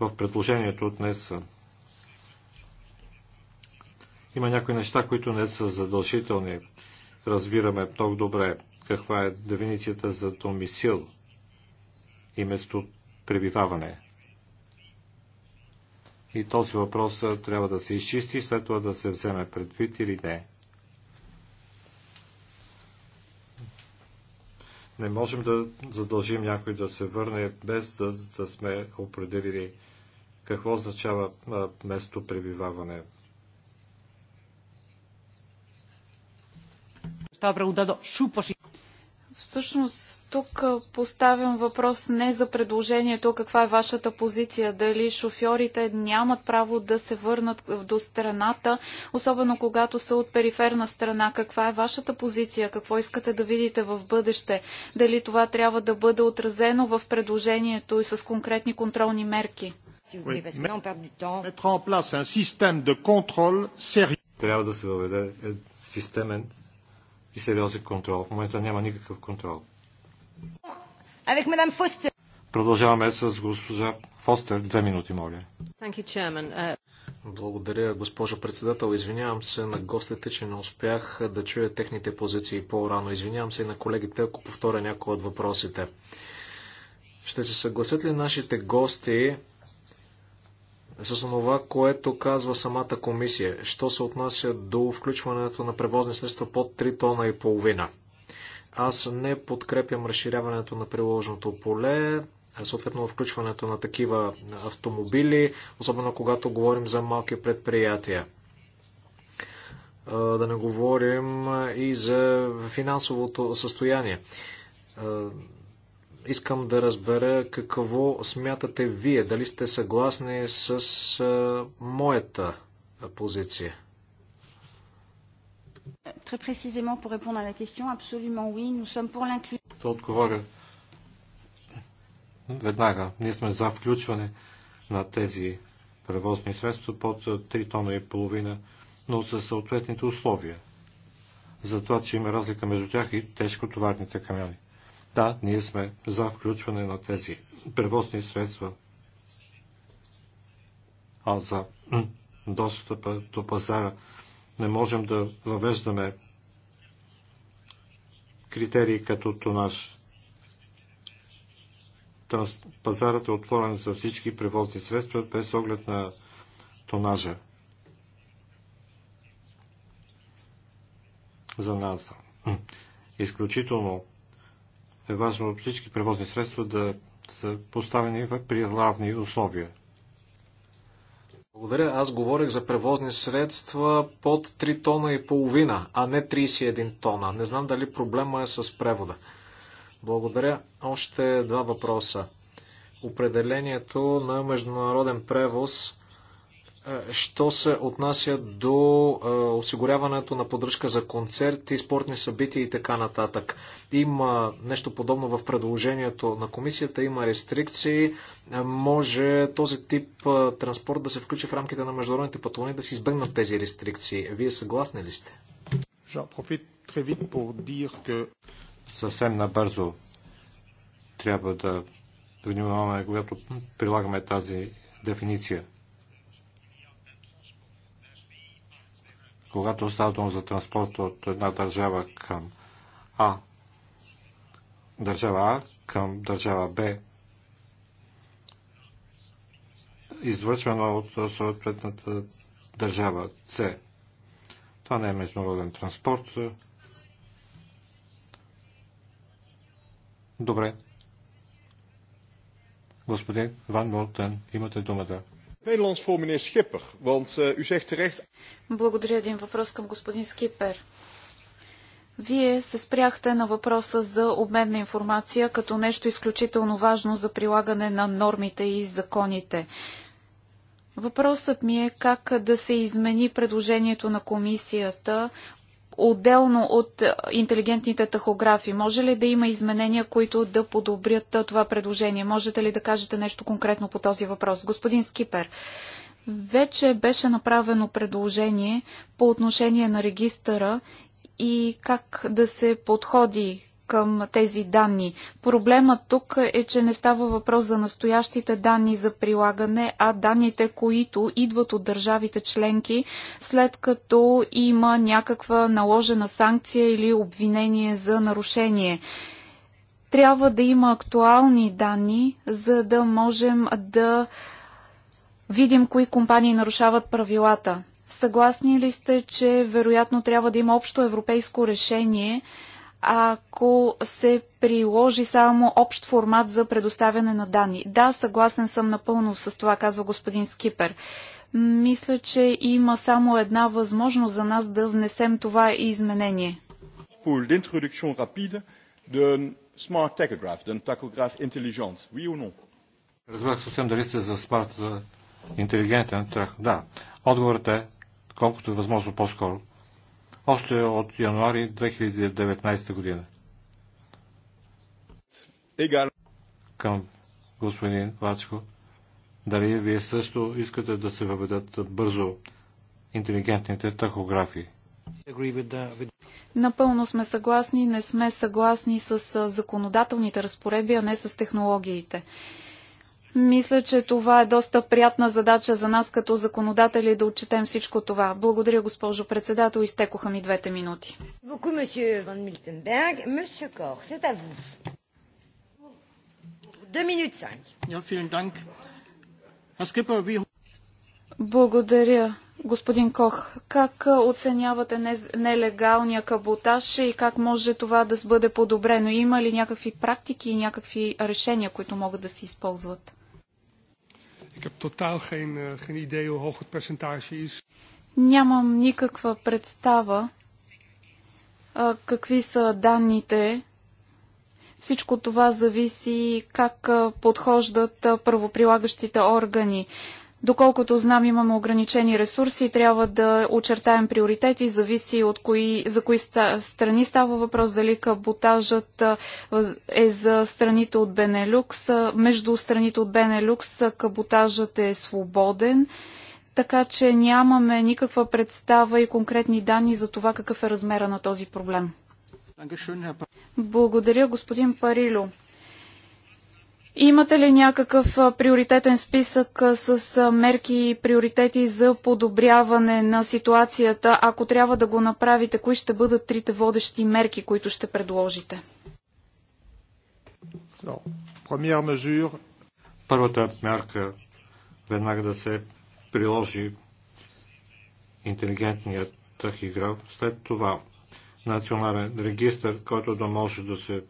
в предложението днес има някои неща, които не са задължителни разбираме много добре каква е дефиницията за домисил и место пребиваване. И този въпрос трябва да се изчисти, след това да се вземе предвид или не. Не можем да задължим някой да се върне без да, да сме определили какво означава а, место пребиваване. Всъщност, тук поставям въпрос не за предложението, каква е вашата позиция, дали шофьорите нямат право да се върнат до страната, особено когато са от периферна страна. Каква е вашата позиция, какво искате да видите в бъдеще, дали това трябва да бъде отразено в предложението и с конкретни контролни мерки? Трябва да се въведе е системен и сериозен контрол. В момента няма никакъв контрол. Продължаваме с госпожа Фостер. Две минути, моля. Uh, Благодаря, госпожо председател. Извинявам се на гостите, че не успях да чуя техните позиции по-рано. Извинявам се и на колегите, ако повторя някои от въпросите. Ще се съгласят ли нашите гости, е, с това, което казва самата комисия, що се отнася до включването на превозни средства под 3 тона и половина. Аз не подкрепям разширяването на приложеното поле, е, съответно включването на такива е, автомобили, особено когато говорим за малки предприятия. Да не говорим и за финансовото състояние искам да разбера какво смятате вие. Дали сте съгласни с а, моята позиция? Très précisément pour répondre à la question, absolument oui, nous sommes pour l'inclusion. отговоря веднага. Ние сме за включване на тези превозни средства под 3 тона и половина, но със съответните условия. За това, че има разлика между тях и тежкотоварните камиони. Да, ние сме за включване на тези превозни средства, а за достъпа до пазара не можем да въвеждаме критерии като тонаж. Пазарът е отворен за всички превозни средства без оглед на тонажа. За нас изключително е важно всички превозни средства да са поставени при равни условия. Благодаря. Аз говорих за превозни средства под 3 тона и половина, а не 31 тона. Не знам дали проблема е с превода. Благодаря. Още два въпроса. Определението на международен превоз що се отнася до осигуряването на поддръжка за концерти, спортни събития и така нататък. Има нещо подобно в предложението на комисията, има рестрикции. Може този тип транспорт да се включи в рамките на международните пътувания да се избегнат тези рестрикции. Вие съгласни ли сте? Съвсем набързо трябва да внимаваме, когато прилагаме тази дефиниция когато става дума за транспорт от една държава към А, държава А към държава Б, извършвана от съответната държава С. Това не е международен транспорт. Добре. Господин Ван Мортен, имате думата. Nederlands voor meneer Schipper, want uh, u zegt terecht... Благодаря един въпрос към господин Скипер. Вие се спряхте на въпроса за обмен на информация като нещо изключително важно за прилагане на нормите и законите. Въпросът ми е как да се измени предложението на комисията отделно от е, интелигентните тахографи. Може ли да има изменения, които да подобрят е, това предложение? Можете ли да кажете нещо конкретно по този въпрос? Господин Скипер, вече беше направено предложение по отношение на регистъра и как да се подходи към тези данни. Проблемът тук е, че не става въпрос за настоящите данни за прилагане, а данните, които идват от държавите членки, след като има някаква наложена санкция или обвинение за нарушение трябва да има актуални данни, за да можем да видим кои компании нарушават правилата. Съгласни ли сте, че вероятно трябва да има общо европейско решение ако се приложи само общ формат за предоставяне на данни. Да, съгласен съм напълно с това, казва господин Скипер. Мисля, че има само една възможност за нас да внесем това изменение. Разбрах съвсем дали сте за смарт интелигентен Да. Отговорът е колкото е възможно по-скоро още от януари 2019 година. Игар. Към господин Вачко, Дали вие също искате да се въведат бързо интелигентните тахографии? Напълно сме съгласни, не сме съгласни с законодателните разпоредби, а не с технологиите. Мисля, че това е доста приятна задача за нас като законодатели да отчетем всичко това. Благодаря, госпожо председател. Изтекоха ми двете минути. Благодаря, господин Кох. Как оценявате нелегалния каботаж и как може това да бъде подобрено? Има ли някакви практики и някакви решения, които могат да се използват? Ik heb totaal geen, eh, geen idee hoe hoog het percentage is. Нямам никаква представа а, какви са данните. Всичко това зависи как подхождат правоприлагащите органи. Доколкото знам, имаме ограничени ресурси, трябва да очертаем приоритети, зависи от кои, за кои страни става въпрос, дали каботажът е за страните от Бенелюкс. Между страните от Бенелюкс каботажът е свободен, така че нямаме никаква представа и конкретни данни за това какъв е размера на този проблем. Благодаря, господин Парилю. Имате ли някакъв приоритетен списък с мерки и приоритети за подобряване на ситуацията? Ако трябва да го направите, кои ще бъдат трите водещи мерки, които ще предложите? Първата мерка веднага да се приложи интелигентният тахиграф. След това национален регистр, който да може да се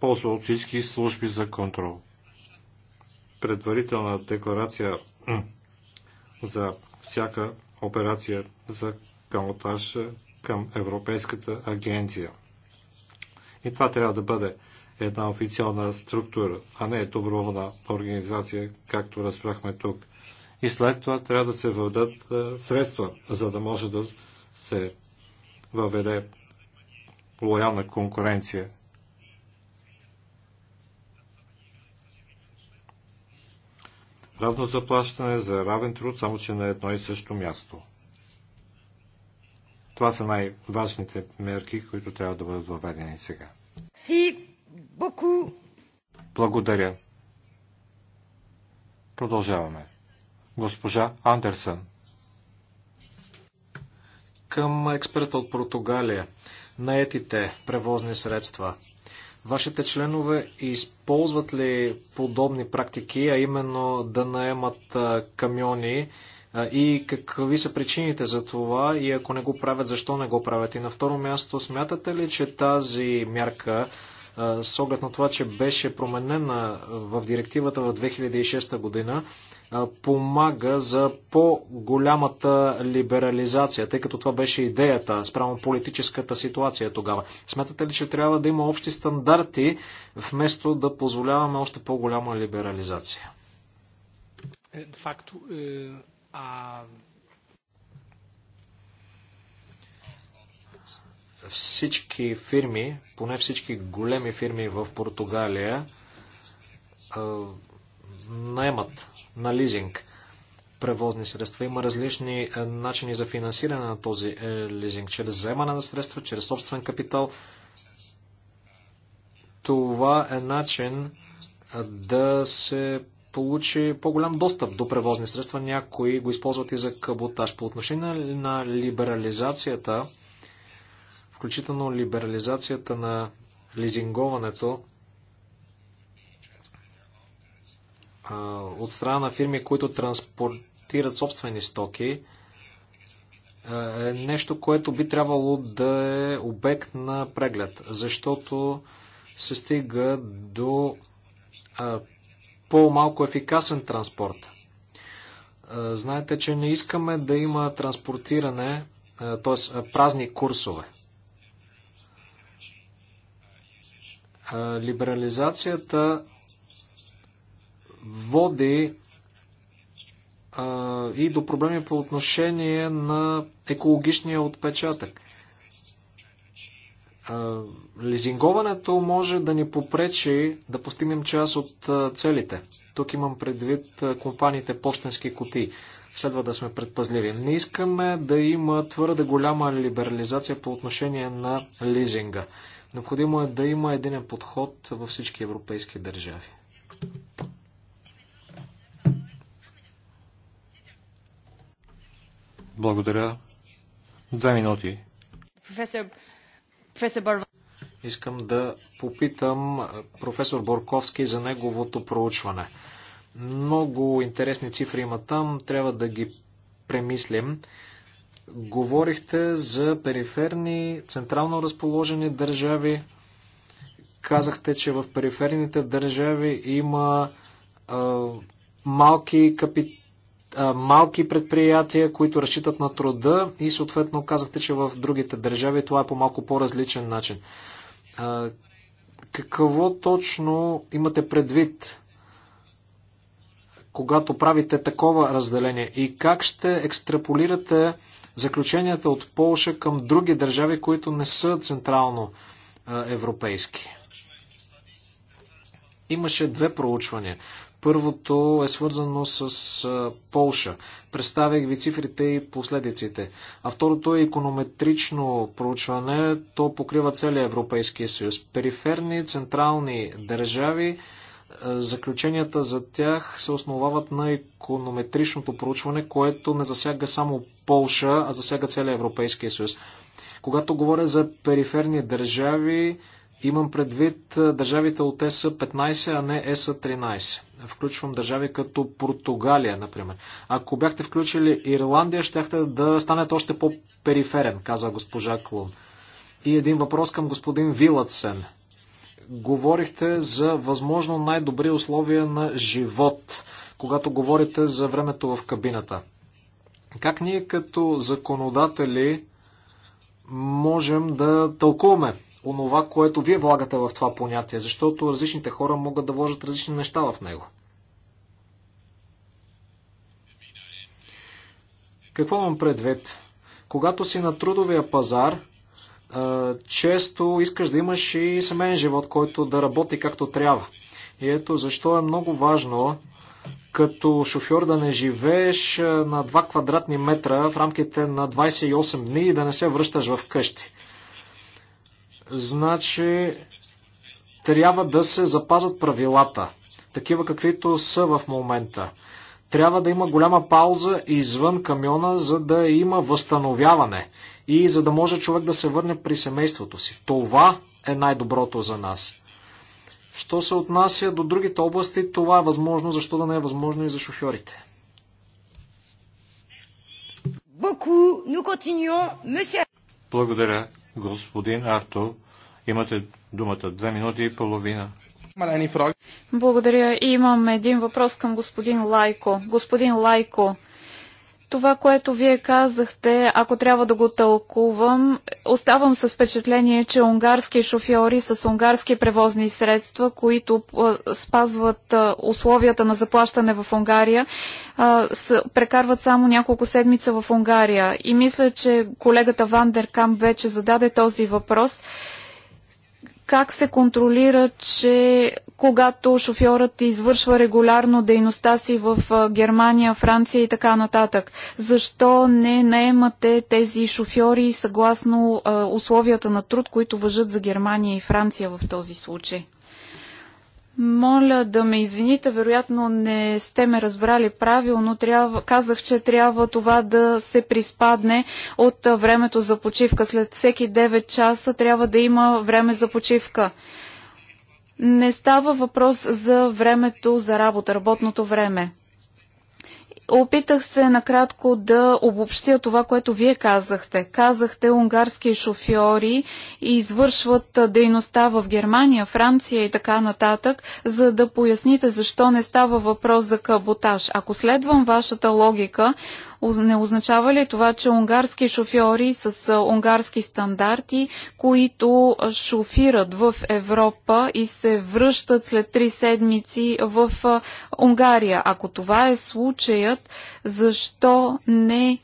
ползва от всички служби за контрол предварителна декларация за всяка операция за камотаж към Европейската агенция. И това трябва да бъде една официална структура, а не доброволна организация, както разбрахме тук. И след това трябва да се въведат е, средства, за да може да се въведе лоялна конкуренция равно заплащане за равен труд, само че на едно и също място. Това са най-важните мерки, които трябва да бъдат въведени сега. Си, боку! Благодаря. Продължаваме. Госпожа Андерсън. Към експерта от Португалия. Наетите превозни средства. Вашите членове използват ли подобни практики, а именно да наемат камиони и какви са причините за това и ако не го правят, защо не го правят? И на второ място, смятате ли, че тази мярка с оглед на това, че беше променена в директивата в 2006 година, помага за по-голямата либерализация, тъй като това беше идеята спрямо политическата ситуация тогава. Смятате ли, че трябва да има общи стандарти, вместо да позволяваме още по-голяма либерализация? Е, факто, е, а... Всички фирми, поне всички големи фирми в Португалия, наемат на лизинг превозни средства. Има различни е, начини за финансиране на този е, лизинг. Чрез заемане на средства, чрез собствен капитал. Това е начин е, да се получи по-голям достъп до превозни средства. Някои го използват и за каботаж. По отношение на либерализацията, включително либерализацията на лизинговането, от страна на фирми, които транспортират собствени стоки, е нещо, което би трябвало да е обект на преглед, защото се стига до по-малко ефикасен транспорт. Знаете, че не искаме да има транспортиране, т.е. празни курсове. Либерализацията води а, и до проблеми по отношение на екологичния отпечатък. А, лизинговането може да ни попречи да постигнем част от а, целите. Тук имам предвид компаниите почтенски кутии. Следва да сме предпазливи. Не искаме да има твърде голяма либерализация по отношение на лизинга. Необходимо е да има един подход във всички европейски държави. Благодаря. Две минути. Искам да попитам професор Борковски за неговото проучване. Много интересни цифри има там, трябва да ги премислим. Говорихте за периферни, централно разположени държави. Казахте, че в периферните държави има а, малки капитали малки предприятия, които разчитат на труда и съответно казахте, че в другите държави това е по малко по-различен начин. Какво точно имате предвид, когато правите такова разделение и как ще екстраполирате заключенията от Полша към други държави, които не са централно европейски? Имаше две проучвания. Първото е свързано с Полша. Представих ви цифрите и последиците. А второто е економетрично проучване. То покрива целия Европейския съюз. Периферни, централни държави. Заключенията за тях се основават на економетричното проучване, което не засяга само Полша, а засяга целия Европейския съюз. Когато говоря за периферни държави, имам предвид държавите от ЕС 15, а не ЕС 13 включвам държави като Португалия, например. Ако бяхте включили Ирландия, щяхте да станете още по-периферен, каза госпожа Клун. И един въпрос към господин Вилатсен. Говорихте за възможно най-добри условия на живот, когато говорите за времето в кабината. Как ние като законодатели можем да тълкуваме онова, което вие влагате в това понятие, защото различните хора могат да вложат различни неща в него. Какво имам предвид? Когато си на трудовия пазар, често искаш да имаш и семейен живот, който да работи както трябва. И ето защо е много важно като шофьор да не живееш на 2 квадратни метра в рамките на 28 дни и да не се връщаш в къщи. Значи, трябва да се запазят правилата, такива каквито са в момента. Трябва да има голяма пауза извън камиона, за да има възстановяване и за да може човек да се върне при семейството си. Това е най-доброто за нас. Що се отнася до другите области, това е възможно, защо да не е възможно и за шофьорите. Благодаря. Господин Арто, имате думата. Две минути и половина. Благодаря. Имам един въпрос към господин Лайко. Господин Лайко, това, което вие казахте, ако трябва да го тълкувам, оставам с впечатление, че унгарски шофьори с унгарски превозни средства, които спазват условията на заплащане в Унгария, прекарват само няколко седмица в Унгария. И мисля, че колегата Вандеркам вече зададе този въпрос. Как се контролира, че когато шофьорът извършва регулярно дейността си в Германия, Франция и така нататък, защо не наемате тези шофьори съгласно условията на труд, които въжат за Германия и Франция в този случай? Моля да ме извините, вероятно не сте ме разбрали правилно. Трябва, казах, че трябва това да се приспадне от времето за почивка. След всеки 9 часа трябва да има време за почивка. Не става въпрос за времето за работа, работното време. Опитах се накратко да обобщя това, което вие казахте. Казахте, унгарски шофьори извършват дейността в Германия, Франция и така нататък, за да поясните защо не става въпрос за каботаж. Ако следвам вашата логика, не означава ли това, че унгарски шофьори с унгарски стандарти, които шофират в Европа и се връщат след три седмици в Унгария? Ако това е случаят, защо не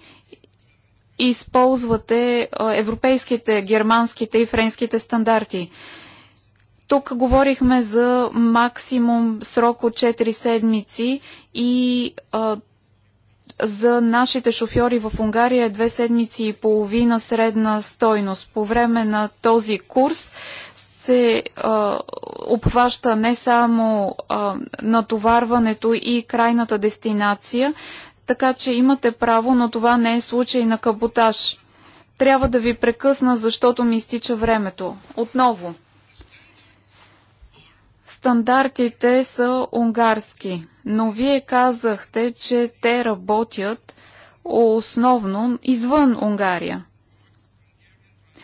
използвате европейските, германските и френските стандарти? Тук говорихме за максимум срок от 4 седмици и а, за нашите шофьори в Унгария е две седмици и половина средна стойност. По време на този курс се а, обхваща не само а, натоварването и крайната дестинация, така че имате право, но това не е случай на каботаж. Трябва да ви прекъсна, защото ми изтича времето. Отново. Стандартите са унгарски но вие казахте, че те работят основно извън Унгария.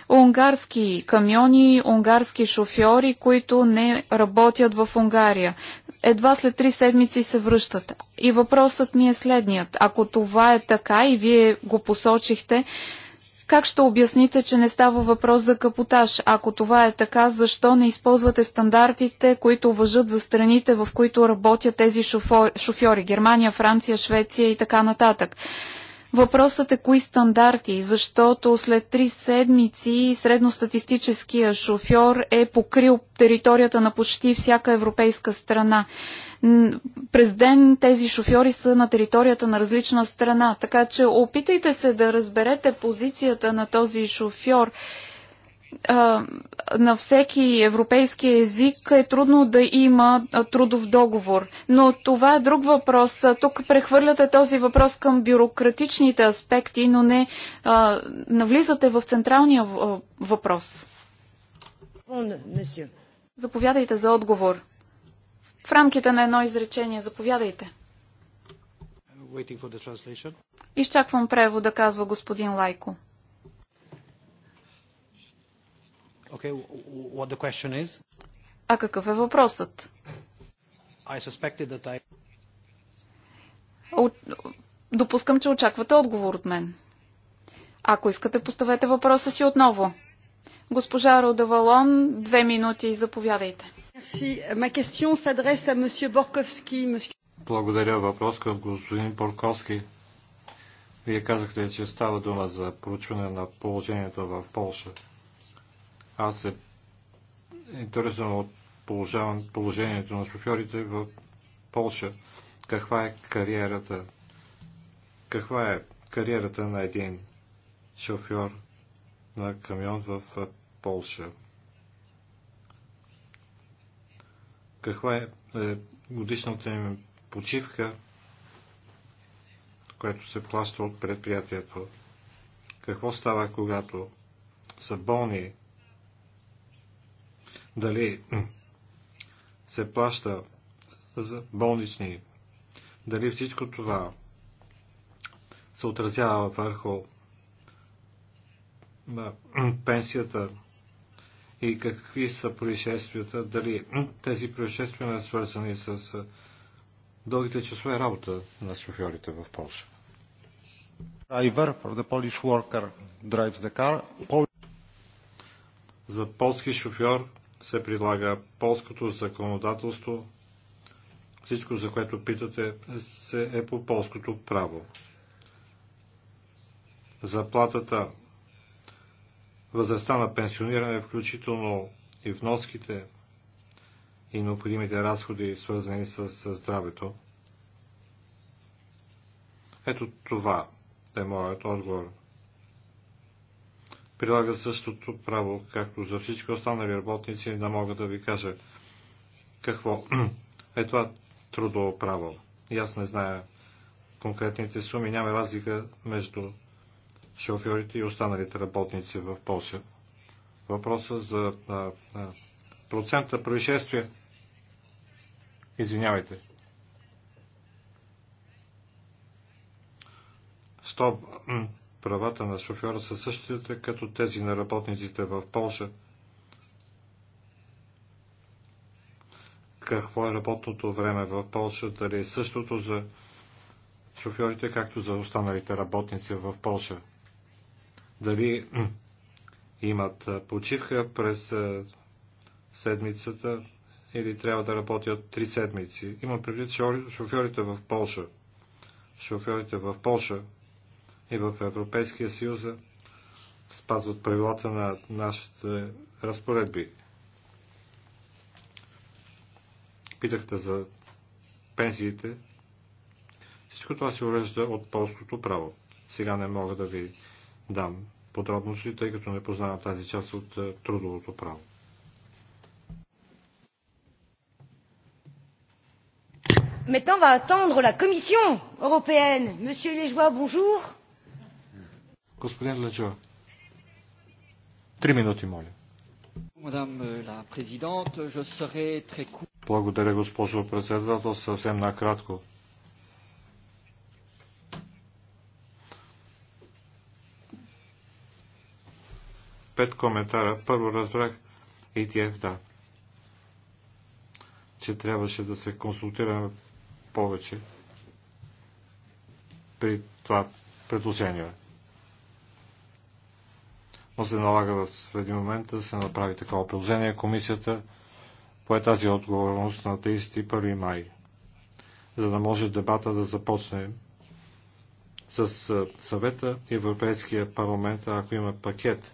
Унгарски камиони, унгарски шофьори, които не работят в Унгария. Едва след три седмици се връщат. И въпросът ми е следният. Ако това е така и вие го посочихте, как ще обясните, че не става въпрос за капотаж? Ако това е така, защо не използвате стандартите, които въжат за страните, в които работят тези шофьори? Германия, Франция, Швеция и така нататък. Въпросът е кои стандарти, защото след три седмици средностатистическия шофьор е покрил територията на почти всяка европейска страна. През ден тези шофьори са на територията на различна страна, така че опитайте се да разберете позицията на този шофьор на всеки европейски език е трудно да има трудов договор. Но това е друг въпрос. Тук прехвърляте този въпрос към бюрократичните аспекти, но не а, навлизате в централния въпрос. Заповядайте за отговор. В рамките на едно изречение, заповядайте. Изчаквам превода, казва господин Лайко. Okay, what the question is? А какъв е въпросът? I suspected that I... Допускам, че очаквате отговор от мен. Ако искате, поставете въпроса си отново. Госпожа Родавалон, две минути и заповядайте. Благодаря. Въпрос към господин Борковски. Вие казахте, че става дума за проучване на положението в Польша. Аз се интересувам от положението на шофьорите в Польша. Каква е кариерата? Каква е кариерата на един шофьор на камион в Польша? каква е, е годишната им почивка, която се плаща от предприятието. Какво става, когато са болни? Дали се плаща за болнични? Дали всичко това се отразява върху пенсията и какви са происшествията, дали тези происшествия са свързани с дългите часове работа на шофьорите в Польша. За полски шофьор се прилага полското законодателство. Всичко, за което питате, се е по полското право. Заплатата възрастта на пенсиониране, включително и вноските и необходимите разходи, свързани с здравето. Ето това е моят отговор. Прилага същото право, както за всички останали работници, да мога да ви кажа какво е това трудово право. И аз не зная конкретните суми, няма разлика между шофьорите и останалите работници в Польша. Въпроса за а, а, процента происшествия. Извинявайте. 100 правата на шофьора са същите, като тези на работниците в Польша. Какво е работното време в Польша? Дали е същото за шофьорите, както за останалите работници в Польша? дали имат почивка през седмицата или трябва да работят три седмици. Има предвид шофьорите в Польша. Шофьорите в Польша и в Европейския съюз спазват правилата на нашите разпоредби. Питахте за пенсиите. Всичко това се урежда от полското право. Сега не мога да ви дам подробности, тъй като не познавам тази част от е, трудовото право. Maintenant, on va attendre la Commission européenne. Monsieur Lejoie, bonjour. Господин Лежо, три минути, моля. Madame la Présidente, je serai très court. Благодаря, госпожо председател. Съвсем накратко. пет коментара. Първо разбрах тях да, че трябваше да се консултираме повече при това предложение. Но се налага в един момент да се направи такова предложение. Комисията пое тази отговорност на 31 май, за да може дебата да започне с съвета Европейския парламент, ако има пакет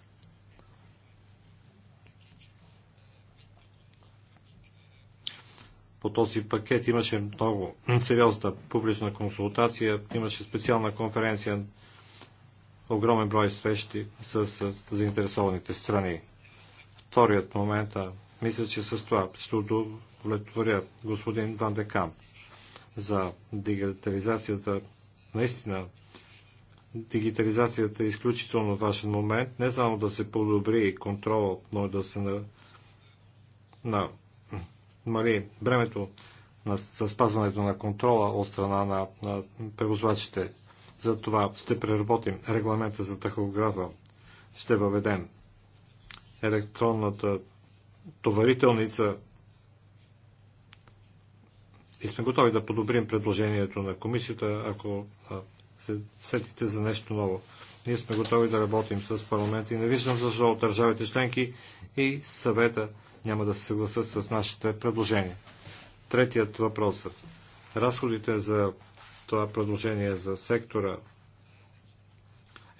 по този пакет имаше много сериозна публична консултация, имаше специална конференция, огромен брой срещи с, с заинтересованите страни. Вторият момент, мисля, че с това ще удовлетворя господин Ван Декамп за дигитализацията. Наистина, дигитализацията е изключително важен момент, не само да се подобри контрол, но и да се на, на намали времето на, за спазването на контрола от страна на, на превозвачите. За това ще преработим регламента за тахографа. Ще въведем електронната товарителница и сме готови да подобрим предложението на комисията, ако се сетите за нещо ново. Ние сме готови да работим с парламент и не виждам защо държавите членки и съвета няма да се съгласат с нашите предложения. Третият въпрос. Разходите за това предложение за сектора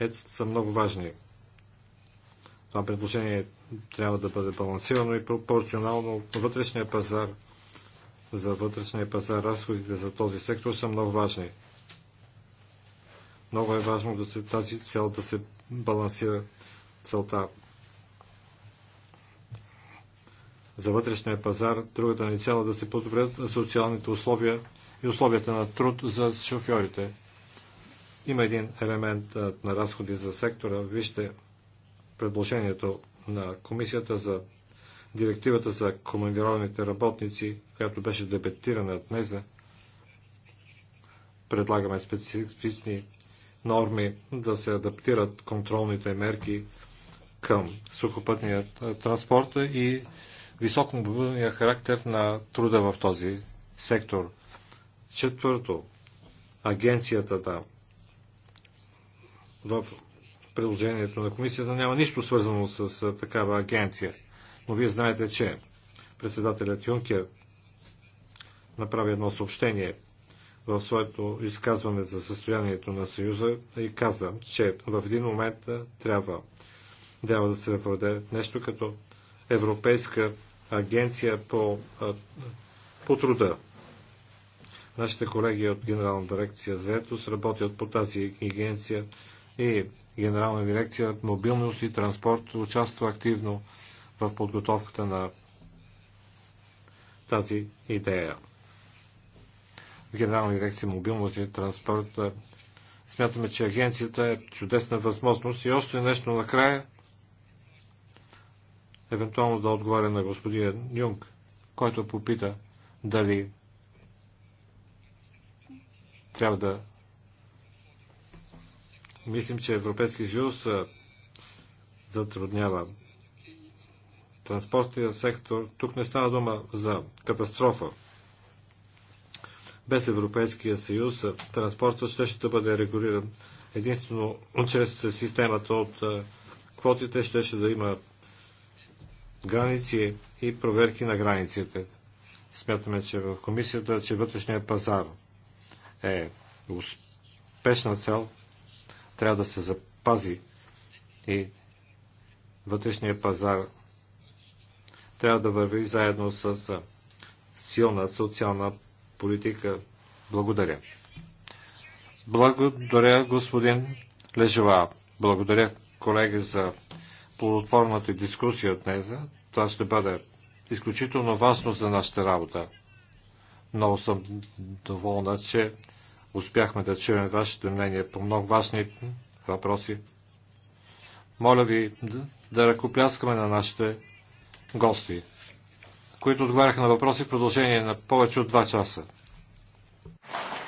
ЕЦ са много важни. Това предложение трябва да бъде балансирано и пропорционално. Вътрешния пазар за вътрешния пазар разходите за този сектор са много важни. Много е важно да се, тази цел да се балансира целта за вътрешния пазар. Другата ни цяло е да се подобрят социалните условия и условията на труд за шофьорите. Има един елемент на разходи за сектора. Вижте предложението на Комисията за директивата за командированите работници, която беше дебетирана днес. Предлагаме специфични норми да се адаптират контролните мерки към сухопътния транспорт и високомобилния характер на труда в този сектор. Четвърто, агенцията да. В приложението на комисията няма нищо свързано с такава агенция. Но вие знаете, че председателят Юнкер направи едно съобщение в своето изказване за състоянието на Съюза и каза, че в един момент трябва, трябва да се въведе нещо като европейска агенция по, по труда. Нашите колеги от Генерална дирекция заетост работят по тази агенция и Генерална дирекция мобилност и транспорт участва активно в подготовката на тази идея. В Генерална дирекция мобилност и транспорт смятаме, че агенцията е чудесна възможност и още нещо накрая – евентуално да отговаря на господин Юнг, който попита дали трябва да мислим, че Европейски съюз затруднява транспортния сектор. Тук не става дума за катастрофа. Без Европейския съюз транспорта ще ще бъде регулиран единствено чрез системата от квотите, ще ще да има граници и проверки на границите. Смятаме, че в комисията, че вътрешният пазар е успешна цел, трябва да се запази и вътрешният пазар трябва да върви заедно с силна социална политика. Благодаря. Благодаря, господин Лежева. Благодаря, колеги, за плодотворната дискусия днес. Това ще бъде изключително важно за нашата работа. Много съм доволна, че успяхме да чуем вашето мнение по много важни въпроси. Моля ви да, ръкопляскаме на нашите гости, които отговаряха на въпроси в продължение на повече от 2 часа.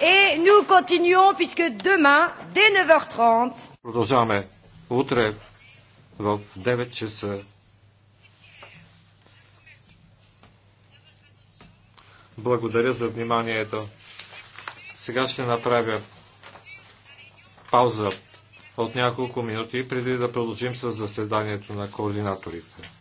И nous continuons puisque demain, dès 9h30... Продължаваме утре в 9 часа Благодаря за вниманието. Сега ще направя пауза от няколко минути, преди да продължим с заседанието на координаторите.